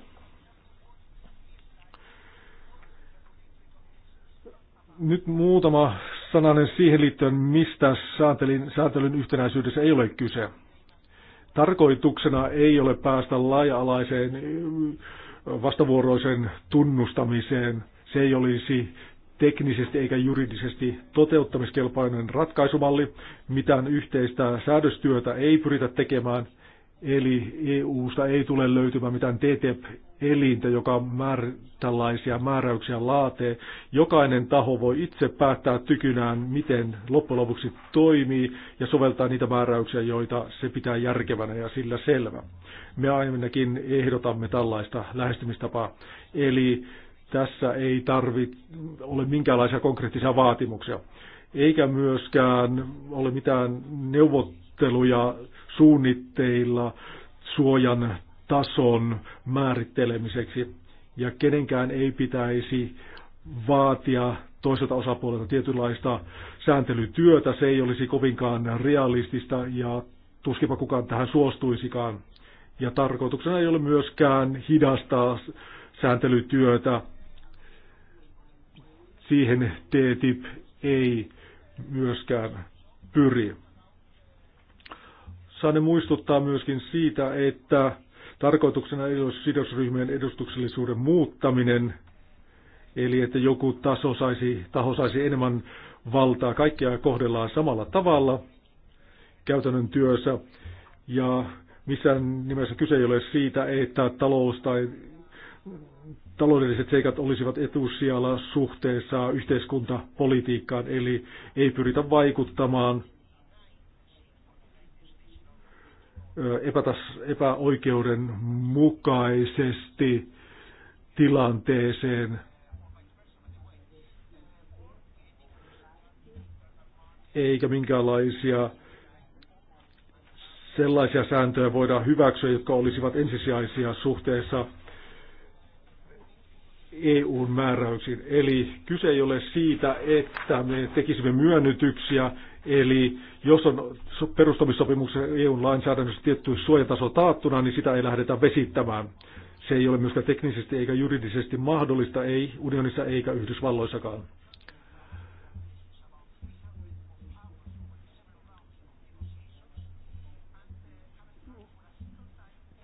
Nyt muutama sananen siihen liittyen, mistä sääntelyn, sääntelyn yhtenäisyydessä ei ole kyse. Tarkoituksena ei ole päästä laaja-alaiseen vastavuoroisen tunnustamiseen. Se ei olisi teknisesti eikä juridisesti toteuttamiskelpoinen ratkaisumalli. Mitään yhteistä säädöstyötä ei pyritä tekemään – Eli EUsta ei tule löytymään mitään TTIP-elintä, joka määr, tällaisia määräyksiä laatee. Jokainen taho voi itse päättää tykynään, miten loppujen lopuksi toimii ja soveltaa niitä määräyksiä, joita se pitää järkevänä ja sillä selvä. Me ainakin ehdotamme tällaista lähestymistapaa. Eli tässä ei tarvitse ole minkäänlaisia konkreettisia vaatimuksia, eikä myöskään ole mitään neuvotteluja suunnitteilla suojan tason määrittelemiseksi. Ja kenenkään ei pitäisi vaatia toiselta osapuolelta tietynlaista sääntelytyötä. Se ei olisi kovinkaan realistista ja tuskipa kukaan tähän suostuisikaan. Ja tarkoituksena ei ole myöskään hidastaa sääntelytyötä. Siihen TTIP ei myöskään pyri ne muistuttaa myöskin siitä, että tarkoituksena ei ole sidosryhmien edustuksellisuuden muuttaminen, eli että joku taso saisi, taho saisi enemmän valtaa. Kaikkia kohdellaan samalla tavalla käytännön työssä. Ja missään nimessä kyse ei ole siitä, että talous tai taloudelliset seikat olisivat etusijalla suhteessa yhteiskuntapolitiikkaan, eli ei pyritä vaikuttamaan epätas, epäoikeudenmukaisesti tilanteeseen. Eikä minkäänlaisia sellaisia sääntöjä voida hyväksyä, jotka olisivat ensisijaisia suhteessa EUn määräyksiin. Eli kyse ei ole siitä, että me tekisimme myönnytyksiä Eli jos on perustamissopimuksen EUn lainsäädännössä tietty suojataso taattuna, niin sitä ei lähdetä vesittämään. Se ei ole myöskään teknisesti eikä juridisesti mahdollista, ei unionissa eikä Yhdysvalloissakaan.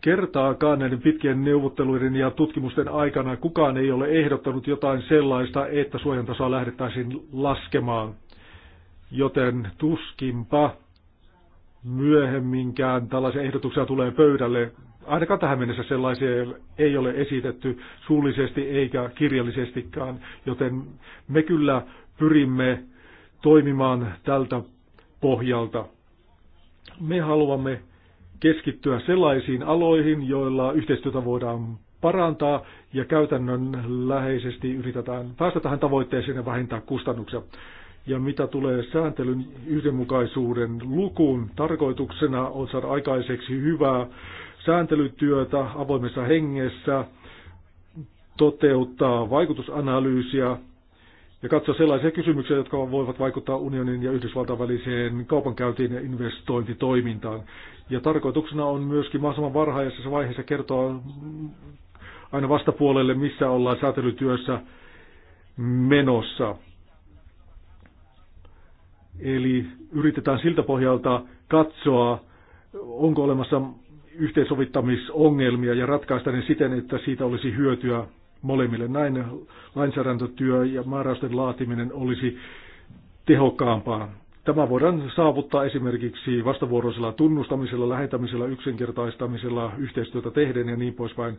kertaakaan näiden pitkien neuvotteluiden ja tutkimusten aikana kukaan ei ole ehdottanut jotain sellaista, että suojantasoa lähdettäisiin laskemaan joten tuskinpa myöhemminkään tällaisia ehdotuksia tulee pöydälle. Ainakaan tähän mennessä sellaisia ei ole esitetty suullisesti eikä kirjallisestikään, joten me kyllä pyrimme toimimaan tältä pohjalta. Me haluamme keskittyä sellaisiin aloihin, joilla yhteistyötä voidaan parantaa ja käytännön läheisesti yritetään päästä tähän tavoitteeseen ja vähentää kustannuksia. Ja mitä tulee sääntelyn yhdenmukaisuuden lukuun, tarkoituksena on saada aikaiseksi hyvää sääntelytyötä avoimessa hengessä, toteuttaa vaikutusanalyysiä ja katsoa sellaisia kysymyksiä, jotka voivat vaikuttaa unionin ja Yhdysvaltain väliseen kaupankäyntiin ja investointitoimintaan. Ja tarkoituksena on myöskin mahdollisimman varhaisessa vaiheessa kertoa aina vastapuolelle, missä ollaan säätelytyössä menossa. Eli yritetään siltä pohjalta katsoa, onko olemassa yhteensovittamisongelmia ja ratkaista ne siten, että siitä olisi hyötyä molemmille. Näin lainsäädäntötyö ja määräysten laatiminen olisi tehokkaampaa. Tämä voidaan saavuttaa esimerkiksi vastavuoroisella tunnustamisella, lähetämisellä, yksinkertaistamisella, yhteistyötä tehden ja niin poispäin.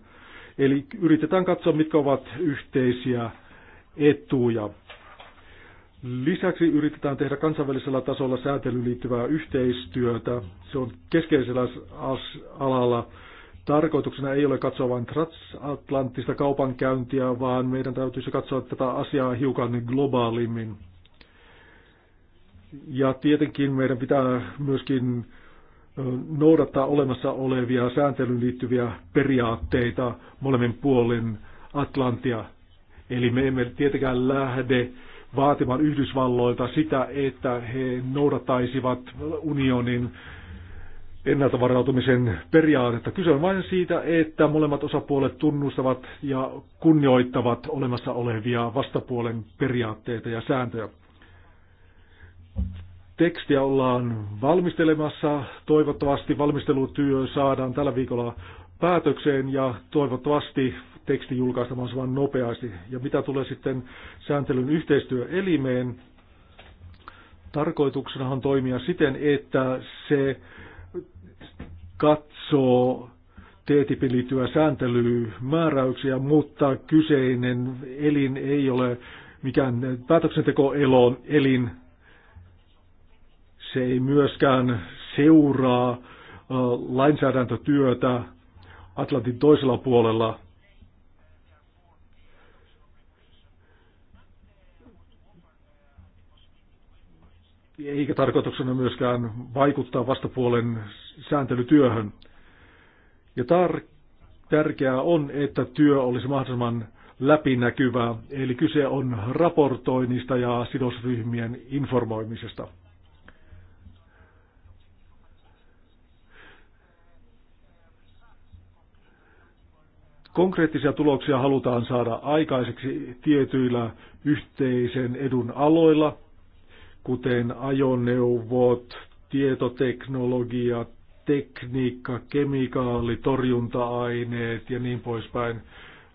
Eli yritetään katsoa, mitkä ovat yhteisiä etuja. Lisäksi yritetään tehdä kansainvälisellä tasolla säätelyyn liittyvää yhteistyötä. Se on keskeisellä alalla. Tarkoituksena ei ole katsoa vain transatlanttista kaupankäyntiä, vaan meidän täytyisi katsoa tätä asiaa hiukan globaalimmin. Ja tietenkin meidän pitää myöskin noudattaa olemassa olevia sääntelyyn liittyviä periaatteita molemmin puolin Atlantia. Eli me emme tietenkään lähde vaatimaan Yhdysvalloilta sitä, että he noudattaisivat unionin ennalta varautumisen periaatetta. Kyse on vain siitä, että molemmat osapuolet tunnustavat ja kunnioittavat olemassa olevia vastapuolen periaatteita ja sääntöjä. Tekstiä ollaan valmistelemassa. Toivottavasti valmistelutyö saadaan tällä viikolla päätökseen ja toivottavasti teksti julkaistamassa vaan nopeasti. Ja mitä tulee sitten sääntelyn yhteistyöelimeen, tarkoituksena on toimia siten, että se katsoo TTIPin liittyvää sääntelymääräyksiä, mutta kyseinen elin ei ole mikään päätöksentekoelon elin. Se ei myöskään seuraa lainsäädäntötyötä Atlantin toisella puolella. eikä tarkoituksena myöskään vaikuttaa vastapuolen sääntelytyöhön. Ja tar- tärkeää on, että työ olisi mahdollisimman läpinäkyvää, eli kyse on raportoinnista ja sidosryhmien informoimisesta. Konkreettisia tuloksia halutaan saada aikaiseksi tietyillä yhteisen edun aloilla – kuten ajoneuvot, tietoteknologia, tekniikka, kemikaali, torjunta-aineet ja niin poispäin.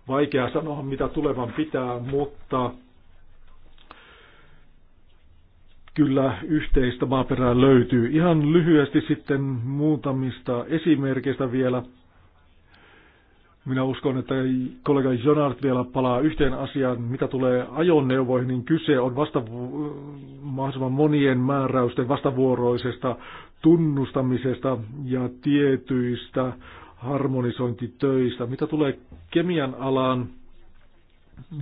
Vaikea sanoa, mitä tulevan pitää, mutta kyllä yhteistä maaperää löytyy. Ihan lyhyesti sitten muutamista esimerkkeistä vielä. Minä uskon, että kollega Jonard vielä palaa yhteen asiaan, mitä tulee ajoneuvoihin, niin kyse on vasta mahdollisimman monien määräysten vastavuoroisesta tunnustamisesta ja tietyistä harmonisointitöistä. Mitä tulee kemian alaan,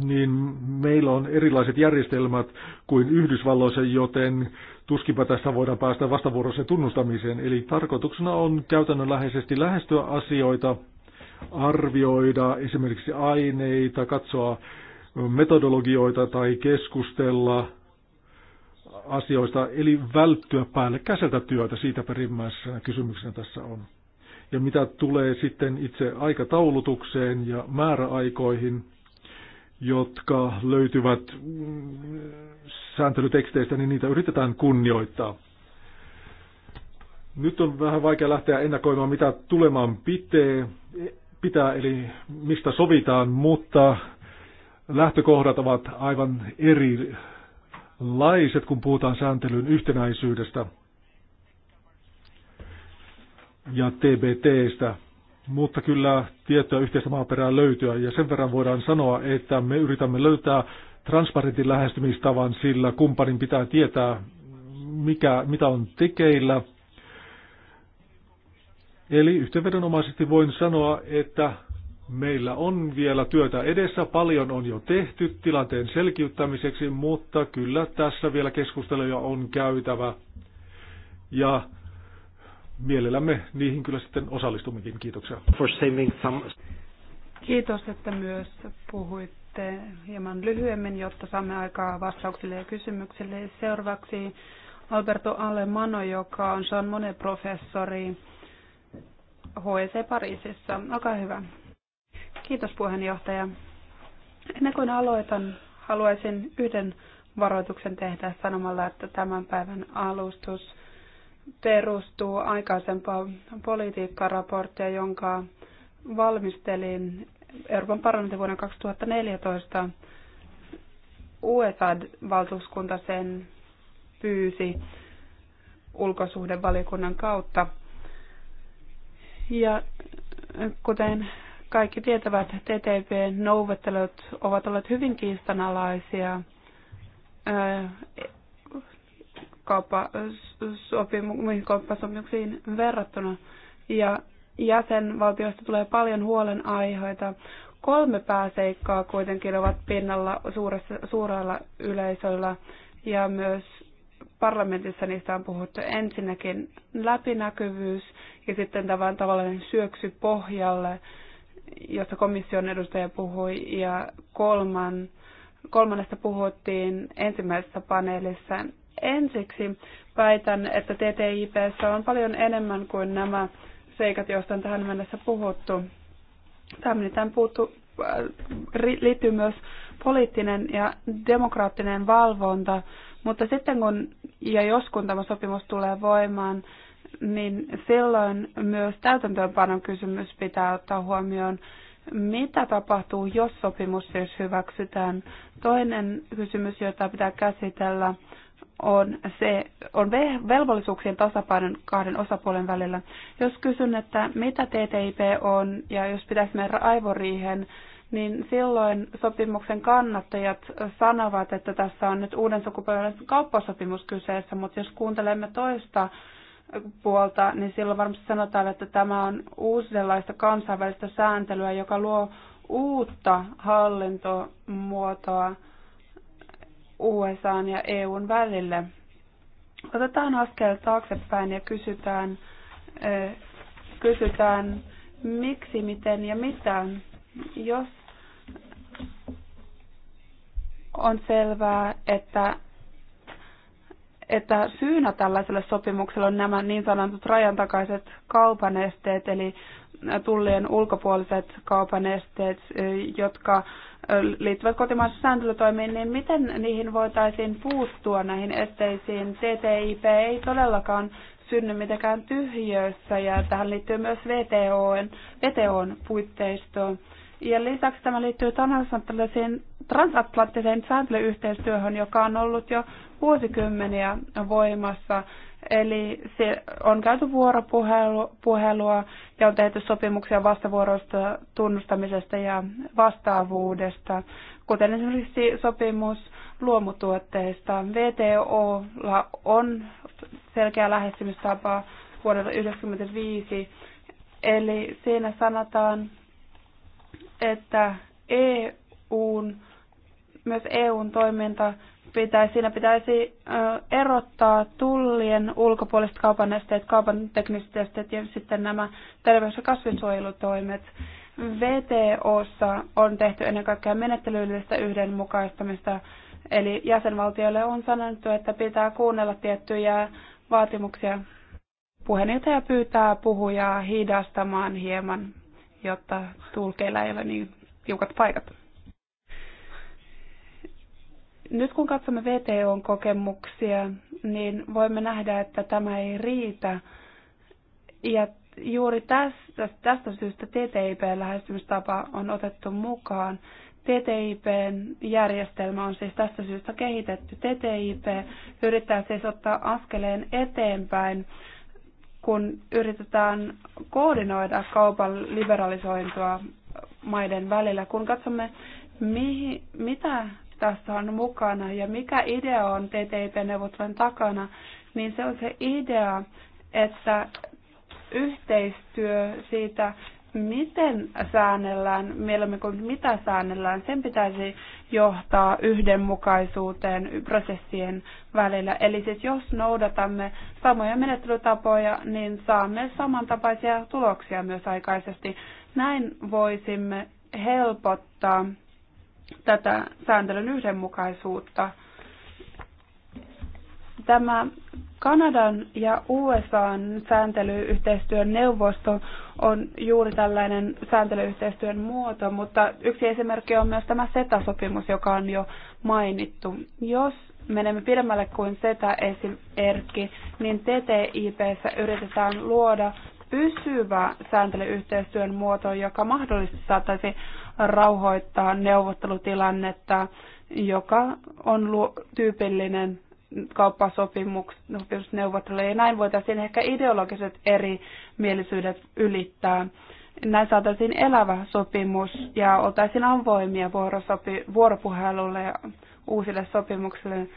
niin meillä on erilaiset järjestelmät kuin Yhdysvalloissa, joten tuskinpä tässä voidaan päästä vastavuoroiseen tunnustamiseen. Eli tarkoituksena on käytännönläheisesti lähestyä asioita arvioida esimerkiksi aineita, katsoa metodologioita tai keskustella asioista, eli välttyä käseltä työtä, siitä perimmäisenä kysymyksenä tässä on. Ja mitä tulee sitten itse aikataulutukseen ja määräaikoihin, jotka löytyvät sääntelyteksteistä, niin niitä yritetään kunnioittaa. Nyt on vähän vaikea lähteä ennakoimaan, mitä tulemaan pitee pitää, eli mistä sovitaan, mutta lähtökohdat ovat aivan erilaiset, kun puhutaan sääntelyn yhtenäisyydestä ja TBTstä. Mutta kyllä tiettyä yhteistä maaperää löytyä, ja sen verran voidaan sanoa, että me yritämme löytää transparentin lähestymistavan, sillä kumppanin pitää tietää, mikä, mitä on tekeillä – Eli yhteenvedonomaisesti voin sanoa, että meillä on vielä työtä edessä, paljon on jo tehty tilanteen selkiyttämiseksi, mutta kyllä tässä vielä keskusteluja on käytävä. Ja mielellämme niihin kyllä sitten osallistummekin. Kiitoksia. For some... Kiitos, että myös puhuitte hieman lyhyemmin, jotta saamme aikaa vastauksille ja kysymyksille. Seuraavaksi Alberto Alemano, joka on Sean Monet professori HEC Pariisissa. Olkaa hyvä. Kiitos puheenjohtaja. Ennen kuin aloitan, haluaisin yhden varoituksen tehdä sanomalla, että tämän päivän alustus perustuu aikaisempaan politiikkaraporttia, jonka valmistelin Euroopan parlamentin vuonna 2014. USA-valtuuskunta e sen pyysi ulkosuhdevaliokunnan kautta – ja äh, kuten kaikki tietävät, ttp neuvottelut ovat olleet hyvin kiistanalaisia äh, kauppasopimuksiin verrattuna. Ja jäsenvaltioista tulee paljon huolenaiheita. Kolme pääseikkaa kuitenkin ovat pinnalla suuressa, suurella yleisöllä ja myös parlamentissa niistä on puhuttu. Ensinnäkin läpinäkyvyys, ja sitten on tavallaan syöksy pohjalle, josta komission edustaja puhui, ja kolman, kolmannesta puhuttiin ensimmäisessä paneelissa. Ensiksi väitän, että TTIPssä on paljon enemmän kuin nämä seikat, joista on tähän mennessä puhuttu. Tämä tämän puuttu, äh, liittyy myös poliittinen ja demokraattinen valvonta, mutta sitten kun ja jos kun tämä sopimus tulee voimaan, niin silloin myös täytäntöönpanon kysymys pitää ottaa huomioon. Mitä tapahtuu, jos sopimus siis hyväksytään? Toinen kysymys, jota pitää käsitellä, on, se, on velvollisuuksien tasapainon kahden osapuolen välillä. Jos kysyn, että mitä TTIP on ja jos pitäisi mennä aivoriihen, niin silloin sopimuksen kannattajat sanovat, että tässä on nyt uuden sukupolven kauppasopimus kyseessä, mutta jos kuuntelemme toista puolta, niin silloin varmasti sanotaan, että tämä on uudenlaista kansainvälistä sääntelyä, joka luo uutta hallintomuotoa USA ja EUn välille. Otetaan askel taaksepäin ja kysytään, eh, kysytään miksi, miten ja mitä. Jos on selvää, että että syynä tällaiselle sopimukselle on nämä niin sanotut rajan takaiset kaupan esteet, eli tullien ulkopuoliset kaupan esteet, jotka liittyvät kotimaassa sääntelytoimiin, niin miten niihin voitaisiin puuttua näihin esteisiin? TTIP ei todellakaan synny mitenkään tyhjössä ja tähän liittyy myös VTOn, VTOn puitteistoon. Ja lisäksi tämä liittyy transatlanttiseen, transatlanttiseen sääntelyyhteistyöhön, joka on ollut jo vuosikymmeniä voimassa. Eli se on käyty vuoropuhelua ja on tehty sopimuksia vastavuoroista tunnustamisesta ja vastaavuudesta, kuten esimerkiksi sopimus luomutuotteista. VTOlla on selkeä lähestymistapa vuodelta 1995, eli siinä sanotaan, että EUn, myös EUn toiminta pitäisi, siinä pitäisi erottaa tullien ulkopuoliset kaupan esteet, kaupan tekniset esteet ja sitten nämä terveys- ja kasvinsuojelutoimet. VTOssa on tehty ennen kaikkea menettelyllistä yhdenmukaistamista, eli jäsenvaltioille on sanottu, että pitää kuunnella tiettyjä vaatimuksia. Puheenjohtaja pyytää puhujaa hidastamaan hieman jotta tulkeilla ei ole niin tiukat paikat. Nyt kun katsomme VTOn kokemuksia, niin voimme nähdä, että tämä ei riitä. Ja juuri tästä, tästä syystä TTIP-lähestymistapa on otettu mukaan. TTIP-järjestelmä on siis tästä syystä kehitetty. TTIP yrittää siis ottaa askeleen eteenpäin kun yritetään koordinoida kaupan liberalisointua maiden välillä. Kun katsomme, mihin, mitä tässä on mukana ja mikä idea on TTIP-neuvottelujen takana, niin se on se idea, että yhteistyö siitä, miten säännellään, mieluummin kuin mitä säännellään, sen pitäisi johtaa yhdenmukaisuuteen prosessien välillä. Eli siis jos noudatamme samoja menettelytapoja, niin saamme samantapaisia tuloksia myös aikaisesti. Näin voisimme helpottaa tätä sääntelyn yhdenmukaisuutta. Tämä Kanadan ja USAn sääntelyyhteistyön neuvosto on juuri tällainen sääntelyyhteistyön muoto, mutta yksi esimerkki on myös tämä SETA-sopimus, joka on jo mainittu. Jos menemme pidemmälle kuin SETA-esimerkki, niin TTIPssä yritetään luoda pysyvä sääntelyyhteistyön muoto, joka mahdollisesti saattaisi rauhoittaa neuvottelutilannetta, joka on tyypillinen kauppasopimusneuvotteluja ja näin voitaisiin ehkä ideologiset eri mielisyydet ylittää. Näin saataisiin elävä sopimus ja oltaisiin avoimia vuorosopi- vuoropuhelulle ja uusille sopimuksille.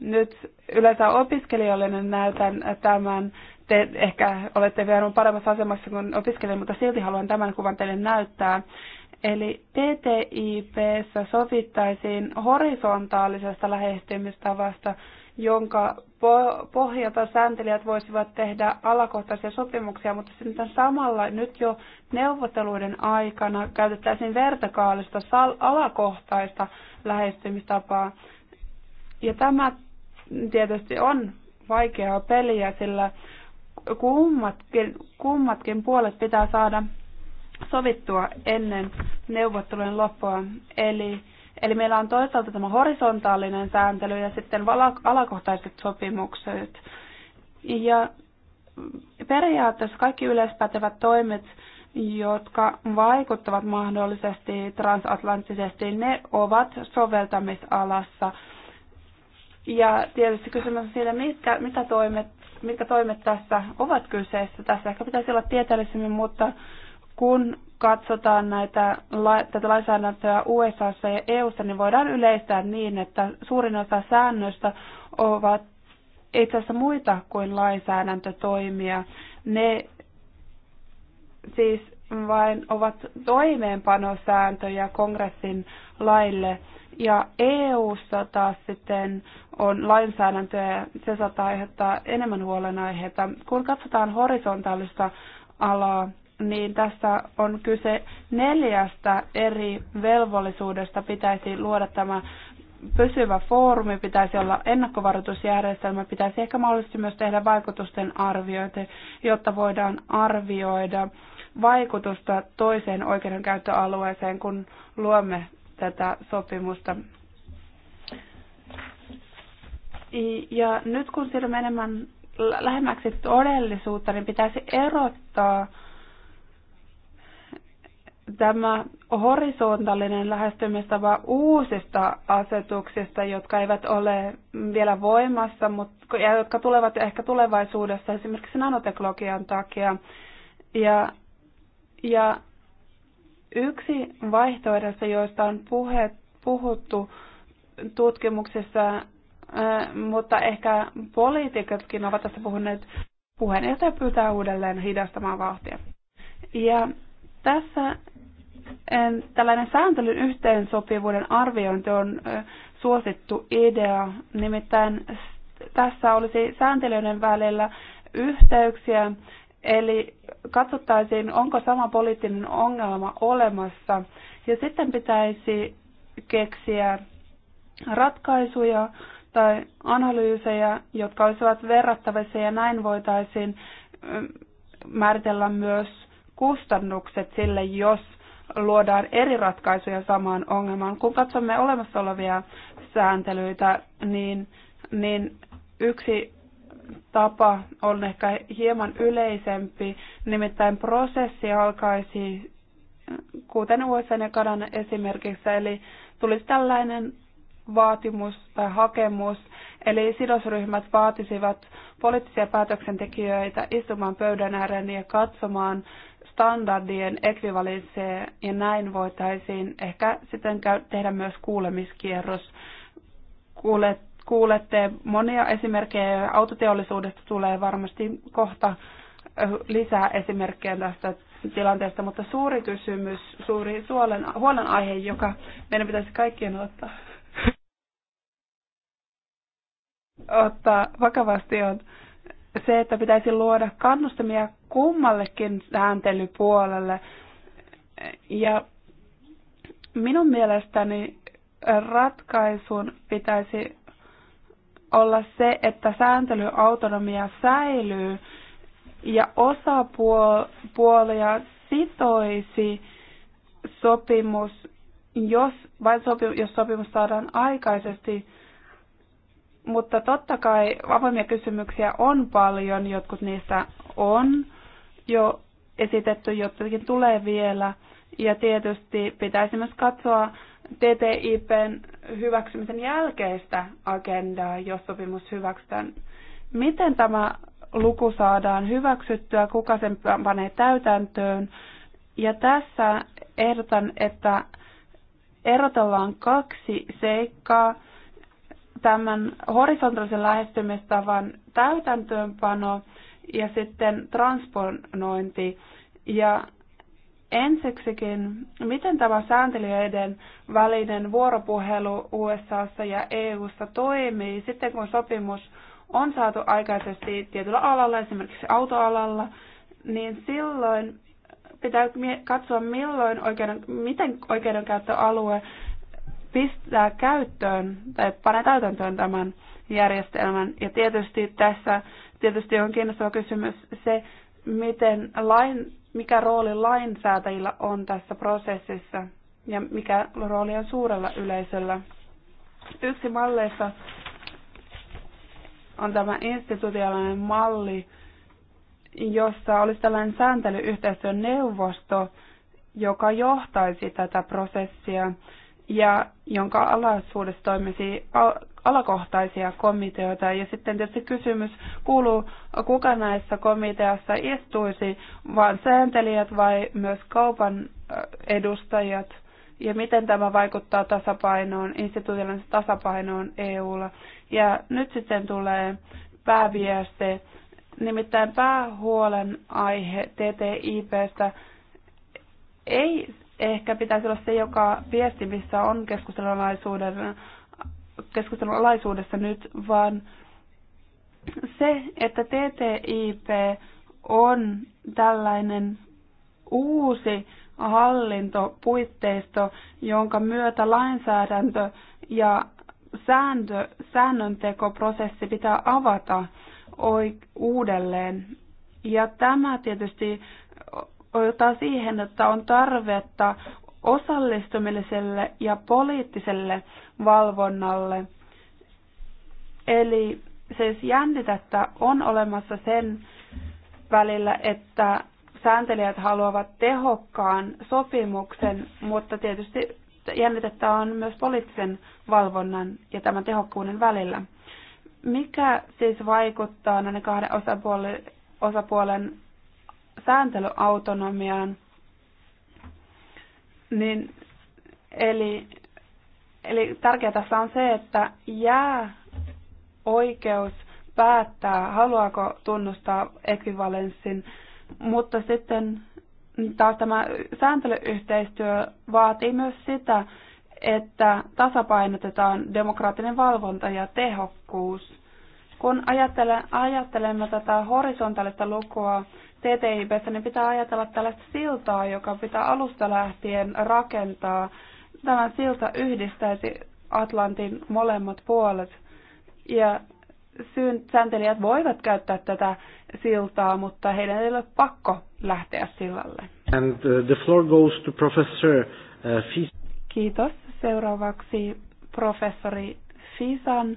Nyt yleensä opiskelijoille näytän tämän. Te ehkä olette vielä paremmassa asemassa kuin opiskelija, mutta silti haluan tämän kuvan teille näyttää. Eli TTIPssä sovittaisiin horisontaalisesta lähestymistavasta, jonka pohjalta sääntelijät voisivat tehdä alakohtaisia sopimuksia, mutta sitten samalla nyt jo neuvotteluiden aikana käytettäisiin vertikaalista alakohtaista lähestymistapaa. Ja tämä tietysti on vaikeaa peliä, sillä kummatkin, kummatkin puolet pitää saada sovittua ennen neuvottelujen loppua. Eli, eli meillä on toisaalta tämä horisontaalinen sääntely ja sitten alakohtaiset sopimukset. Ja periaatteessa kaikki yleispätevät toimet, jotka vaikuttavat mahdollisesti transatlanttisesti, ne ovat soveltamisalassa. Ja tietysti kysymys on siitä, mitkä, mitä toimet, mitkä toimet tässä ovat kyseessä. Tässä ehkä pitäisi olla tieteellisemmin, mutta kun katsotaan näitä, tätä lainsäädäntöä USAssa ja EUssa, niin voidaan yleistää niin, että suurin osa säännöistä ovat itse asiassa muita kuin lainsäädäntötoimia. Ne siis vain ovat toimeenpanosääntöjä kongressin laille. Ja EU-ssa taas sitten on lainsäädäntöä ja se saattaa aiheuttaa enemmän huolenaiheita. Kun katsotaan horisontaalista alaa, niin tässä on kyse neljästä eri velvollisuudesta. Pitäisi luoda tämä pysyvä foorumi, pitäisi olla ennakkovaroitusjärjestelmä, pitäisi ehkä mahdollisesti myös tehdä vaikutusten arviointi, jotta voidaan arvioida vaikutusta toiseen oikeudenkäyttöalueeseen, kun luomme tätä sopimusta. Ja nyt kun siirrymme enemmän lähemmäksi todellisuutta, niin pitäisi erottaa tämä horisontaalinen lähestymistapa uusista asetuksista, jotka eivät ole vielä voimassa, mutta ja jotka tulevat ehkä tulevaisuudessa esimerkiksi nanoteknologian takia. Ja, ja yksi vaihtoehdossa, joista on puhe, puhuttu tutkimuksessa, äh, mutta ehkä poliitikotkin ovat tässä puhuneet, puheenjohtaja pyytää uudelleen hidastamaan vauhtia. Ja tässä tällainen sääntelyn yhteensopivuuden arviointi on suosittu idea. Nimittäin tässä olisi sääntelyiden välillä yhteyksiä, eli katsottaisiin, onko sama poliittinen ongelma olemassa. Ja sitten pitäisi keksiä ratkaisuja tai analyysejä, jotka olisivat verrattavissa ja näin voitaisiin määritellä myös kustannukset sille, jos luodaan eri ratkaisuja samaan ongelmaan. Kun katsomme olemassa olevia sääntelyitä, niin, niin yksi tapa on ehkä hieman yleisempi, nimittäin prosessi alkaisi, kuten USA ja Kanan esimerkiksi, eli tulisi tällainen vaatimus tai hakemus, eli sidosryhmät vaatisivat poliittisia päätöksentekijöitä istumaan pöydän ääreen ja katsomaan standardien ekvivalensseen ja näin voitaisiin ehkä sitten tehdä myös kuulemiskierros. Kuulet, kuulette monia esimerkkejä autoteollisuudesta tulee varmasti kohta lisää esimerkkejä tästä tilanteesta, mutta suuri kysymys, suuri huolen, huolenaihe, joka meidän pitäisi kaikkien ottaa, ottaa vakavasti on se, että pitäisi luoda kannustamia kummallekin sääntelypuolelle. Ja minun mielestäni ratkaisun pitäisi olla se, että sääntelyautonomia säilyy ja osapuolia sitoisi sopimus, jos, vain sopimus, jos sopimus saadaan aikaisesti mutta totta kai avoimia kysymyksiä on paljon, jotkut niistä on jo esitetty, jotakin tulee vielä. Ja tietysti pitäisi myös katsoa TTIPn hyväksymisen jälkeistä agendaa, jos sopimus hyväksytään. Miten tämä luku saadaan hyväksyttyä, kuka sen panee täytäntöön. Ja tässä ehdotan, että erotellaan kaksi seikkaa, tämän horisontaalisen lähestymistavan täytäntöönpano ja sitten transponointi. Ja ensiksikin, miten tämä sääntelijöiden välinen vuoropuhelu USAssa ja EUssa toimii sitten, kun sopimus on saatu aikaisesti tietyllä alalla, esimerkiksi autoalalla, niin silloin pitää katsoa, milloin oikeuden, miten oikeudenkäyttöalue pistää käyttöön tai panee täytäntöön tämän järjestelmän. Ja tietysti tässä tietysti on kiinnostava kysymys se, miten lain, mikä rooli lainsäätäjillä on tässä prosessissa ja mikä rooli on suurella yleisöllä. Yksi malleista on tämä institutionaalinen malli, jossa olisi tällainen sääntelyyhteistyön neuvosto, joka johtaisi tätä prosessia ja jonka alaisuudessa toimisi alakohtaisia komiteoita. Ja sitten tietysti kysymys kuuluu, kuka näissä komiteassa istuisi, vaan sääntelijät vai myös kaupan edustajat, ja miten tämä vaikuttaa tasapainoon, instituutioiden tasapainoon EUlla. Ja nyt sitten tulee pääviesti, nimittäin päähuolen aihe TTIPstä ei ehkä pitäisi olla se, joka viesti, missä on keskustelun keskustelunalaisuudessa nyt, vaan se, että TTIP on tällainen uusi hallintopuitteisto, jonka myötä lainsäädäntö ja sääntö, säännöntekoprosessi pitää avata uudelleen. Ja tämä tietysti johtaa siihen, että on tarvetta osallistumiselle ja poliittiselle valvonnalle. Eli siis jännitettä on olemassa sen välillä, että sääntelijät haluavat tehokkaan sopimuksen, mutta tietysti jännitettä on myös poliittisen valvonnan ja tämän tehokkuuden välillä. Mikä siis vaikuttaa näiden kahden osapuolen, osapuolen sääntelyautonomiaan, niin eli, eli tärkeää tässä on se, että jää oikeus päättää, haluaako tunnustaa ekvivalenssin, mutta sitten taas tämä sääntelyyhteistyö vaatii myös sitä, että tasapainotetaan demokraattinen valvonta ja tehokkuus. Kun ajattelemme tätä horisontaalista lukua, TTIPssä, niin pitää ajatella tällaista siltaa, joka pitää alusta lähtien rakentaa. Tämä silta yhdistäisi Atlantin molemmat puolet. Ja sääntelijät voivat käyttää tätä siltaa, mutta heidän ei ole pakko lähteä sillalle. And uh, the floor goes to professor uh, Fis- Kiitos. Seuraavaksi professori Fisan,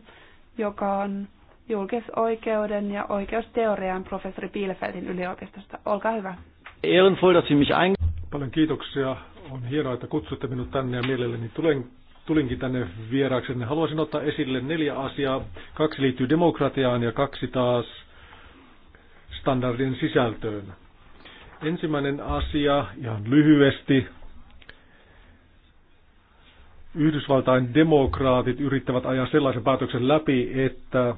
joka on julkisoikeuden ja oikeusteorian professori Bielefeldin yliopistosta. Olkaa hyvä. Ehrenvoll, Sie mich ein... Paljon kiitoksia. On hienoa, että kutsutte minut tänne ja mielelläni tulen, tulinkin tänne vieraaksenne. Haluaisin ottaa esille neljä asiaa. Kaksi liittyy demokratiaan ja kaksi taas standardien sisältöön. Ensimmäinen asia, ihan lyhyesti, Yhdysvaltain demokraatit yrittävät ajaa sellaisen päätöksen läpi, että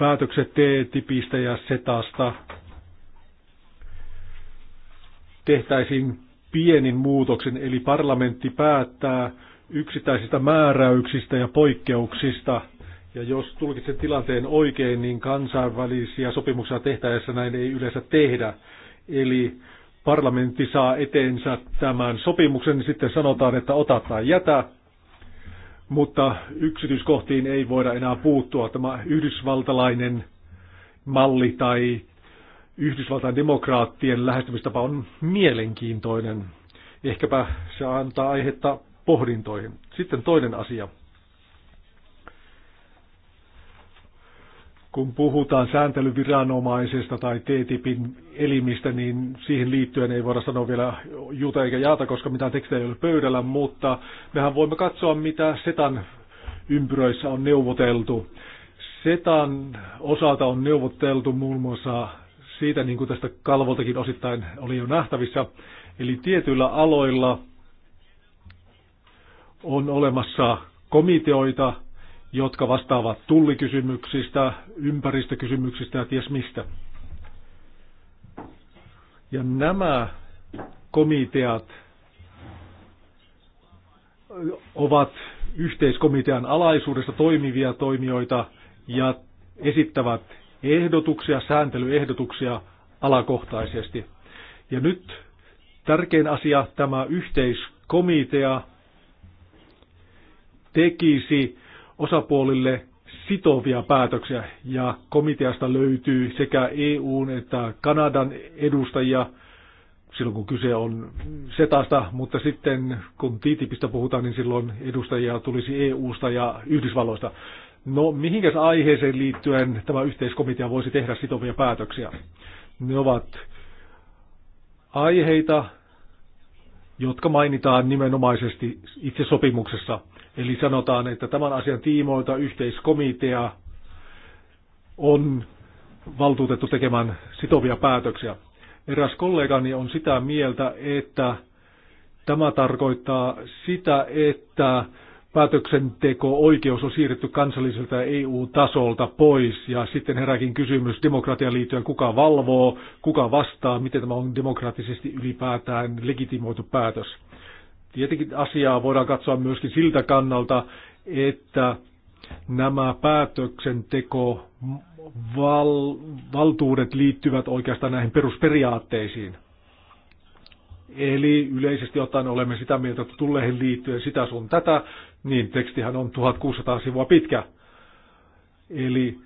päätökset T-tipistä ja setasta tehtäisiin pienin muutoksen, eli parlamentti päättää yksittäisistä määräyksistä ja poikkeuksista. Ja jos tulkitsen tilanteen oikein, niin kansainvälisiä sopimuksia tehtäessä näin ei yleensä tehdä. Eli parlamentti saa eteensä tämän sopimuksen, niin sitten sanotaan, että ota tai jätä, mutta yksityiskohtiin ei voida enää puuttua. Tämä yhdysvaltalainen malli tai Yhdysvaltain demokraattien lähestymistapa on mielenkiintoinen. Ehkäpä se antaa aihetta pohdintoihin. Sitten toinen asia – kun puhutaan sääntelyviranomaisesta tai TTIPin elimistä, niin siihen liittyen ei voida sanoa vielä juuta eikä jaata, koska mitään tekstejä ei ole pöydällä, mutta mehän voimme katsoa, mitä SETAN ympyröissä on neuvoteltu. SETAN osalta on neuvoteltu muun muassa siitä, niin kuin tästä kalvoltakin osittain oli jo nähtävissä, eli tietyillä aloilla on olemassa komiteoita, jotka vastaavat tullikysymyksistä, ympäristökysymyksistä ja ties mistä. Ja nämä komiteat ovat yhteiskomitean alaisuudessa toimivia toimijoita ja esittävät ehdotuksia, sääntelyehdotuksia alakohtaisesti. Ja nyt tärkein asia tämä yhteiskomitea tekisi osapuolille sitovia päätöksiä ja komiteasta löytyy sekä EUn että Kanadan edustajia silloin kun kyse on setasta, mutta sitten kun TTIPistä puhutaan, niin silloin edustajia tulisi EUsta ja Yhdysvalloista. No mihinkäs aiheeseen liittyen tämä yhteiskomitea voisi tehdä sitovia päätöksiä? Ne ovat aiheita, jotka mainitaan nimenomaisesti itse sopimuksessa. Eli sanotaan, että tämän asian tiimoilta yhteiskomitea on valtuutettu tekemään sitovia päätöksiä. Eräs kollegani on sitä mieltä, että tämä tarkoittaa sitä, että päätöksenteko-oikeus on siirretty kansalliselta EU-tasolta pois. Ja sitten heräkin kysymys demokratian liittyen, kuka valvoo, kuka vastaa, miten tämä on demokraattisesti ylipäätään legitimoitu päätös. Tietenkin asiaa voidaan katsoa myöskin siltä kannalta, että nämä päätöksenteko val, valtuudet liittyvät oikeastaan näihin perusperiaatteisiin. Eli yleisesti ottaen olemme sitä mieltä, että tulleihin liittyen sitä sun tätä, niin tekstihän on 1600 sivua pitkä. Eli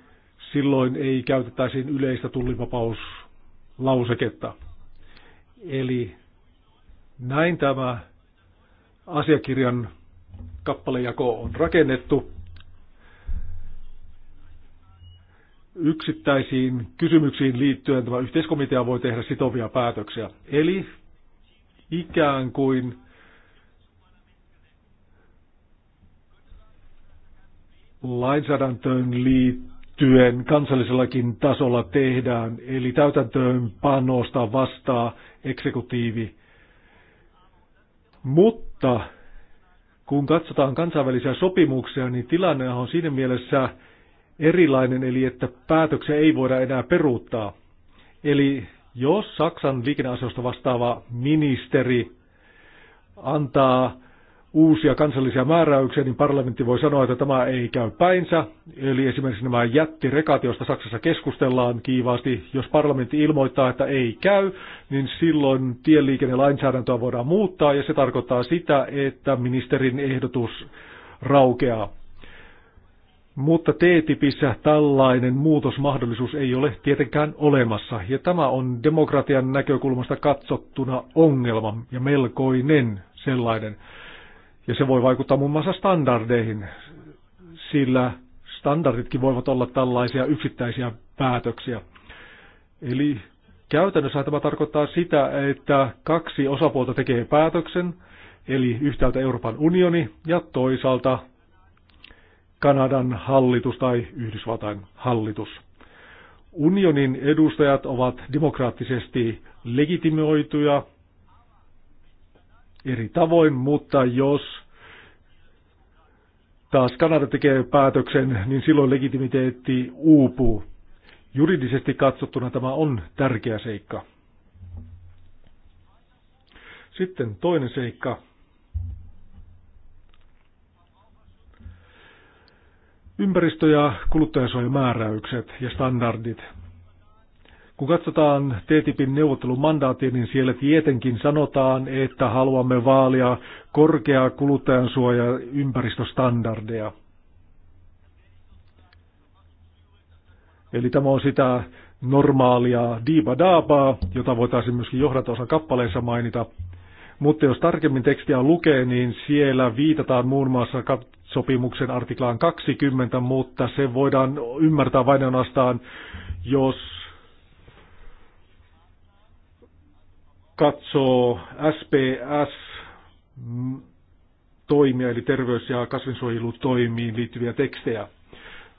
silloin ei käytettäisi yleistä tullivapauslauseketta. Eli näin tämä asiakirjan kappalejako on rakennettu. Yksittäisiin kysymyksiin liittyen tämä yhteiskomitea voi tehdä sitovia päätöksiä. Eli ikään kuin lainsäädäntöön liittyen kansallisellakin tasolla tehdään, eli täytäntöön panosta vastaa eksekutiivi mutta kun katsotaan kansainvälisiä sopimuksia, niin tilanne on siinä mielessä erilainen, eli että päätöksiä ei voida enää peruuttaa. Eli jos Saksan liikenneasioista vastaava ministeri antaa uusia kansallisia määräyksiä, niin parlamentti voi sanoa, että tämä ei käy päinsä. Eli esimerkiksi nämä jättirekat, joista Saksassa keskustellaan kiivaasti, jos parlamentti ilmoittaa, että ei käy, niin silloin tieliikennelainsäädäntöä voidaan muuttaa ja se tarkoittaa sitä, että ministerin ehdotus raukeaa. Mutta T-tipissä tällainen muutosmahdollisuus ei ole tietenkään olemassa, ja tämä on demokratian näkökulmasta katsottuna ongelma ja melkoinen sellainen. Ja se voi vaikuttaa muun muassa standardeihin, sillä standarditkin voivat olla tällaisia yksittäisiä päätöksiä. Eli käytännössä tämä tarkoittaa sitä, että kaksi osapuolta tekee päätöksen, eli yhtäältä Euroopan unioni ja toisaalta Kanadan hallitus tai Yhdysvaltain hallitus. Unionin edustajat ovat demokraattisesti legitimoituja eri tavoin, mutta jos taas Kanada tekee päätöksen, niin silloin legitimiteetti uupuu. Juridisesti katsottuna tämä on tärkeä seikka. Sitten toinen seikka. Ympäristö- ja määräykset ja standardit. Kun katsotaan TTIPin neuvottelumandaatia, niin siellä tietenkin sanotaan, että haluamme vaalia korkeaa kuluttajansuoja ympäristöstandardeja. Eli tämä on sitä normaalia diiba daapaa, jota voitaisiin myöskin johdatosa kappaleissa mainita. Mutta jos tarkemmin tekstiä lukee, niin siellä viitataan muun muassa sopimuksen artiklaan 20, mutta se voidaan ymmärtää vain ainoastaan, jos katsoo SPS toimia, eli terveys- ja kasvinsuojelutoimiin liittyviä tekstejä.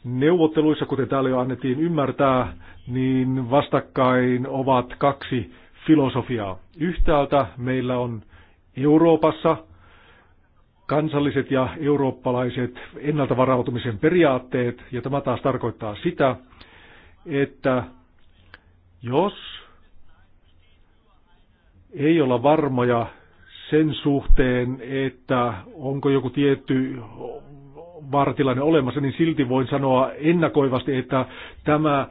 Neuvotteluissa, kuten täällä jo annettiin ymmärtää, niin vastakkain ovat kaksi filosofiaa. Yhtäältä meillä on Euroopassa kansalliset ja eurooppalaiset ennaltavarautumisen periaatteet, ja tämä taas tarkoittaa sitä, että jos ei olla varmoja sen suhteen, että onko joku tietty vartilainen olemassa, niin silti voin sanoa ennakoivasti, että tämä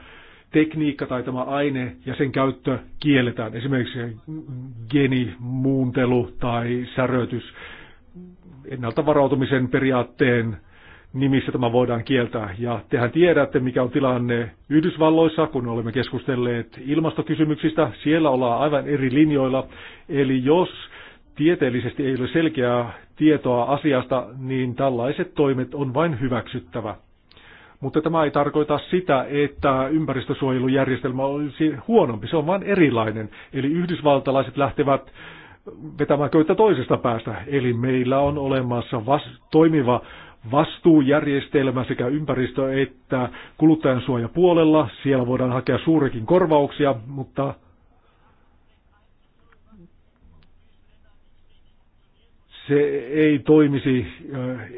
tekniikka tai tämä aine ja sen käyttö kielletään. Esimerkiksi geenimuuntelu tai säröitys ennalta varautumisen periaatteen nimissä tämä voidaan kieltää. Ja tehän tiedätte, mikä on tilanne Yhdysvalloissa, kun olemme keskustelleet ilmastokysymyksistä. Siellä ollaan aivan eri linjoilla. Eli jos tieteellisesti ei ole selkeää tietoa asiasta, niin tällaiset toimet on vain hyväksyttävä. Mutta tämä ei tarkoita sitä, että ympäristösuojelujärjestelmä olisi huonompi, se on vain erilainen. Eli yhdysvaltalaiset lähtevät vetämään köyttä toisesta päästä. Eli meillä on olemassa vas- toimiva vastuujärjestelmä sekä ympäristö- että puolella. Siellä voidaan hakea suurikin korvauksia, mutta se ei toimisi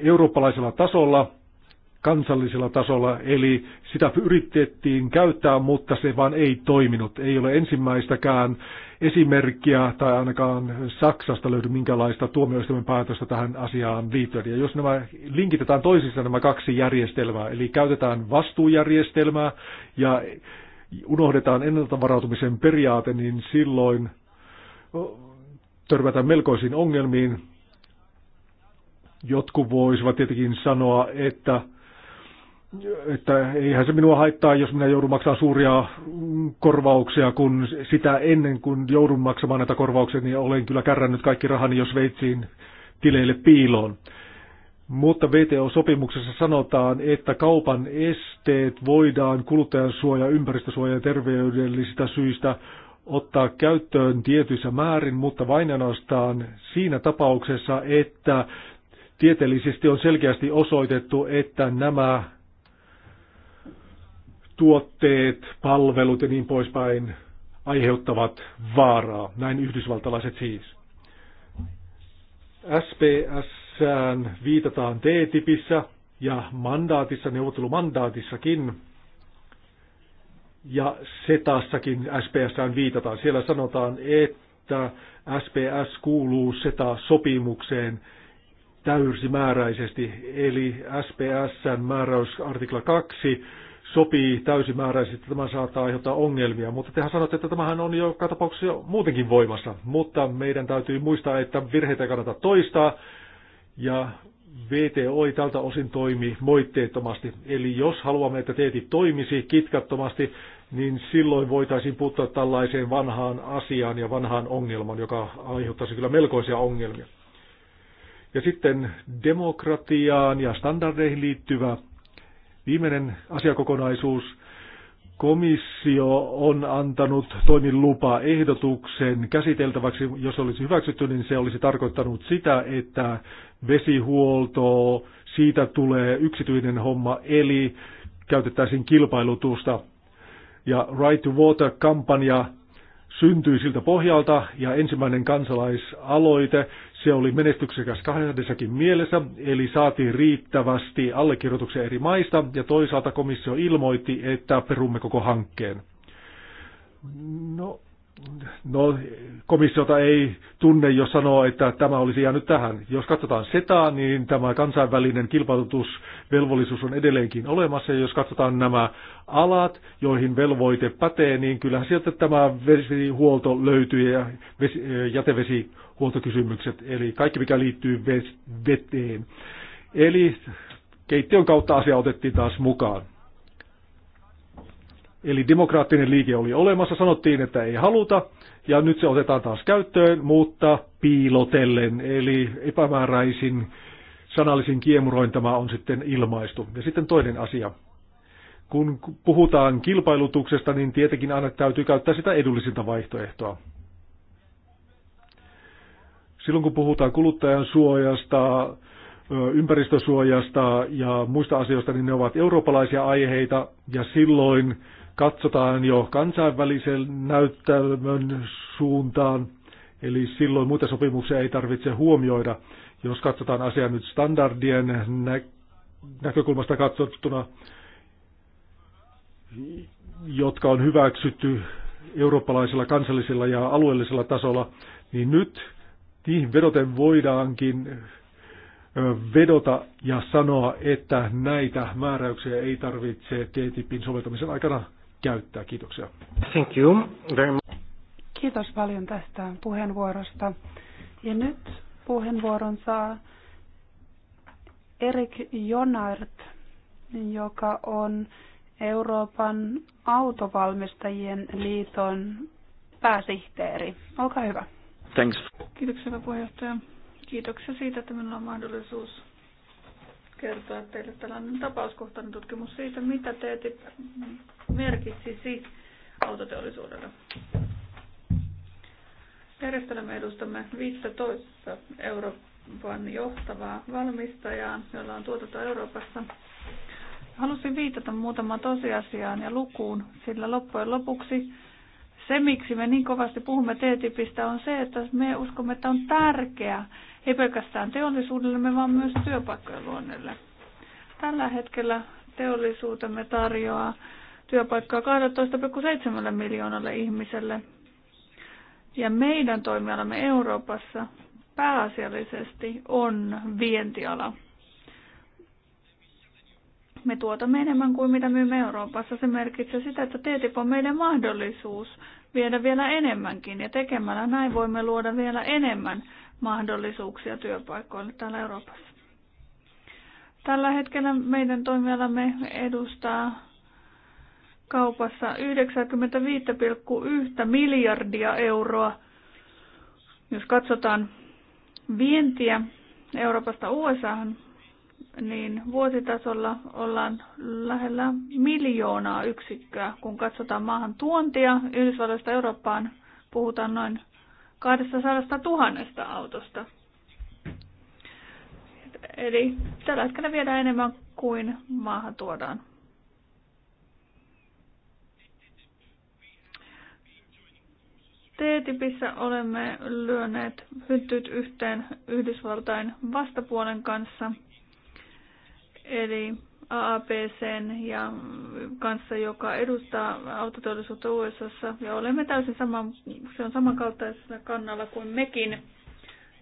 eurooppalaisella tasolla – kansallisella tasolla, eli sitä yritettiin käyttää, mutta se vaan ei toiminut. Ei ole ensimmäistäkään esimerkkiä tai ainakaan Saksasta löydy minkälaista tuomioistuimen päätöstä tähän asiaan liittyen. Ja jos nämä linkitetään toisissa nämä kaksi järjestelmää, eli käytetään vastuujärjestelmää ja unohdetaan ennalta varautumisen periaate, niin silloin törmätään melkoisiin ongelmiin. Jotkut voisivat tietenkin sanoa, että että eihän se minua haittaa, jos minä joudun maksamaan suuria mm, korvauksia, kun sitä ennen kuin joudun maksamaan näitä korvauksia, niin olen kyllä kärrännyt kaikki rahani jos Sveitsiin tileille piiloon. Mutta VTO-sopimuksessa sanotaan, että kaupan esteet voidaan kuluttajan suoja, ympäristösuoja ja terveydellisistä syistä ottaa käyttöön tietyissä määrin, mutta vain ainoastaan siinä tapauksessa, että tieteellisesti on selkeästi osoitettu, että nämä tuotteet, palvelut ja niin poispäin aiheuttavat vaaraa. Näin yhdysvaltalaiset siis. SPS viitataan T-tipissä ja mandaatissa, neuvottelumandaatissakin ja SETAssakin SPS viitataan. Siellä sanotaan, että SPS kuuluu SETA-sopimukseen täysimääräisesti, eli SPSn määräys artikla 2 sopii täysimääräisesti, tämä saattaa aiheuttaa ongelmia. Mutta tehän sanotte, että tämähän on joka tapauksessa jo muutenkin voimassa. Mutta meidän täytyy muistaa, että virheitä kannata toistaa. Ja VTO ei tältä osin toimi moitteettomasti. Eli jos haluamme, että teeti toimisi kitkattomasti, niin silloin voitaisiin puuttua tällaiseen vanhaan asiaan ja vanhaan ongelmaan, joka aiheuttaisi kyllä melkoisia ongelmia. Ja sitten demokratiaan ja standardeihin liittyvä Viimeinen asiakokonaisuus. Komissio on antanut toimilupa ehdotuksen käsiteltäväksi, jos olisi hyväksytty, niin se olisi tarkoittanut sitä, että vesihuolto, siitä tulee yksityinen homma, eli käytettäisiin kilpailutusta. Ja Right to Water-kampanja syntyi siltä pohjalta ja ensimmäinen kansalaisaloite se oli menestyksekäs kahdessakin mielessä, eli saatiin riittävästi allekirjoituksia eri maista, ja toisaalta komissio ilmoitti, että perumme koko hankkeen. No, no komissiota ei tunne, jos sanoo, että tämä olisi jäänyt tähän. Jos katsotaan SETA, niin tämä kansainvälinen kilpailutusvelvollisuus on edelleenkin olemassa, ja jos katsotaan nämä alat, joihin velvoite pätee, niin kyllähän sieltä tämä vesihuolto löytyy ja vesi, jätevesi huoltokysymykset, eli kaikki mikä liittyy veteen. Eli keittiön kautta asia otettiin taas mukaan. Eli demokraattinen liike oli olemassa, sanottiin, että ei haluta, ja nyt se otetaan taas käyttöön, mutta piilotellen, eli epämääräisin sanallisin kiemuroin tämä on sitten ilmaistu. Ja sitten toinen asia. Kun puhutaan kilpailutuksesta, niin tietenkin aina täytyy käyttää sitä edullisinta vaihtoehtoa. Silloin kun puhutaan kuluttajan suojasta, ympäristösuojasta ja muista asioista, niin ne ovat eurooppalaisia aiheita ja silloin katsotaan jo kansainvälisen näyttämön suuntaan. Eli silloin muita sopimuksia ei tarvitse huomioida. Jos katsotaan asiaa nyt standardien nä- näkökulmasta katsottuna, jotka on hyväksytty eurooppalaisella, kansallisella ja alueellisella tasolla, niin nyt niihin vedoten voidaankin vedota ja sanoa, että näitä määräyksiä ei tarvitse TTIPin soveltamisen aikana käyttää. Kiitoksia. Thank you very much. Kiitos paljon tästä puheenvuorosta. Ja nyt puheenvuoron saa Erik Jonart, joka on Euroopan autovalmistajien liiton pääsihteeri. Olkaa hyvä. Thanks. Kiitoksia, hyvä puheenjohtaja. Kiitoksia siitä, että minulla on mahdollisuus kertoa teille tällainen tapauskohtainen tutkimus siitä, mitä TTIP merkitsisi autoteollisuudelle. Järjestelmä edustamme 15 Euroopan johtavaa valmistajaa, jolla on tuotanto Euroopassa. Halusin viitata muutamaan tosiasiaan ja lukuun, sillä loppujen lopuksi se, miksi me niin kovasti puhumme TTIPistä, on se, että me uskomme, että on tärkeää, ei pelkästään teollisuudellemme, vaan myös työpaikkojen luonnelle. Tällä hetkellä teollisuutemme tarjoaa työpaikkaa 12,7 miljoonalle ihmiselle. Ja meidän toimialamme Euroopassa pääasiallisesti on vientiala. Me tuotamme enemmän kuin mitä myymme Euroopassa. Se merkitsee sitä, että TTIP on meidän mahdollisuus viedä vielä enemmänkin. Ja tekemällä näin voimme luoda vielä enemmän mahdollisuuksia työpaikoille täällä Euroopassa. Tällä hetkellä meidän toimialamme edustaa kaupassa 95,1 miljardia euroa. Jos katsotaan vientiä Euroopasta USAhan, niin vuositasolla ollaan lähellä miljoonaa yksikköä. Kun katsotaan maahan tuontia Yhdysvalloista Eurooppaan, puhutaan noin 200 000 autosta. Eli tällä hetkellä viedään enemmän kuin maahan tuodaan. TTIPissä olemme lyöneet hyttyt yhteen Yhdysvaltain vastapuolen kanssa – eli AAPCn ja kanssa, joka edustaa autoteollisuutta USA. Ja olemme täysin sama, se on samankaltaisella kannalla kuin mekin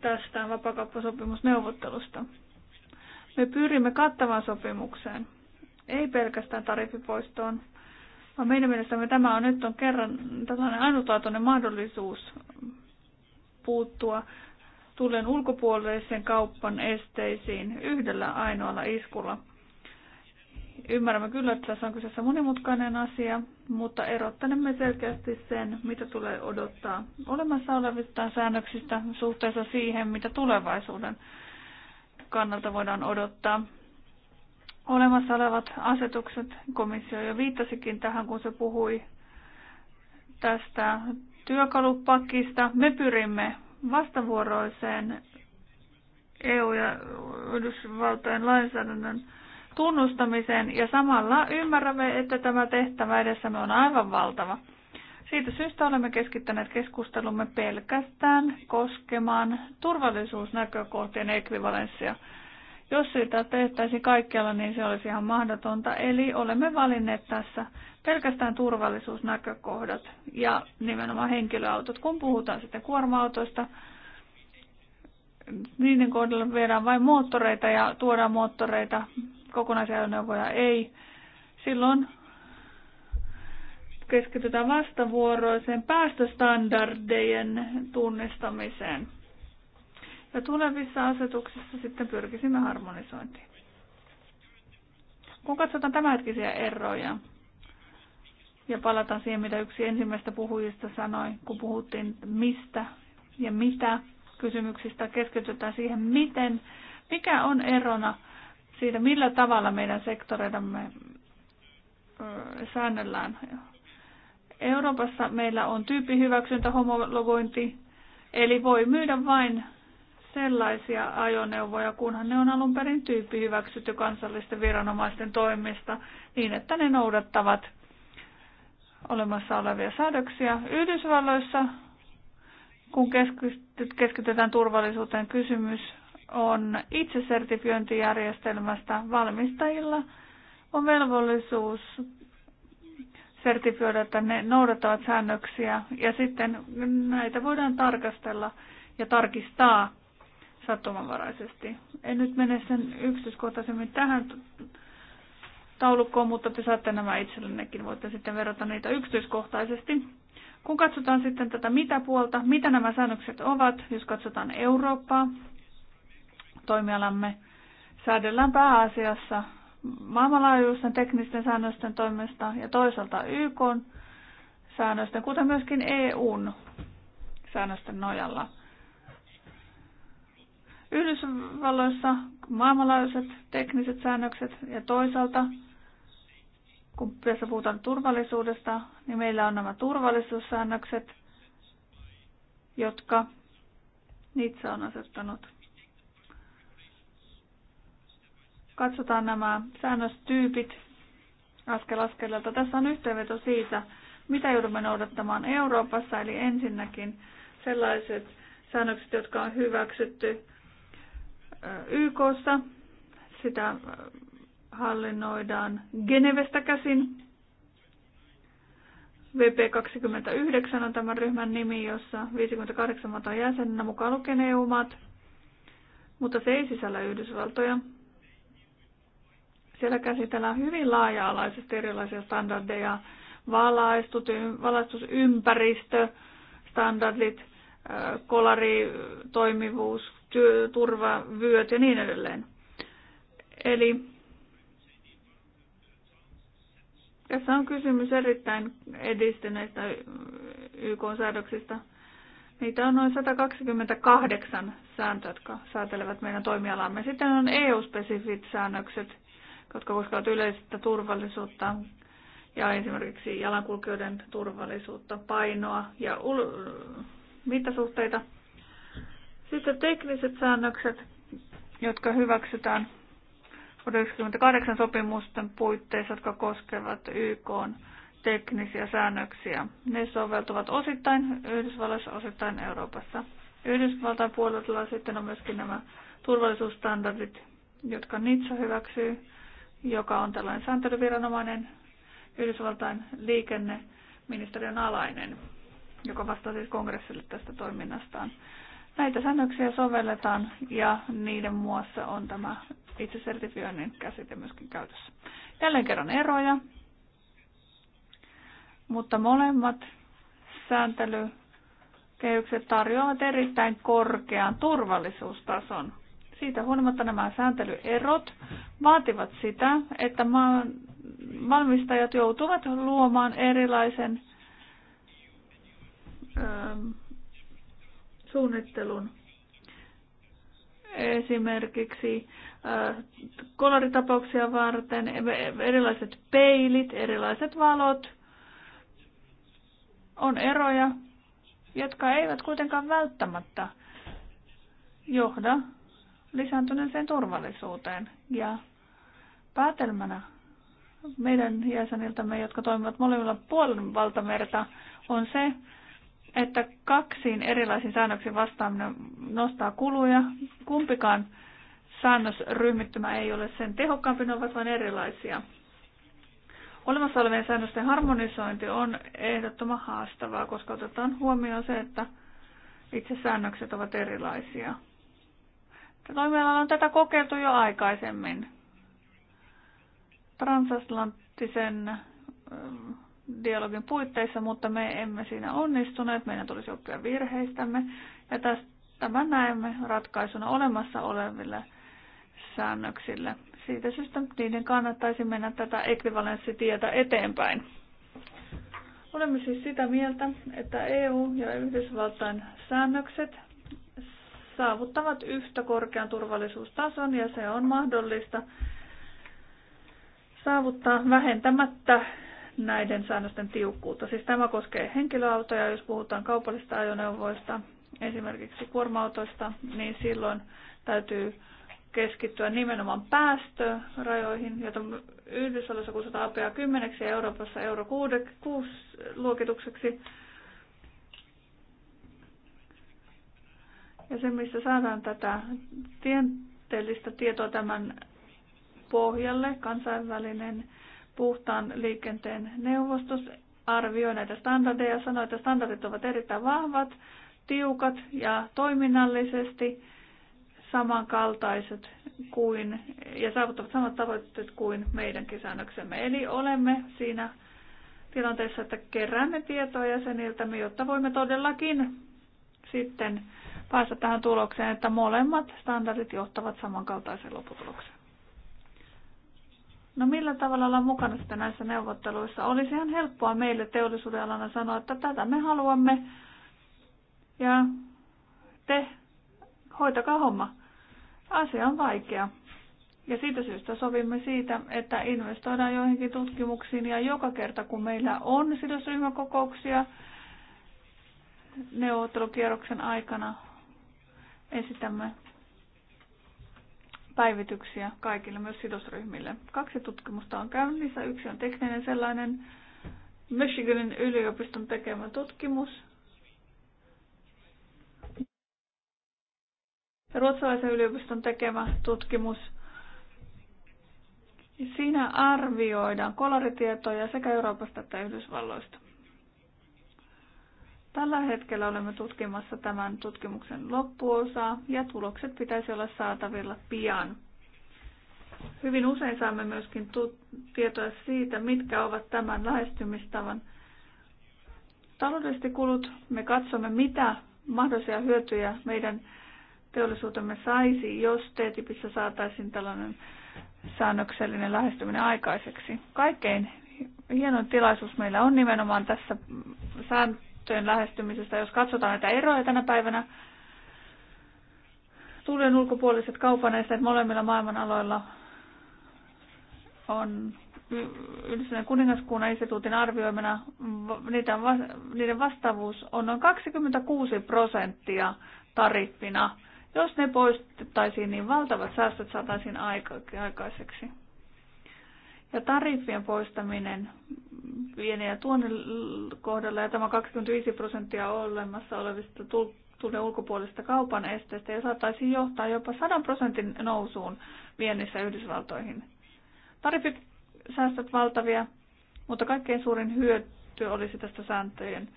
tästä vapakauppasopimusneuvottelusta. Me pyrimme kattavaan sopimukseen, ei pelkästään tarifipoistoon, vaan meidän mielestämme tämä on nyt on kerran tällainen ainutlaatuinen mahdollisuus puuttua tulen ulkopuolisen kauppan esteisiin yhdellä ainoalla iskulla. Ymmärrämme kyllä, että tässä on kyseessä monimutkainen asia, mutta erottelemme selkeästi sen, mitä tulee odottaa olemassa olevista säännöksistä suhteessa siihen, mitä tulevaisuuden kannalta voidaan odottaa. Olemassa olevat asetukset, komissio jo viittasikin tähän, kun se puhui tästä työkalupakista. Me pyrimme vastavuoroiseen EU- ja Yhdysvaltojen lainsäädännön tunnustamiseen ja samalla ymmärrämme, että tämä tehtävä edessämme on aivan valtava. Siitä syystä olemme keskittäneet keskustelumme pelkästään koskemaan turvallisuusnäkökohtien ekvivalenssia jos sitä tehtäisiin kaikkialla, niin se olisi ihan mahdotonta. Eli olemme valinneet tässä pelkästään turvallisuusnäkökohdat ja nimenomaan henkilöautot. Kun puhutaan sitten kuorma-autoista, niiden kohdalla viedään vain moottoreita ja tuodaan moottoreita, ajoneuvoja ei. Silloin keskitytään vastavuoroiseen päästöstandardejen tunnistamiseen. Ja tulevissa asetuksissa sitten pyrkisimme harmonisointiin. Kun katsotaan tämänhetkisiä eroja, ja palataan siihen, mitä yksi ensimmäistä puhujista sanoi, kun puhuttiin mistä ja mitä kysymyksistä, keskitytään siihen, miten, mikä on erona siitä, millä tavalla meidän sektoreidamme säännellään. Euroopassa meillä on tyyppihyväksyntä, homologointi, eli voi myydä vain sellaisia ajoneuvoja, kunhan ne on alun perin tyyppi hyväksytty kansallisten viranomaisten toimista niin, että ne noudattavat olemassa olevia säädöksiä. Yhdysvalloissa, kun keskitytään turvallisuuteen, kysymys on itsesertifiointijärjestelmästä. Valmistajilla on velvollisuus sertifioida, että ne noudattavat säännöksiä ja sitten näitä voidaan tarkastella ja tarkistaa sattumanvaraisesti. En nyt mene sen yksityiskohtaisemmin tähän taulukkoon, mutta te saatte nämä itsellennekin, voitte sitten verrata niitä yksityiskohtaisesti. Kun katsotaan sitten tätä mitä puolta, mitä nämä säännökset ovat, jos katsotaan Eurooppaa, toimialamme, säädellään pääasiassa maailmanlaajuisten teknisten säännösten toimesta ja toisaalta YK säännösten, kuten myöskin EUn säännösten nojalla – Yhdysvalloissa maailmanlaajuiset tekniset säännökset ja toisaalta, kun tässä puhutaan turvallisuudesta, niin meillä on nämä turvallisuussäännökset, jotka niitä on asettanut. Katsotaan nämä säännöstyypit askel askeleelta. Tässä on yhteenveto siitä, mitä joudumme noudattamaan Euroopassa, eli ensinnäkin sellaiset säännökset, jotka on hyväksytty YKssa. Sitä äh, hallinnoidaan Genevestä käsin. VP29 on tämän ryhmän nimi, jossa 58 maata on jäsenenä, mukaan lukien EU-maat, mutta se ei sisällä Yhdysvaltoja. Siellä käsitellään hyvin laaja-alaisesti erilaisia standardeja, valaistusympäristö, standardit, kolaritoimivuus, työ, turva, vyöt ja niin edelleen. Eli tässä on kysymys erittäin edistyneistä YK-säädöksistä. Niitä on noin 128 sääntöä, jotka säätelevät meidän toimialamme. Sitten on EU-spesifit säännökset, jotka koskevat yleistä turvallisuutta ja esimerkiksi jalankulkijoiden turvallisuutta, painoa ja ul- mittasuhteita. Sitten tekniset säännökset, jotka hyväksytään 98 sopimusten puitteissa, jotka koskevat YK teknisiä säännöksiä. Ne soveltuvat osittain Yhdysvalloissa, osittain Euroopassa. Yhdysvaltain puolella sitten on myöskin nämä turvallisuusstandardit, jotka NITSA hyväksyy, joka on tällainen sääntelyviranomainen Yhdysvaltain liikenneministeriön alainen joka vastaa siis kongressille tästä toiminnastaan. Näitä säännöksiä sovelletaan ja niiden muassa on tämä itse sertifioinnin käsite myöskin käytössä. Jälleen kerran eroja, mutta molemmat sääntelykehykset tarjoavat erittäin korkean turvallisuustason. Siitä huolimatta nämä sääntelyerot vaativat sitä, että valmistajat joutuvat luomaan erilaisen Ähm, suunnittelun. Esimerkiksi äh, koloritapauksia varten e- e- erilaiset peilit, erilaiset valot. On eroja, jotka eivät kuitenkaan välttämättä johda lisääntyneeseen turvallisuuteen. Ja päätelmänä meidän jäseniltämme, jotka toimivat molemmilla puolen valtamerta, on se, että kaksiin erilaisiin säännöksiin vastaaminen nostaa kuluja. Kumpikaan säännösryhmittymä ei ole sen tehokkaampi, ne ovat vain erilaisia. Olemassa olevien säännösten harmonisointi on ehdottoman haastavaa, koska otetaan huomioon se, että itse säännökset ovat erilaisia. Toimialalla on tätä kokeiltu jo aikaisemmin. Transatlanttisen dialogin puitteissa, mutta me emme siinä onnistuneet. Meidän tulisi oppia virheistämme. Ja tästä, tämän näemme ratkaisuna olemassa oleville säännöksille. Siitä syystä niiden kannattaisi mennä tätä ekvivalenssitietä eteenpäin. Olemme siis sitä mieltä, että EU ja Yhdysvaltain säännökset saavuttavat yhtä korkean turvallisuustason ja se on mahdollista saavuttaa vähentämättä näiden säännösten tiukkuutta. Siis tämä koskee henkilöautoja, jos puhutaan kaupallisista ajoneuvoista, esimerkiksi kuorma-autoista, niin silloin täytyy keskittyä nimenomaan päästörajoihin, joita Yhdysvalloissa kutsutaan APA 10 ja Euroopassa Euro 6, 6 luokitukseksi. Ja se, missä saadaan tätä tieteellistä tietoa tämän pohjalle, kansainvälinen puhtaan liikenteen neuvostos arvioi näitä standardeja ja sanoi, että standardit ovat erittäin vahvat, tiukat ja toiminnallisesti samankaltaiset kuin, ja saavuttavat samat tavoitteet kuin meidänkin säännöksemme. Eli olemme siinä tilanteessa, että keräämme tietoa jäseniltämme, jotta voimme todellakin sitten päästä tähän tulokseen, että molemmat standardit johtavat samankaltaiseen lopputulokseen. No millä tavalla ollaan mukana sitten näissä neuvotteluissa? Olisi ihan helppoa meille teollisuuden alana sanoa, että tätä me haluamme ja te hoitakaa homma. Asia on vaikea. Ja siitä syystä sovimme siitä, että investoidaan joihinkin tutkimuksiin ja joka kerta kun meillä on sidosryhmäkokouksia neuvottelukierroksen aikana, esitämme päivityksiä kaikille, myös sidosryhmille. Kaksi tutkimusta on käynnissä. Yksi on tekninen sellainen Michiganin yliopiston tekemä tutkimus. Ruotsalaisen yliopiston tekemä tutkimus. Siinä arvioidaan koloritietoja sekä Euroopasta että Yhdysvalloista. Tällä hetkellä olemme tutkimassa tämän tutkimuksen loppuosaa ja tulokset pitäisi olla saatavilla pian. Hyvin usein saamme myöskin tietoa siitä, mitkä ovat tämän lähestymistavan taloudelliset kulut. Me katsomme, mitä mahdollisia hyötyjä meidän teollisuutemme saisi, jos TTIPissä saataisiin tällainen säännöksellinen lähestyminen aikaiseksi. Kaikkein hienoin tilaisuus meillä on nimenomaan tässä sään tyttöjen lähestymisestä. Jos katsotaan näitä eroja tänä päivänä, tulen ulkopuoliset kaupanesteet molemmilla maailmanaloilla on Yhdistyneen kuningaskunnan instituutin arvioimena niiden vastaavuus on noin 26 prosenttia tariffina. Jos ne poistettaisiin, niin valtavat säästöt saataisiin aikaiseksi ja tariffien poistaminen viennin ja kohdalla ja tämä 25 prosenttia olemassa olevista tulee ulkopuolista kaupan esteistä ja saattaisi johtaa jopa 100 prosentin nousuun viennissä Yhdysvaltoihin. Tarifit säästöt valtavia, mutta kaikkein suurin hyöty olisi tästä sääntöjen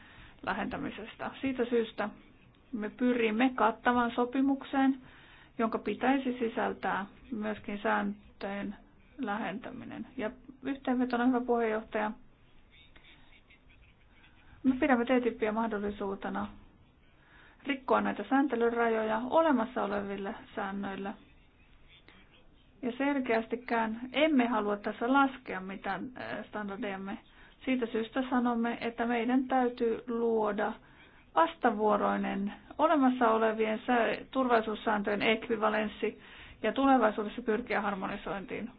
lähentämisestä. Siitä syystä me pyrimme kattamaan sopimukseen, jonka pitäisi sisältää myöskin sääntöjen lähentäminen. Ja yhteenvetona, hyvä puheenjohtaja, me pidämme T-tyyppiä mahdollisuutena rikkoa näitä sääntelyrajoja olemassa olevilla säännöillä. Ja selkeästikään emme halua tässä laskea mitään eh, standardejamme. Siitä syystä sanomme, että meidän täytyy luoda vastavuoroinen olemassa olevien turvallisuussääntöjen ekvivalenssi ja tulevaisuudessa pyrkiä harmonisointiin.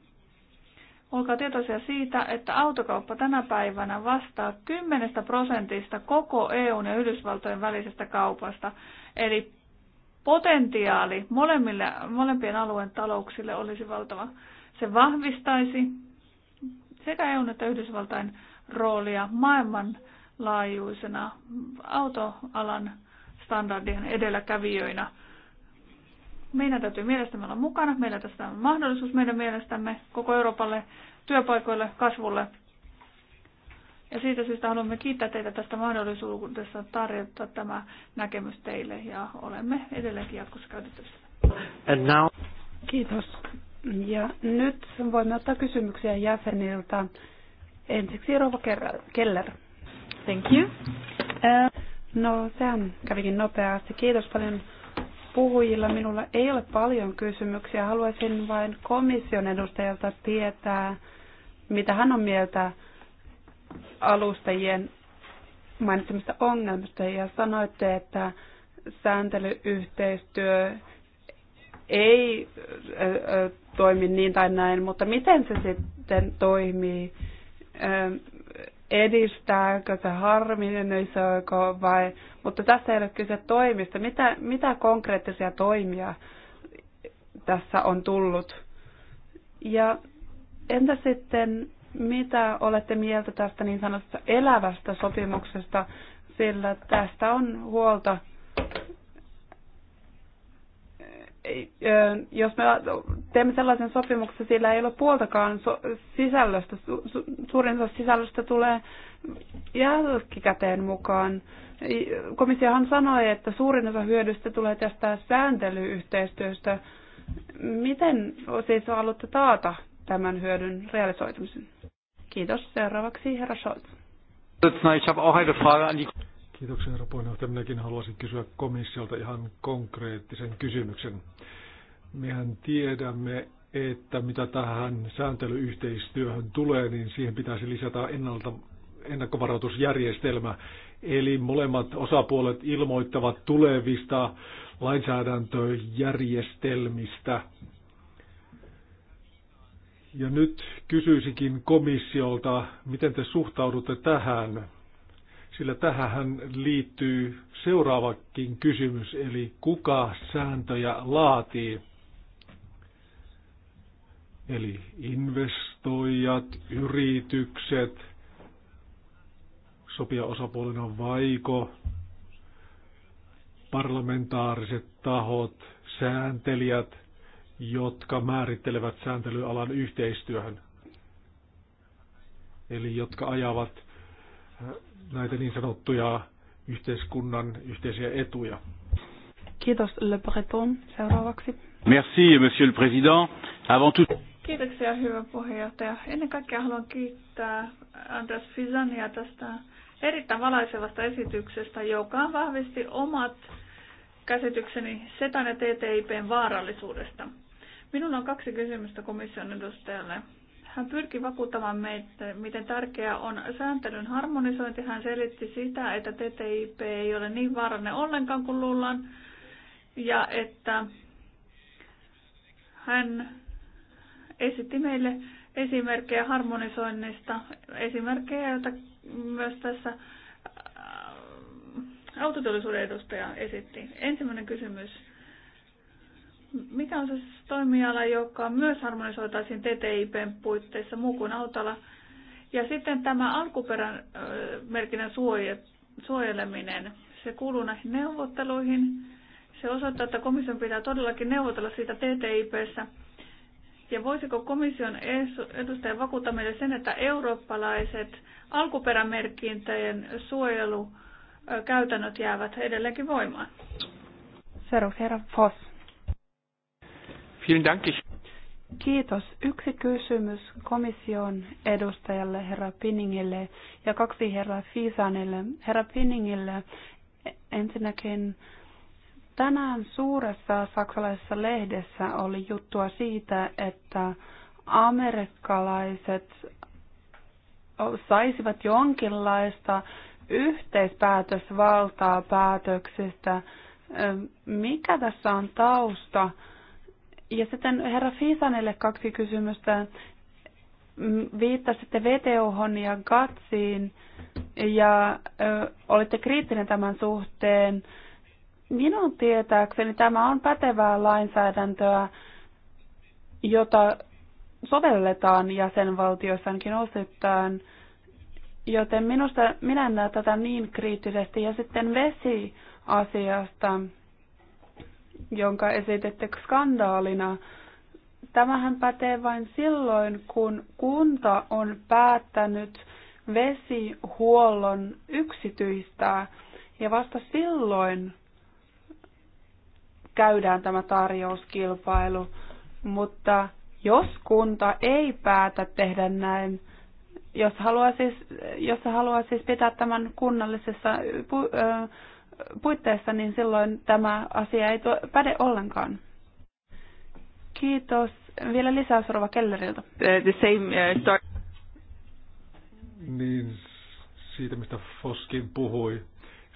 Olkaa tietoisia siitä, että autokauppa tänä päivänä vastaa 10 prosentista koko EUn ja Yhdysvaltojen välisestä kaupasta. Eli potentiaali molemmille, molempien alueen talouksille olisi valtava. Se vahvistaisi sekä EUn että Yhdysvaltain roolia maailmanlaajuisena autoalan standardien edelläkävijöinä – meidän täytyy mielestämme olla mukana. Meillä tässä on mahdollisuus meidän mielestämme koko Euroopalle, työpaikoille, kasvulle. Ja siitä syystä haluamme kiittää teitä tästä mahdollisuudesta tarjota tämä näkemys teille ja olemme edelleenkin jatkossa käytettävissä. now... Kiitos. Ja nyt voimme ottaa kysymyksiä jäseniltä. Ensiksi Rova Keller. Thank you. Uh... No, sehän kävikin nopeasti. Kiitos paljon puhujilla. Minulla ei ole paljon kysymyksiä. Haluaisin vain komission edustajalta tietää, mitä hän on mieltä alustajien mainitsemista ongelmista ja sanoitte, että sääntelyyhteistyö ei toimi niin tai näin, mutta miten se sitten toimii? Edistääkö se harminen, vai mutta tässä ei ole kyse toimista. Mitä, mitä konkreettisia toimia tässä on tullut? Ja entä sitten, mitä olette mieltä tästä niin sanotusta elävästä sopimuksesta, sillä tästä on huolta jos me teemme sellaisen sopimuksen, sillä ei ole puoltakaan sisällöstä, suurin osa sisällöstä tulee jälkikäteen mukaan. Komissiohan sanoi, että suurin osa hyödystä tulee tästä sääntelyyhteistyöstä. Miten siis haluatte taata tämän hyödyn realisoitumisen? Kiitos. Seuraavaksi herra Scholz. No, Kiitoksia herra puheenjohtaja. Minäkin haluaisin kysyä komissiolta ihan konkreettisen kysymyksen. Mehän tiedämme, että mitä tähän sääntelyyhteistyöhön tulee, niin siihen pitäisi lisätä ennalta ennakkovaroitusjärjestelmä. Eli molemmat osapuolet ilmoittavat tulevista lainsäädäntöjärjestelmistä. Ja nyt kysyisikin komissiolta, miten te suhtaudutte tähän, sillä tähän liittyy seuraavakin kysymys, eli kuka sääntöjä laatii? Eli investoijat, yritykset, sopia osapuolena vaiko parlamentaariset tahot, sääntelijät, jotka määrittelevät sääntelyalan yhteistyöhön. Eli jotka ajavat äh, näitä niin sanottuja yhteiskunnan yhteisiä etuja. Kiitos Le Breton. Seuraavaksi. Merci, monsieur le président. Avant tout... Kiitoksia, hyvä puheenjohtaja. Ennen kaikkea haluan kiittää Andras Fisania tästä erittäin valaisevasta esityksestä, joka vahvisti omat käsitykseni SETAn ja TTIPn vaarallisuudesta. Minulla on kaksi kysymystä komission edustajalle. Hän pyrki vakuuttamaan meitä, miten tärkeää on sääntelyn harmonisointi. Hän selitti sitä, että TTIP ei ole niin vaarallinen ollenkaan kuin luullaan, ja että hän esitti meille esimerkkejä harmonisoinnista, esimerkkejä, joita myös tässä äh, autoteollisuuden edustaja esitti. Ensimmäinen kysymys. Mikä on se toimiala, joka myös harmonisoitaisiin TTIPn puitteissa muu kuin autolla? Ja sitten tämä alkuperän äh, merkinnän suoje, suojeleminen, se kuuluu näihin neuvotteluihin. Se osoittaa, että komission pitää todellakin neuvotella siitä TTIPssä ja voisiko komission edustaja vakuuttaa meille sen, että eurooppalaiset alkuperämerkintöjen suojelukäytännöt jäävät edelleenkin voimaan? Seuraavaksi herra Foss. Kiitos. Yksi kysymys komission edustajalle herra Pinningille ja kaksi herra Fisanille, Herra Pinningille ensinnäkin Tänään suuressa saksalaisessa lehdessä oli juttua siitä, että amerikkalaiset saisivat jonkinlaista yhteispäätösvaltaa päätöksistä. Mikä tässä on tausta? Ja sitten herra Fisanille kaksi kysymystä. Viittasitte vto ja GATSiin ja olitte kriittinen tämän suhteen. Ö, Minun tietääkseni tämä on pätevää lainsäädäntöä, jota sovelletaan jäsenvaltioissakin osittain, joten minusta minä en näe tätä niin kriittisesti. Ja sitten vesiasiasta, jonka esitette skandaalina, tämähän pätee vain silloin, kun kunta on päättänyt vesihuollon yksityistää, ja vasta silloin käydään tämä tarjouskilpailu. Mutta jos kunta ei päätä tehdä näin, jos haluaa siis, jos haluaa siis pitää tämän kunnallisessa pu, ö, puitteissa, niin silloin tämä asia ei tuo, päde ollenkaan. Kiitos. Vielä lisäys Rova Kelleriltä. The same, uh, niin, siitä mistä Foskin puhui,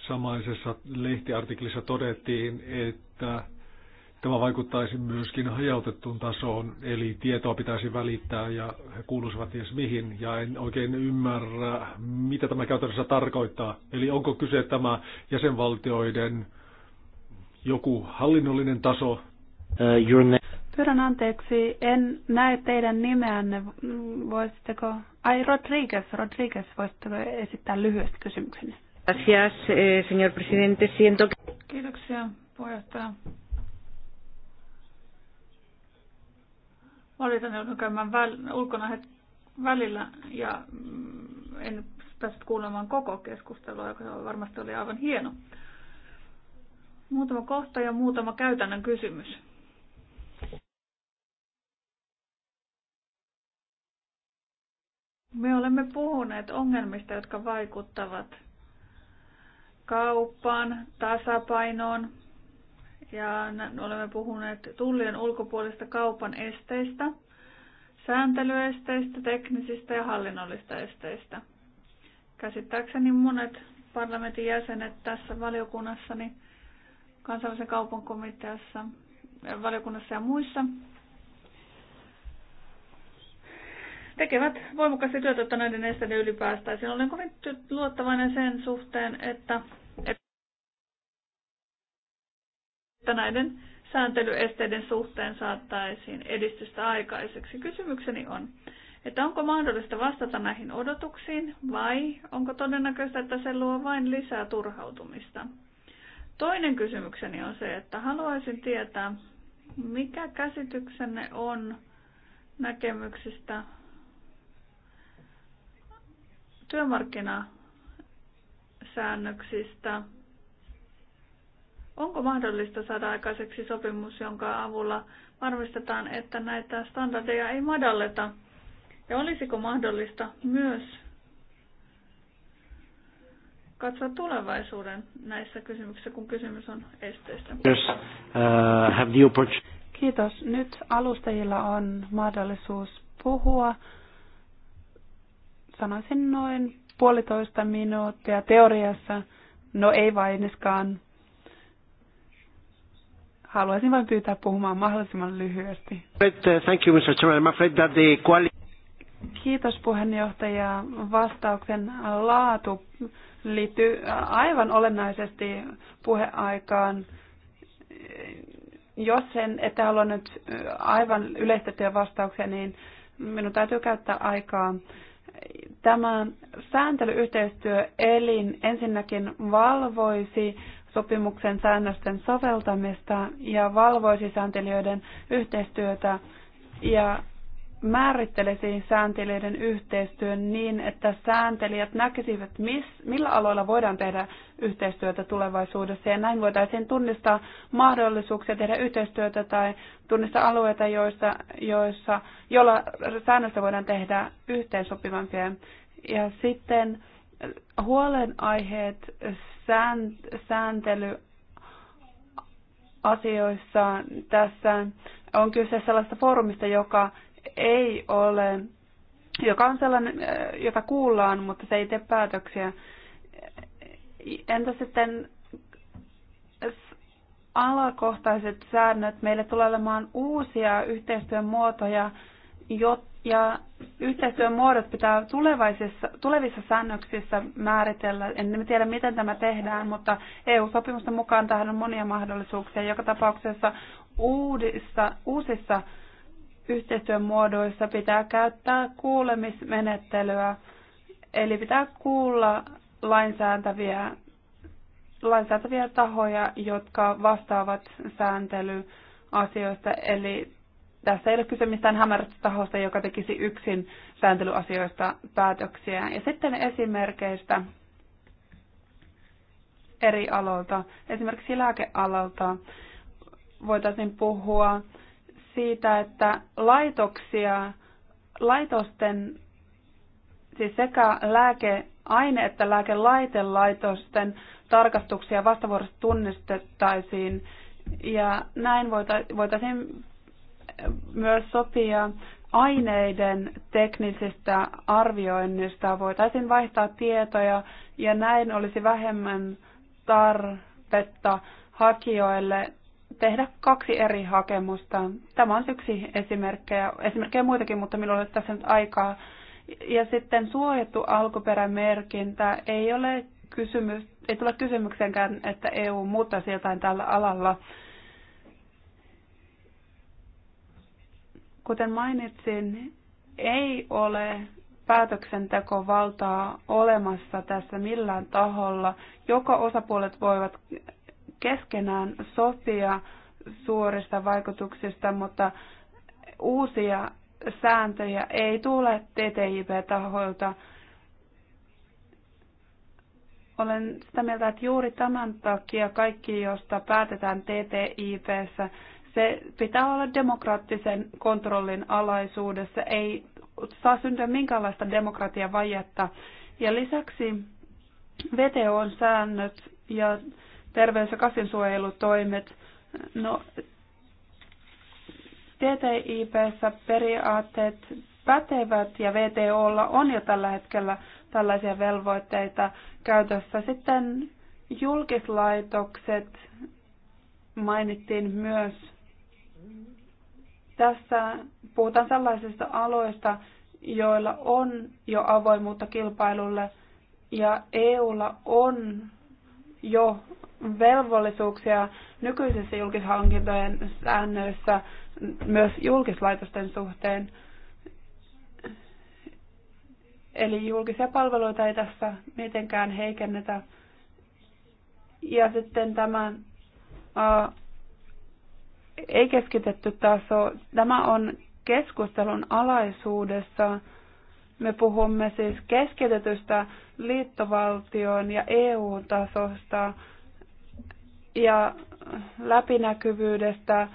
Samaisessa lehtiartiklissa todettiin, että tämä vaikuttaisi myöskin hajautettuun tasoon, eli tietoa pitäisi välittää ja he kuuluisivat ties mihin, ja en oikein ymmärrä, mitä tämä käytännössä tarkoittaa. Eli onko kyse tämä jäsenvaltioiden joku hallinnollinen taso? Uh, Pyydän anteeksi, en näe teidän nimeänne. Voisitteko, ai Rodriguez, Rodriguez, voisitteko esittää lyhyesti kysymyksen? Gracias, eh, señor presidente. Siento que... Kiitoksia, puheenjohtaja. Valitan joudun käymään väl, ulkona het, välillä ja mm, en päässyt kuulemaan koko keskustelua, joka varmasti oli aivan hieno. Muutama kohta ja muutama käytännön kysymys. Me olemme puhuneet ongelmista, jotka vaikuttavat kauppaan, tasapainoon ja olemme puhuneet tullien ulkopuolista kaupan esteistä, sääntelyesteistä, teknisistä ja hallinnollista esteistä. Käsittääkseni monet parlamentin jäsenet tässä valiokunnassa, niin kansainvälisen kaupan komiteassa, valiokunnassa ja muissa tekevät voimakkaasti työtä, että näiden esteiden ylipäästäisiin. Olen kovin luottavainen sen suhteen, että että näiden sääntelyesteiden suhteen saattaisiin edistystä aikaiseksi. Kysymykseni on, että onko mahdollista vastata näihin odotuksiin vai onko todennäköistä, että se luo vain lisää turhautumista? Toinen kysymykseni on se, että haluaisin tietää, mikä käsityksenne on näkemyksistä työmarkkinaa säännöksistä. Onko mahdollista saada aikaiseksi sopimus, jonka avulla varmistetaan, että näitä standardeja ei madalleta? Ja olisiko mahdollista myös katsoa tulevaisuuden näissä kysymyksissä, kun kysymys on esteistä? Uh, Kiitos. Nyt alustajilla on mahdollisuus puhua. Sanoisin noin puolitoista minuuttia teoriassa. No ei vainiskaan. Haluaisin vain pyytää puhumaan mahdollisimman lyhyesti. Uh, thank you, Mr. Chairman. I'm afraid that the quality... Kiitos puheenjohtaja. Vastauksen laatu liittyy aivan olennaisesti puheaikaan. Jos sen, että halua nyt aivan yleistettyä vastauksia, niin minun täytyy käyttää aikaa tämä sääntelyyhteistyöelin ensinnäkin valvoisi sopimuksen säännösten soveltamista ja valvoisi sääntelijöiden yhteistyötä ja määrittelisi sääntelijöiden yhteistyön niin, että sääntelijät näkisivät, miss, millä aloilla voidaan tehdä yhteistyötä tulevaisuudessa. Ja näin voitaisiin tunnistaa mahdollisuuksia tehdä yhteistyötä tai tunnistaa alueita, joissa, joissa, joilla säännöstä voidaan tehdä yhteensopivampia. Ja sitten huolenaiheet sään, sääntely asioissa. Tässä on kyse sellaista foorumista, joka ei ole, joka on sellainen, äh, jota kuullaan, mutta se ei tee päätöksiä. Entä sitten alakohtaiset säännöt? Meille tulee olemaan uusia yhteistyön muotoja, ja yhteistyön muodot pitää tulevaisissa, tulevissa säännöksissä määritellä. En tiedä, miten tämä tehdään, mutta EU-sopimusten mukaan tähän on monia mahdollisuuksia. Joka tapauksessa uudissa, uusissa yhteistyön muodoissa pitää käyttää kuulemismenettelyä, eli pitää kuulla lainsääntäviä, lainsääntäviä tahoja, jotka vastaavat sääntelyasioista. Eli tässä ei ole kyse mistään hämärästä tahosta, joka tekisi yksin sääntelyasioista päätöksiä. Ja sitten esimerkkeistä eri aloilta, esimerkiksi lääkealalta voitaisiin puhua siitä, että laitoksia, laitosten, siis sekä lääkeaine- että lääkelaitelaitosten tarkastuksia vastavuorossa tunnistettaisiin. Ja näin voitaisiin myös sopia aineiden teknisistä arvioinnista, voitaisiin vaihtaa tietoja ja näin olisi vähemmän tarvetta hakijoille tehdä kaksi eri hakemusta. Tämä on yksi esimerkkejä, esimerkkejä muitakin, mutta minulla ei ole tässä nyt aikaa. Ja sitten suojattu alkuperämerkintä ei ole kysymys, ei tule kysymyksenkään, että EU muuttaisi jotain tällä alalla. Kuten mainitsin, ei ole päätöksentekovaltaa olemassa tässä millään taholla. Joka osapuolet voivat keskenään sopia suorista vaikutuksista, mutta uusia sääntöjä ei tule TTIP-tahoilta. Olen sitä mieltä, että juuri tämän takia kaikki, josta päätetään TTIPssä, se pitää olla demokraattisen kontrollin alaisuudessa. Ei saa syntyä minkäänlaista demokratiavajetta. Ja lisäksi VTO on säännöt ja terveys- ja kasvinsuojelutoimet. No, TTIPssä periaatteet pätevät ja VTOlla on jo tällä hetkellä tällaisia velvoitteita käytössä. Sitten julkislaitokset mainittiin myös. Tässä puhutaan sellaisista aloista, joilla on jo avoimuutta kilpailulle ja EUlla on jo velvollisuuksia nykyisissä julkishankintojen säännöissä myös julkislaitosten suhteen. Eli julkisia palveluita ei tässä mitenkään heikennetä. Ja sitten tämä ää, ei keskitetty taso, tämä on keskustelun alaisuudessa me puhumme siis keskitetystä liittovaltion ja EU-tasosta ja läpinäkyvyydestä,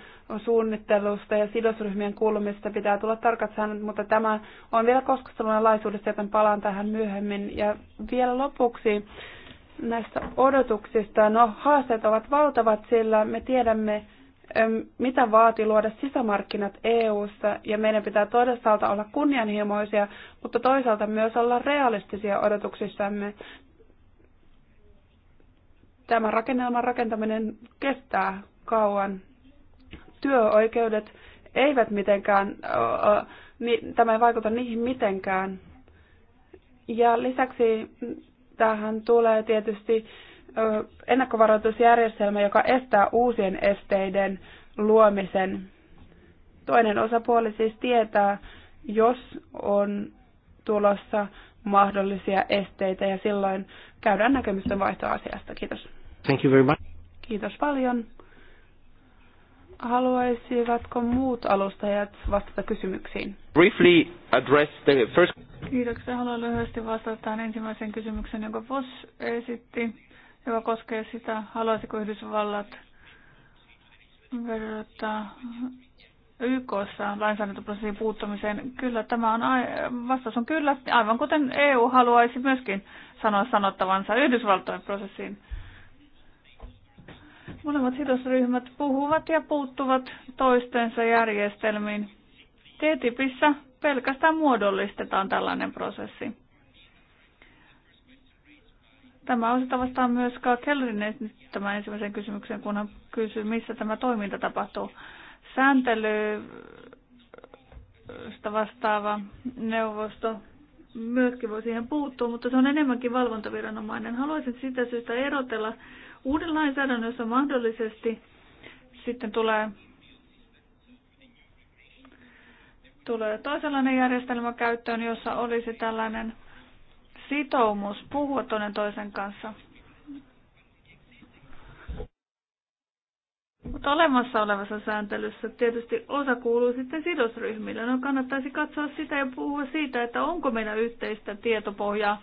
suunnittelusta ja sidosryhmien kuulumista pitää tulla tarkat säännöt, mutta tämä on vielä keskustelun laisuudessa, joten palaan tähän myöhemmin. Ja vielä lopuksi näistä odotuksista. No, haasteet ovat valtavat, sillä me tiedämme, mitä vaati luoda sisämarkkinat EU:ssa ja meidän pitää toisaalta olla kunnianhimoisia, mutta toisaalta myös olla realistisia odotuksissamme. Tämä rakennelman rakentaminen kestää kauan. Työoikeudet eivät mitenkään, tämä ei vaikuta niihin mitenkään. Ja lisäksi tähän tulee tietysti ennakkovaroitusjärjestelmä, joka estää uusien esteiden luomisen. Toinen osapuoli siis tietää, jos on tulossa mahdollisia esteitä ja silloin käydään näkemysten vaihtoa asiasta. Kiitos. Thank you very much. Kiitos paljon. Haluaisivatko muut alustajat vastata kysymyksiin? Briefly address the first... Kiitoksia. Haluan lyhyesti vastata tähän ensimmäiseen kysymykseen, jonka VOS esitti joka koskee sitä, haluaisiko Yhdysvallat verrata YKssa lainsäädäntöprosessin puuttumiseen. Kyllä tämä on, vastaus on kyllä, aivan kuten EU haluaisi myöskin sanoa sanottavansa Yhdysvaltojen prosessiin. Molemmat sidosryhmät puhuvat ja puuttuvat toistensa järjestelmiin. TTIPissä pelkästään muodollistetaan tällainen prosessi. Tämä on vastaan myös Kellerin esittämään ensimmäisen kysymyksen, kun hän kysyy, missä tämä toiminta tapahtuu. Sääntelystä vastaava neuvosto myöskin voi siihen puuttua, mutta se on enemmänkin valvontaviranomainen. Haluaisin sitä syystä erotella uuden lainsäädännön, jossa mahdollisesti sitten tulee, tulee toisenlainen järjestelmä käyttöön, jossa olisi tällainen – sitoumus puhua toinen toisen kanssa. Mutta olemassa olevassa sääntelyssä tietysti osa kuuluu sitten sidosryhmille. No kannattaisi katsoa sitä ja puhua siitä, että onko meillä yhteistä tietopohjaa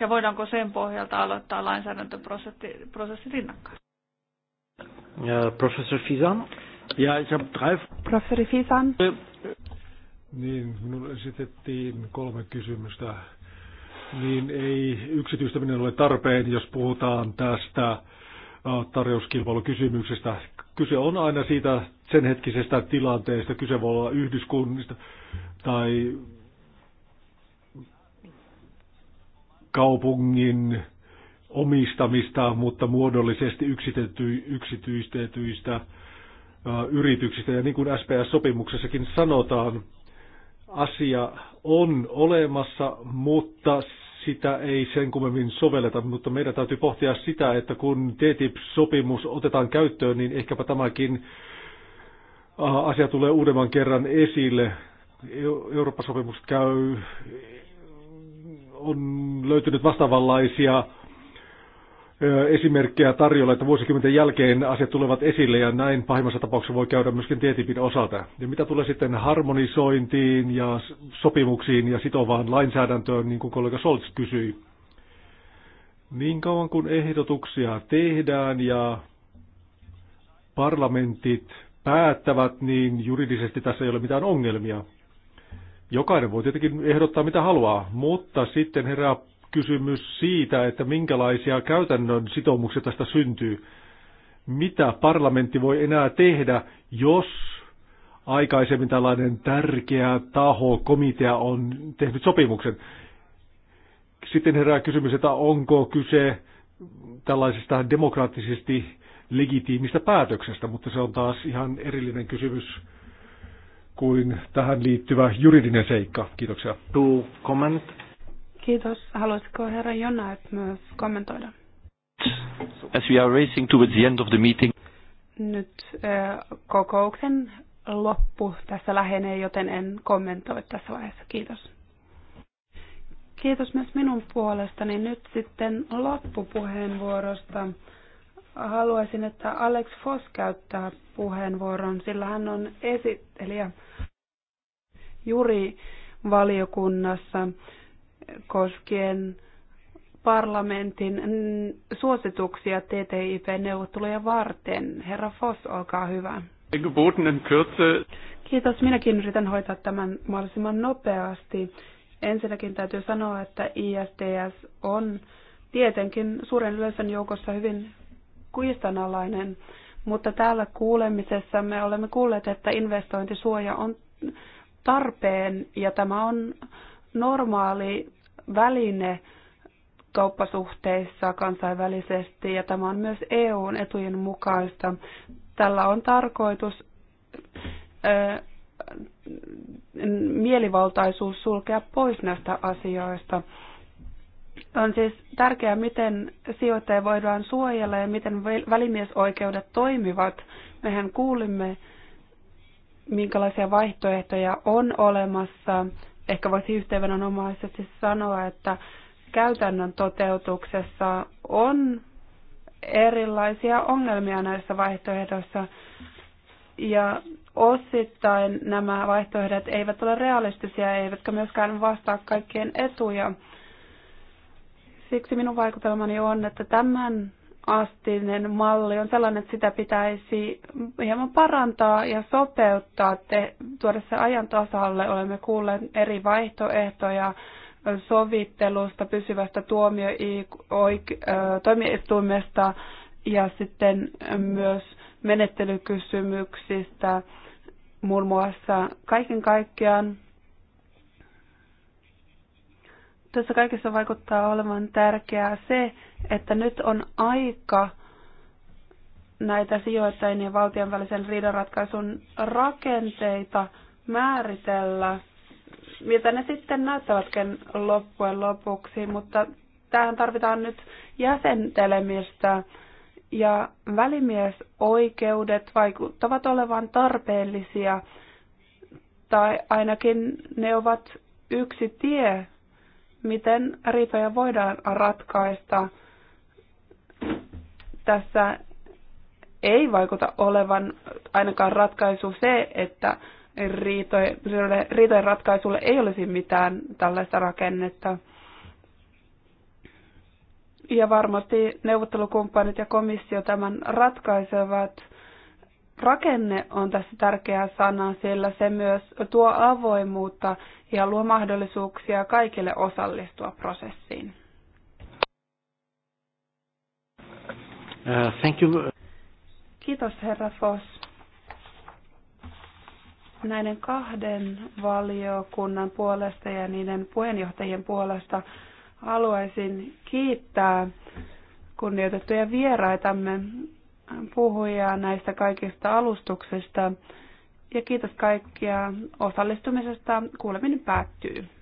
ja voidaanko sen pohjalta aloittaa lainsäädäntöprosessi rinnakkain. Ja, professor Fisan. Ja, ich habe drei... Professori Fisan. Niin, minulle esitettiin kolme kysymystä niin ei yksityistäminen ole tarpeen, jos puhutaan tästä äh, tarjouskilpailukysymyksestä. Kyse on aina siitä sen hetkisestä tilanteesta. Kyse voi olla yhdyskunnista tai kaupungin omistamista, mutta muodollisesti yksityistetyistä äh, yrityksistä. Ja niin kuin SPS-sopimuksessakin sanotaan, asia on olemassa, mutta sitä ei sen kummemmin sovelleta, mutta meidän täytyy pohtia sitä, että kun TTIP-sopimus otetaan käyttöön, niin ehkäpä tämäkin äh, asia tulee uudemman kerran esille. E-, Eurooppa-sopimus käy, on löytynyt vastaavanlaisia esimerkkejä tarjolla, että vuosikymmenten jälkeen asiat tulevat esille ja näin pahimmassa tapauksessa voi käydä myöskin tietipin osalta. Ja mitä tulee sitten harmonisointiin ja sopimuksiin ja sitovaan lainsäädäntöön, niin kuin kollega Solts kysyi. Niin kauan kuin ehdotuksia tehdään ja parlamentit päättävät, niin juridisesti tässä ei ole mitään ongelmia. Jokainen voi tietenkin ehdottaa mitä haluaa, mutta sitten herää kysymys siitä, että minkälaisia käytännön sitoumuksia tästä syntyy. Mitä parlamentti voi enää tehdä, jos aikaisemmin tällainen tärkeä taho, komitea on tehnyt sopimuksen? Sitten herää kysymys, että onko kyse tällaisesta demokraattisesti legitiimistä päätöksestä, mutta se on taas ihan erillinen kysymys kuin tähän liittyvä juridinen seikka. Kiitoksia. To comment Kiitos. Haluaisiko herra Jonaet myös kommentoida? As we are racing towards the end of the meeting. Nyt äh, kokouksen loppu tässä lähenee, joten en kommentoi tässä vaiheessa. Kiitos. Kiitos myös minun puolestani nyt sitten loppupuheenvuorosta. Haluaisin, että Alex Foss käyttää puheenvuoron, sillä hän on esittelijä juri valiokunnassa koskien parlamentin suosituksia TTIP-neuvotteluja varten. Herra Foss, olkaa hyvä. Kiitos. Minäkin yritän hoitaa tämän mahdollisimman nopeasti. Ensinnäkin täytyy sanoa, että ISDS on tietenkin suuren yleisön joukossa hyvin kuistanalainen, mutta täällä kuulemisessa me olemme kuulleet, että investointisuoja on tarpeen ja tämä on normaali väline kauppasuhteissa kansainvälisesti ja tämä on myös EUn etujen mukaista. Tällä on tarkoitus mielivaltaisuus sulkea pois näistä asioista. On siis tärkeää, miten sijoittajia voidaan suojella ja miten välimiesoikeudet toimivat. Mehän kuulimme, minkälaisia vaihtoehtoja on olemassa ehkä voisi yhteenvedonomaisesti sanoa, että käytännön toteutuksessa on erilaisia ongelmia näissä vaihtoehdoissa ja osittain nämä vaihtoehdot eivät ole realistisia eivätkä myöskään vastaa kaikkien etuja. Siksi minun vaikutelmani on, että tämän astinen malli on sellainen, että sitä pitäisi hieman parantaa ja sopeuttaa, te, tuoda se ajan tasalle. Olemme kuulleet eri vaihtoehtoja sovittelusta, pysyvästä tuomioistuimesta ja sitten myös menettelykysymyksistä muun muassa kaiken kaikkiaan. Tässä kaikessa vaikuttaa olevan tärkeää se, että nyt on aika näitä sijoittajien ja valtion välisen riidanratkaisun rakenteita määritellä, miltä ne sitten näyttävätkin loppujen lopuksi, mutta tähän tarvitaan nyt jäsentelemistä ja välimiesoikeudet vaikuttavat olevan tarpeellisia, tai ainakin ne ovat yksi tie, miten riitoja voidaan ratkaista tässä ei vaikuta olevan ainakaan ratkaisu se, että riitojen ratkaisulle ei olisi mitään tällaista rakennetta. Ja varmasti neuvottelukumppanit ja komissio tämän ratkaisevat. Rakenne on tässä tärkeä sana, sillä se myös tuo avoimuutta ja luo mahdollisuuksia kaikille osallistua prosessiin. Uh, thank you. Kiitos herra Foss. Näiden kahden valiokunnan puolesta ja niiden puheenjohtajien puolesta haluaisin kiittää kunnioitettuja vieraitamme puhujia näistä kaikista alustuksista ja kiitos kaikkia osallistumisesta. Kuuleminen päättyy.